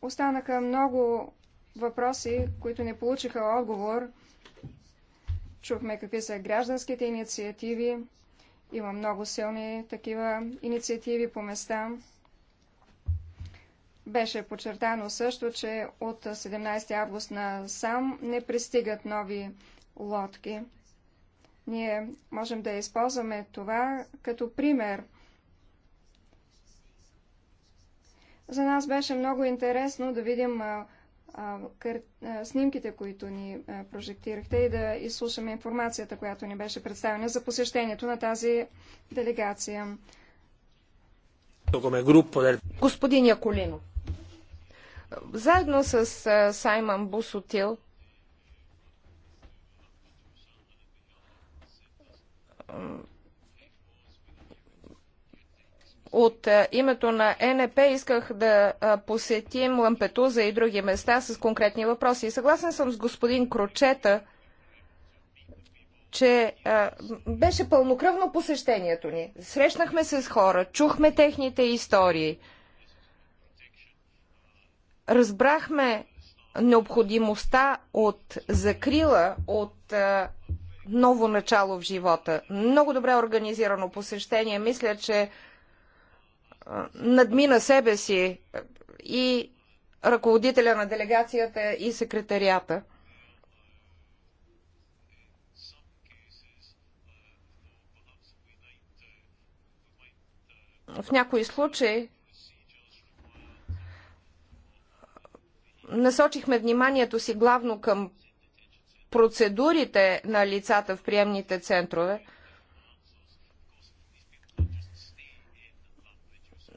Останаха много въпроси, които не получиха отговор. Чухме какви са гражданските инициативи. Има много силни такива инициативи по места. Беше подчертано също, че от 17 август на сам не пристигат нови лодки. Ние можем да използваме това като пример. За нас беше много интересно да видим а, а, кър... а, снимките, които ни а, прожектирахте и да изслушаме информацията, която ни беше представена за посещението на тази делегация. Господин Яколино, заедно с Саймон Бусотил от е, името на НП исках да е, посетим Лампетуза и други места с конкретни въпроси. съгласен съм с господин Крочета, че а, е, беше пълнокръвно посещението ни. Срещнахме се с хора, чухме техните истории, разбрахме необходимостта от закрила, от а, ново начало в живота. Много добре организирано посещение. Мисля, че надмина себе си и ръководителя на делегацията и секретарията. В някои случаи насочихме вниманието си главно към процедурите на лицата в приемните центрове,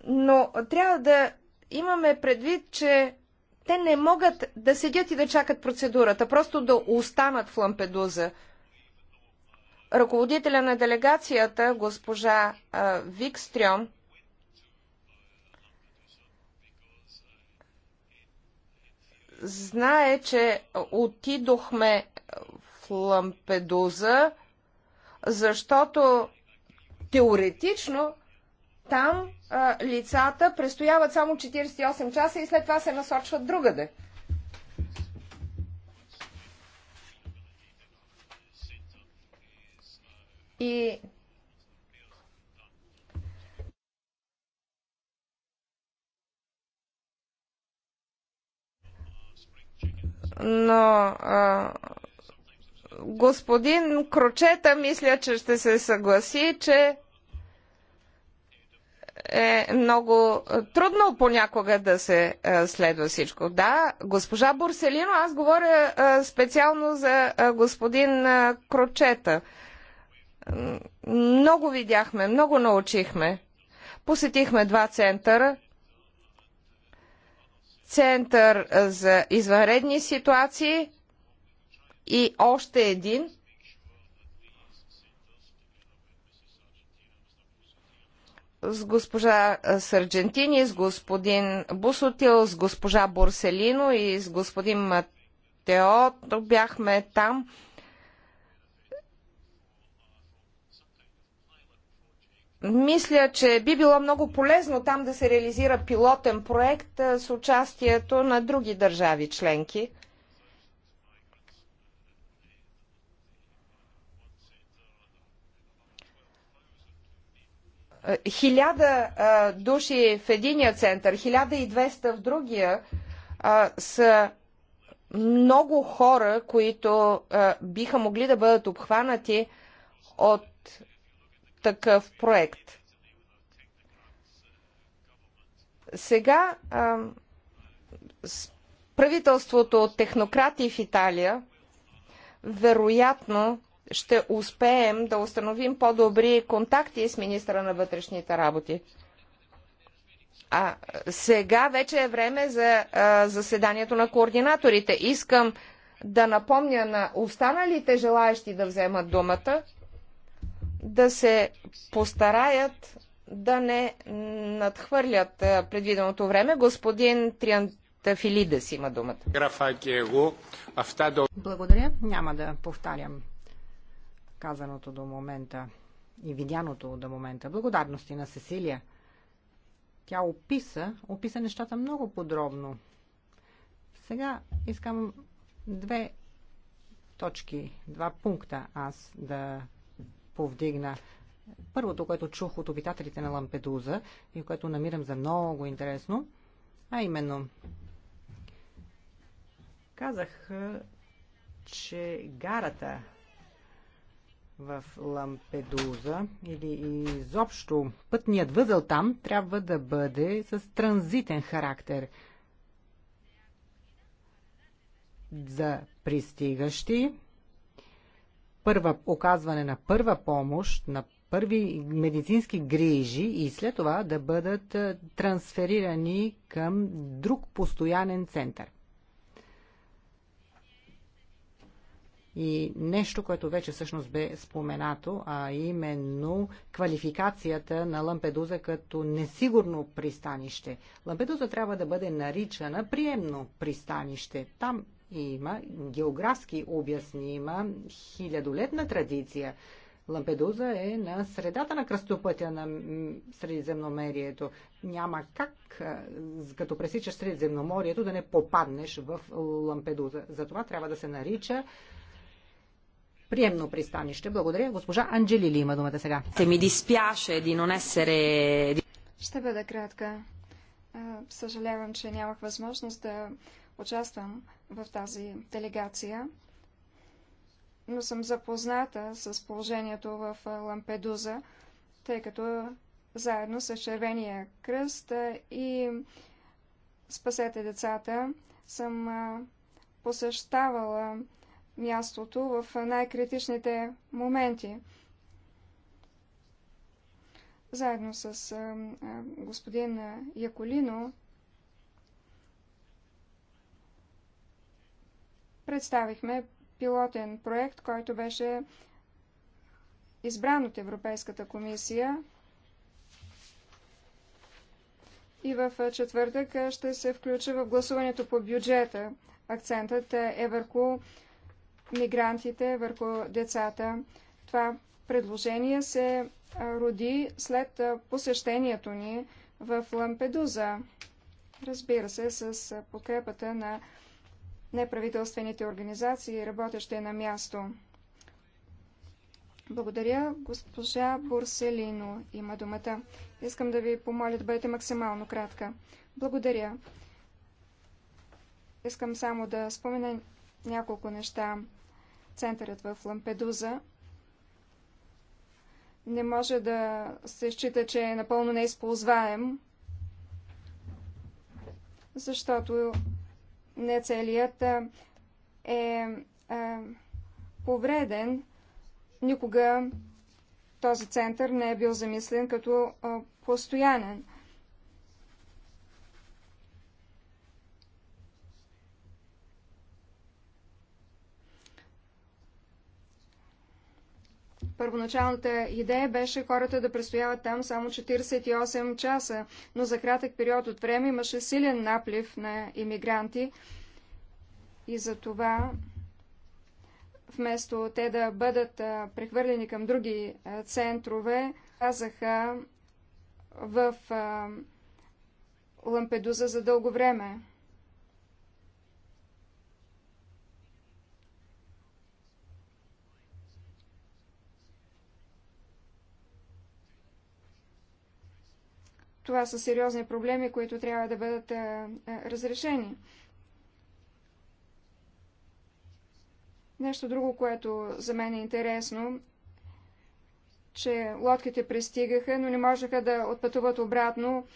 но трябва да имаме предвид, че те не могат да седят и да чакат процедурата, просто да останат в Лампедуза. Ръководителя на делегацията, госпожа а, Викстрем, знае, че отидохме Лампедуза, защото теоретично там а, лицата престояват само 48 часа и след това се насочват другаде. И но а, господин Крочета мисля, че ще се съгласи, че е много трудно понякога да се е, следва всичко. Да, госпожа Борселино, аз говоря е, специално за е, господин Крочета. Много видяхме, много научихме. Посетихме два центъра. Център за извънредни ситуации и още един. С госпожа Сърджентини, с господин Бусотил, с госпожа Борселино и с господин Матео бяхме там. Мисля, че би било много полезно там да се реализира пилотен проект с участието на други държави членки. Е, хиляда е, души в единия център, 1200 в другия е, са много хора, които биха могли да бъдат обхванати от такъв проект. Сега а, правителството от технократи в Италия вероятно ще успеем да установим по-добри контакти с министра на вътрешните работи. А сега вече е време за а, заседанието на координаторите. Искам да напомня на останалите желаящи да вземат думата, да се постараят да не надхвърлят предвиденото време. Господин Триантафилидес има думата. Благодаря. Няма да повтарям казаното до момента и видяното до момента. Благодарности на Сесилия. Тя описа, описа нещата много подробно. Сега искам две точки, два пункта аз да повдигна. Първото, което чух от обитателите на Лампедуза и което намирам за много интересно, а именно казах, че гарата в Лампедуза или изобщо пътният възел там трябва да бъде с транзитен характер за пристигащи, първа, оказване на първа помощ, на първи медицински грижи и след това да бъдат трансферирани към друг постоянен център. и нещо, което вече всъщност бе споменато, а именно квалификацията на Лампедуза като несигурно пристанище. Лампедуза трябва да бъде наричана приемно пристанище. Там има географски обяснима хилядолетна традиция. Лампедуза е на средата на кръстопътя на Средиземноморието. Няма как, като пресичаш Средиземноморието, да не попаднеш в Лампедуза. Затова трябва да се нарича приемно пристанище. Благодаря. Госпожа Анджелили има думата сега. Се ми диспяше ди non essere... Ще бъда кратка. Съжалявам, че нямах възможност да участвам в тази делегация, но съм запозната с положението в Лампедуза, тъй като заедно с Червения кръст и Спасете децата съм посещавала мястото в най-критичните моменти. Заедно с господин Яколино представихме пилотен проект, който беше избран от Европейската комисия. И в четвъртък ще се включи в гласуването по бюджета. Акцентът е върху мигрантите върху децата. Това предложение се роди след посещението ни в Лампедуза. Разбира се, с подкрепата на неправителствените организации, работещи на място. Благодаря. Госпожа Борселино има думата. Искам да ви помоля да бъдете максимално кратка. Благодаря. Искам само да спомена няколко неща центърът в Лампедуза не може да се счита, че е напълно неизползваем, защото не целият е, е повреден. Никога този център не е бил замислен като постоянен. Първоначалната идея беше хората да престояват там само 48 часа, но за кратък период от време имаше силен наплив на иммигранти и за това вместо те да бъдат прехвърлени към други центрове, казаха в Лампедуза за дълго време. Това са сериозни проблеми, които трябва да бъдат е, е, разрешени. Нещо друго, което за мен е интересно, че лодките пристигаха, но не можеха да отпътуват обратно,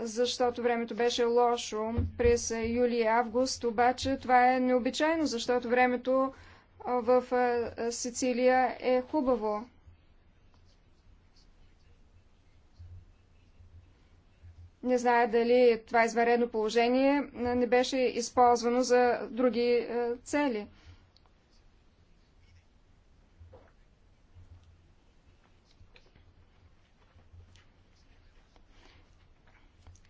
защото времето беше лошо през юли и август. Обаче това е необичайно, защото времето в Сицилия е хубаво. Не зная дали това изваредно положение не беше използвано за други цели.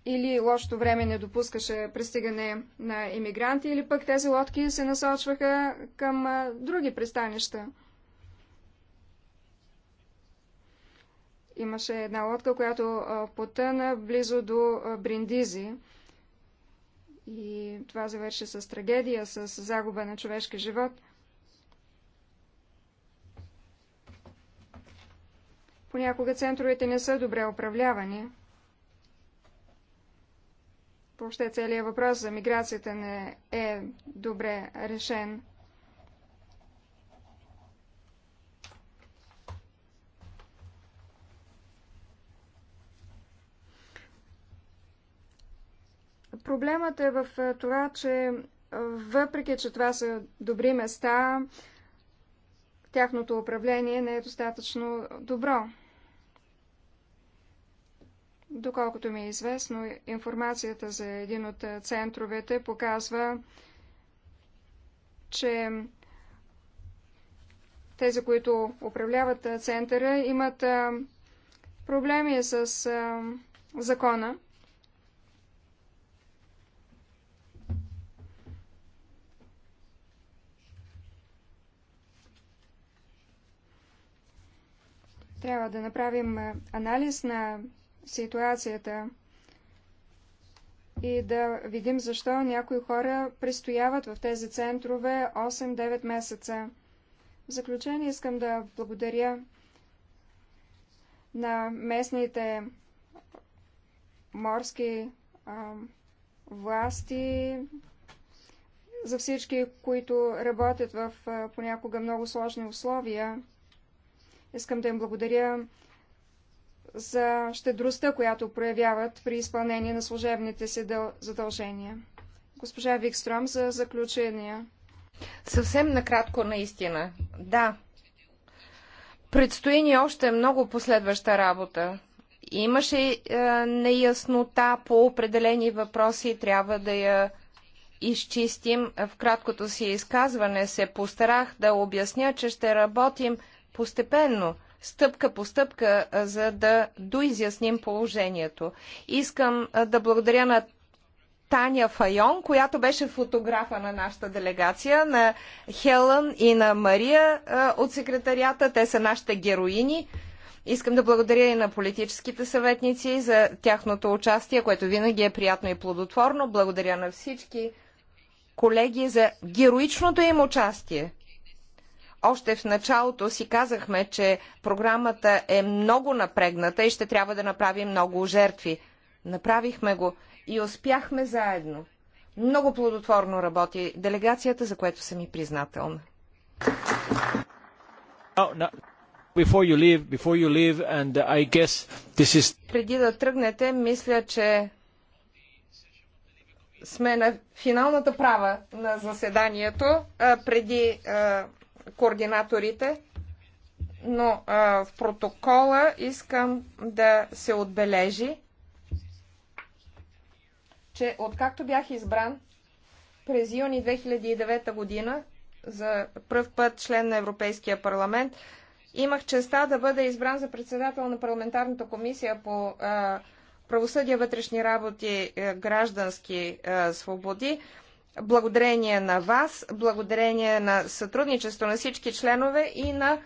или лошото време не допускаше пристигане на иммигранти, или пък тези лодки се насочваха към други пристанища. Имаше една лодка, която потъна близо до Бриндизи. И това завърши с трагедия, с загуба на човешки живот. Понякога центровете не са добре управлявани. Въобще целият въпрос за миграцията не е добре решен. Проблемът е в е, това, че е, въпреки, че това са добри места, тяхното управление не е достатъчно добро. Доколкото ми е известно, информацията за един от е, центровете показва, че тези, които управляват центъра, имат проблеми с закона Трябва да направим анализ на ситуацията и да видим защо някои хора престояват в тези центрове 8-9 месеца. В заключение искам да благодаря на местните морски а, власти, за всички, които работят в а, понякога много сложни условия. Искам да им благодаря за щедростта, която проявяват при изпълнение на служебните си задължения. Госпожа Викстром за заключения. Съвсем накратко наистина. Да. Предстои ни още много последваща работа. Имаше е, неяснота по определени въпроси, трябва да я изчистим. В краткото си изказване се постарах да обясня, че ще работим – постепенно, стъпка по стъпка, за да доизясним положението. Искам да благодаря на Таня Файон, която беше фотографа на нашата делегация, на Хелън и на Мария от секретарията. Те са нашите героини. Искам да благодаря и на политическите съветници за тяхното участие, което винаги е приятно и плодотворно. Благодаря на всички колеги за героичното им участие. Още в началото си казахме, че програмата е много напрегната и ще трябва да направим много жертви. Направихме го и успяхме заедно. Много плодотворно работи делегацията, за което съм и признателна. Oh, преди да тръгнете, мисля, че сме на финалната права на заседанието, преди координаторите, но а, в протокола искам да се отбележи, че откакто бях избран през юни 2009 година за пръв път член на Европейския парламент, имах честа да бъда избран за председател на парламентарната комисия по а, правосъдие, вътрешни работи, е, граждански а, е, свободи благодарение на вас, благодарение на сътрудничество на всички членове и на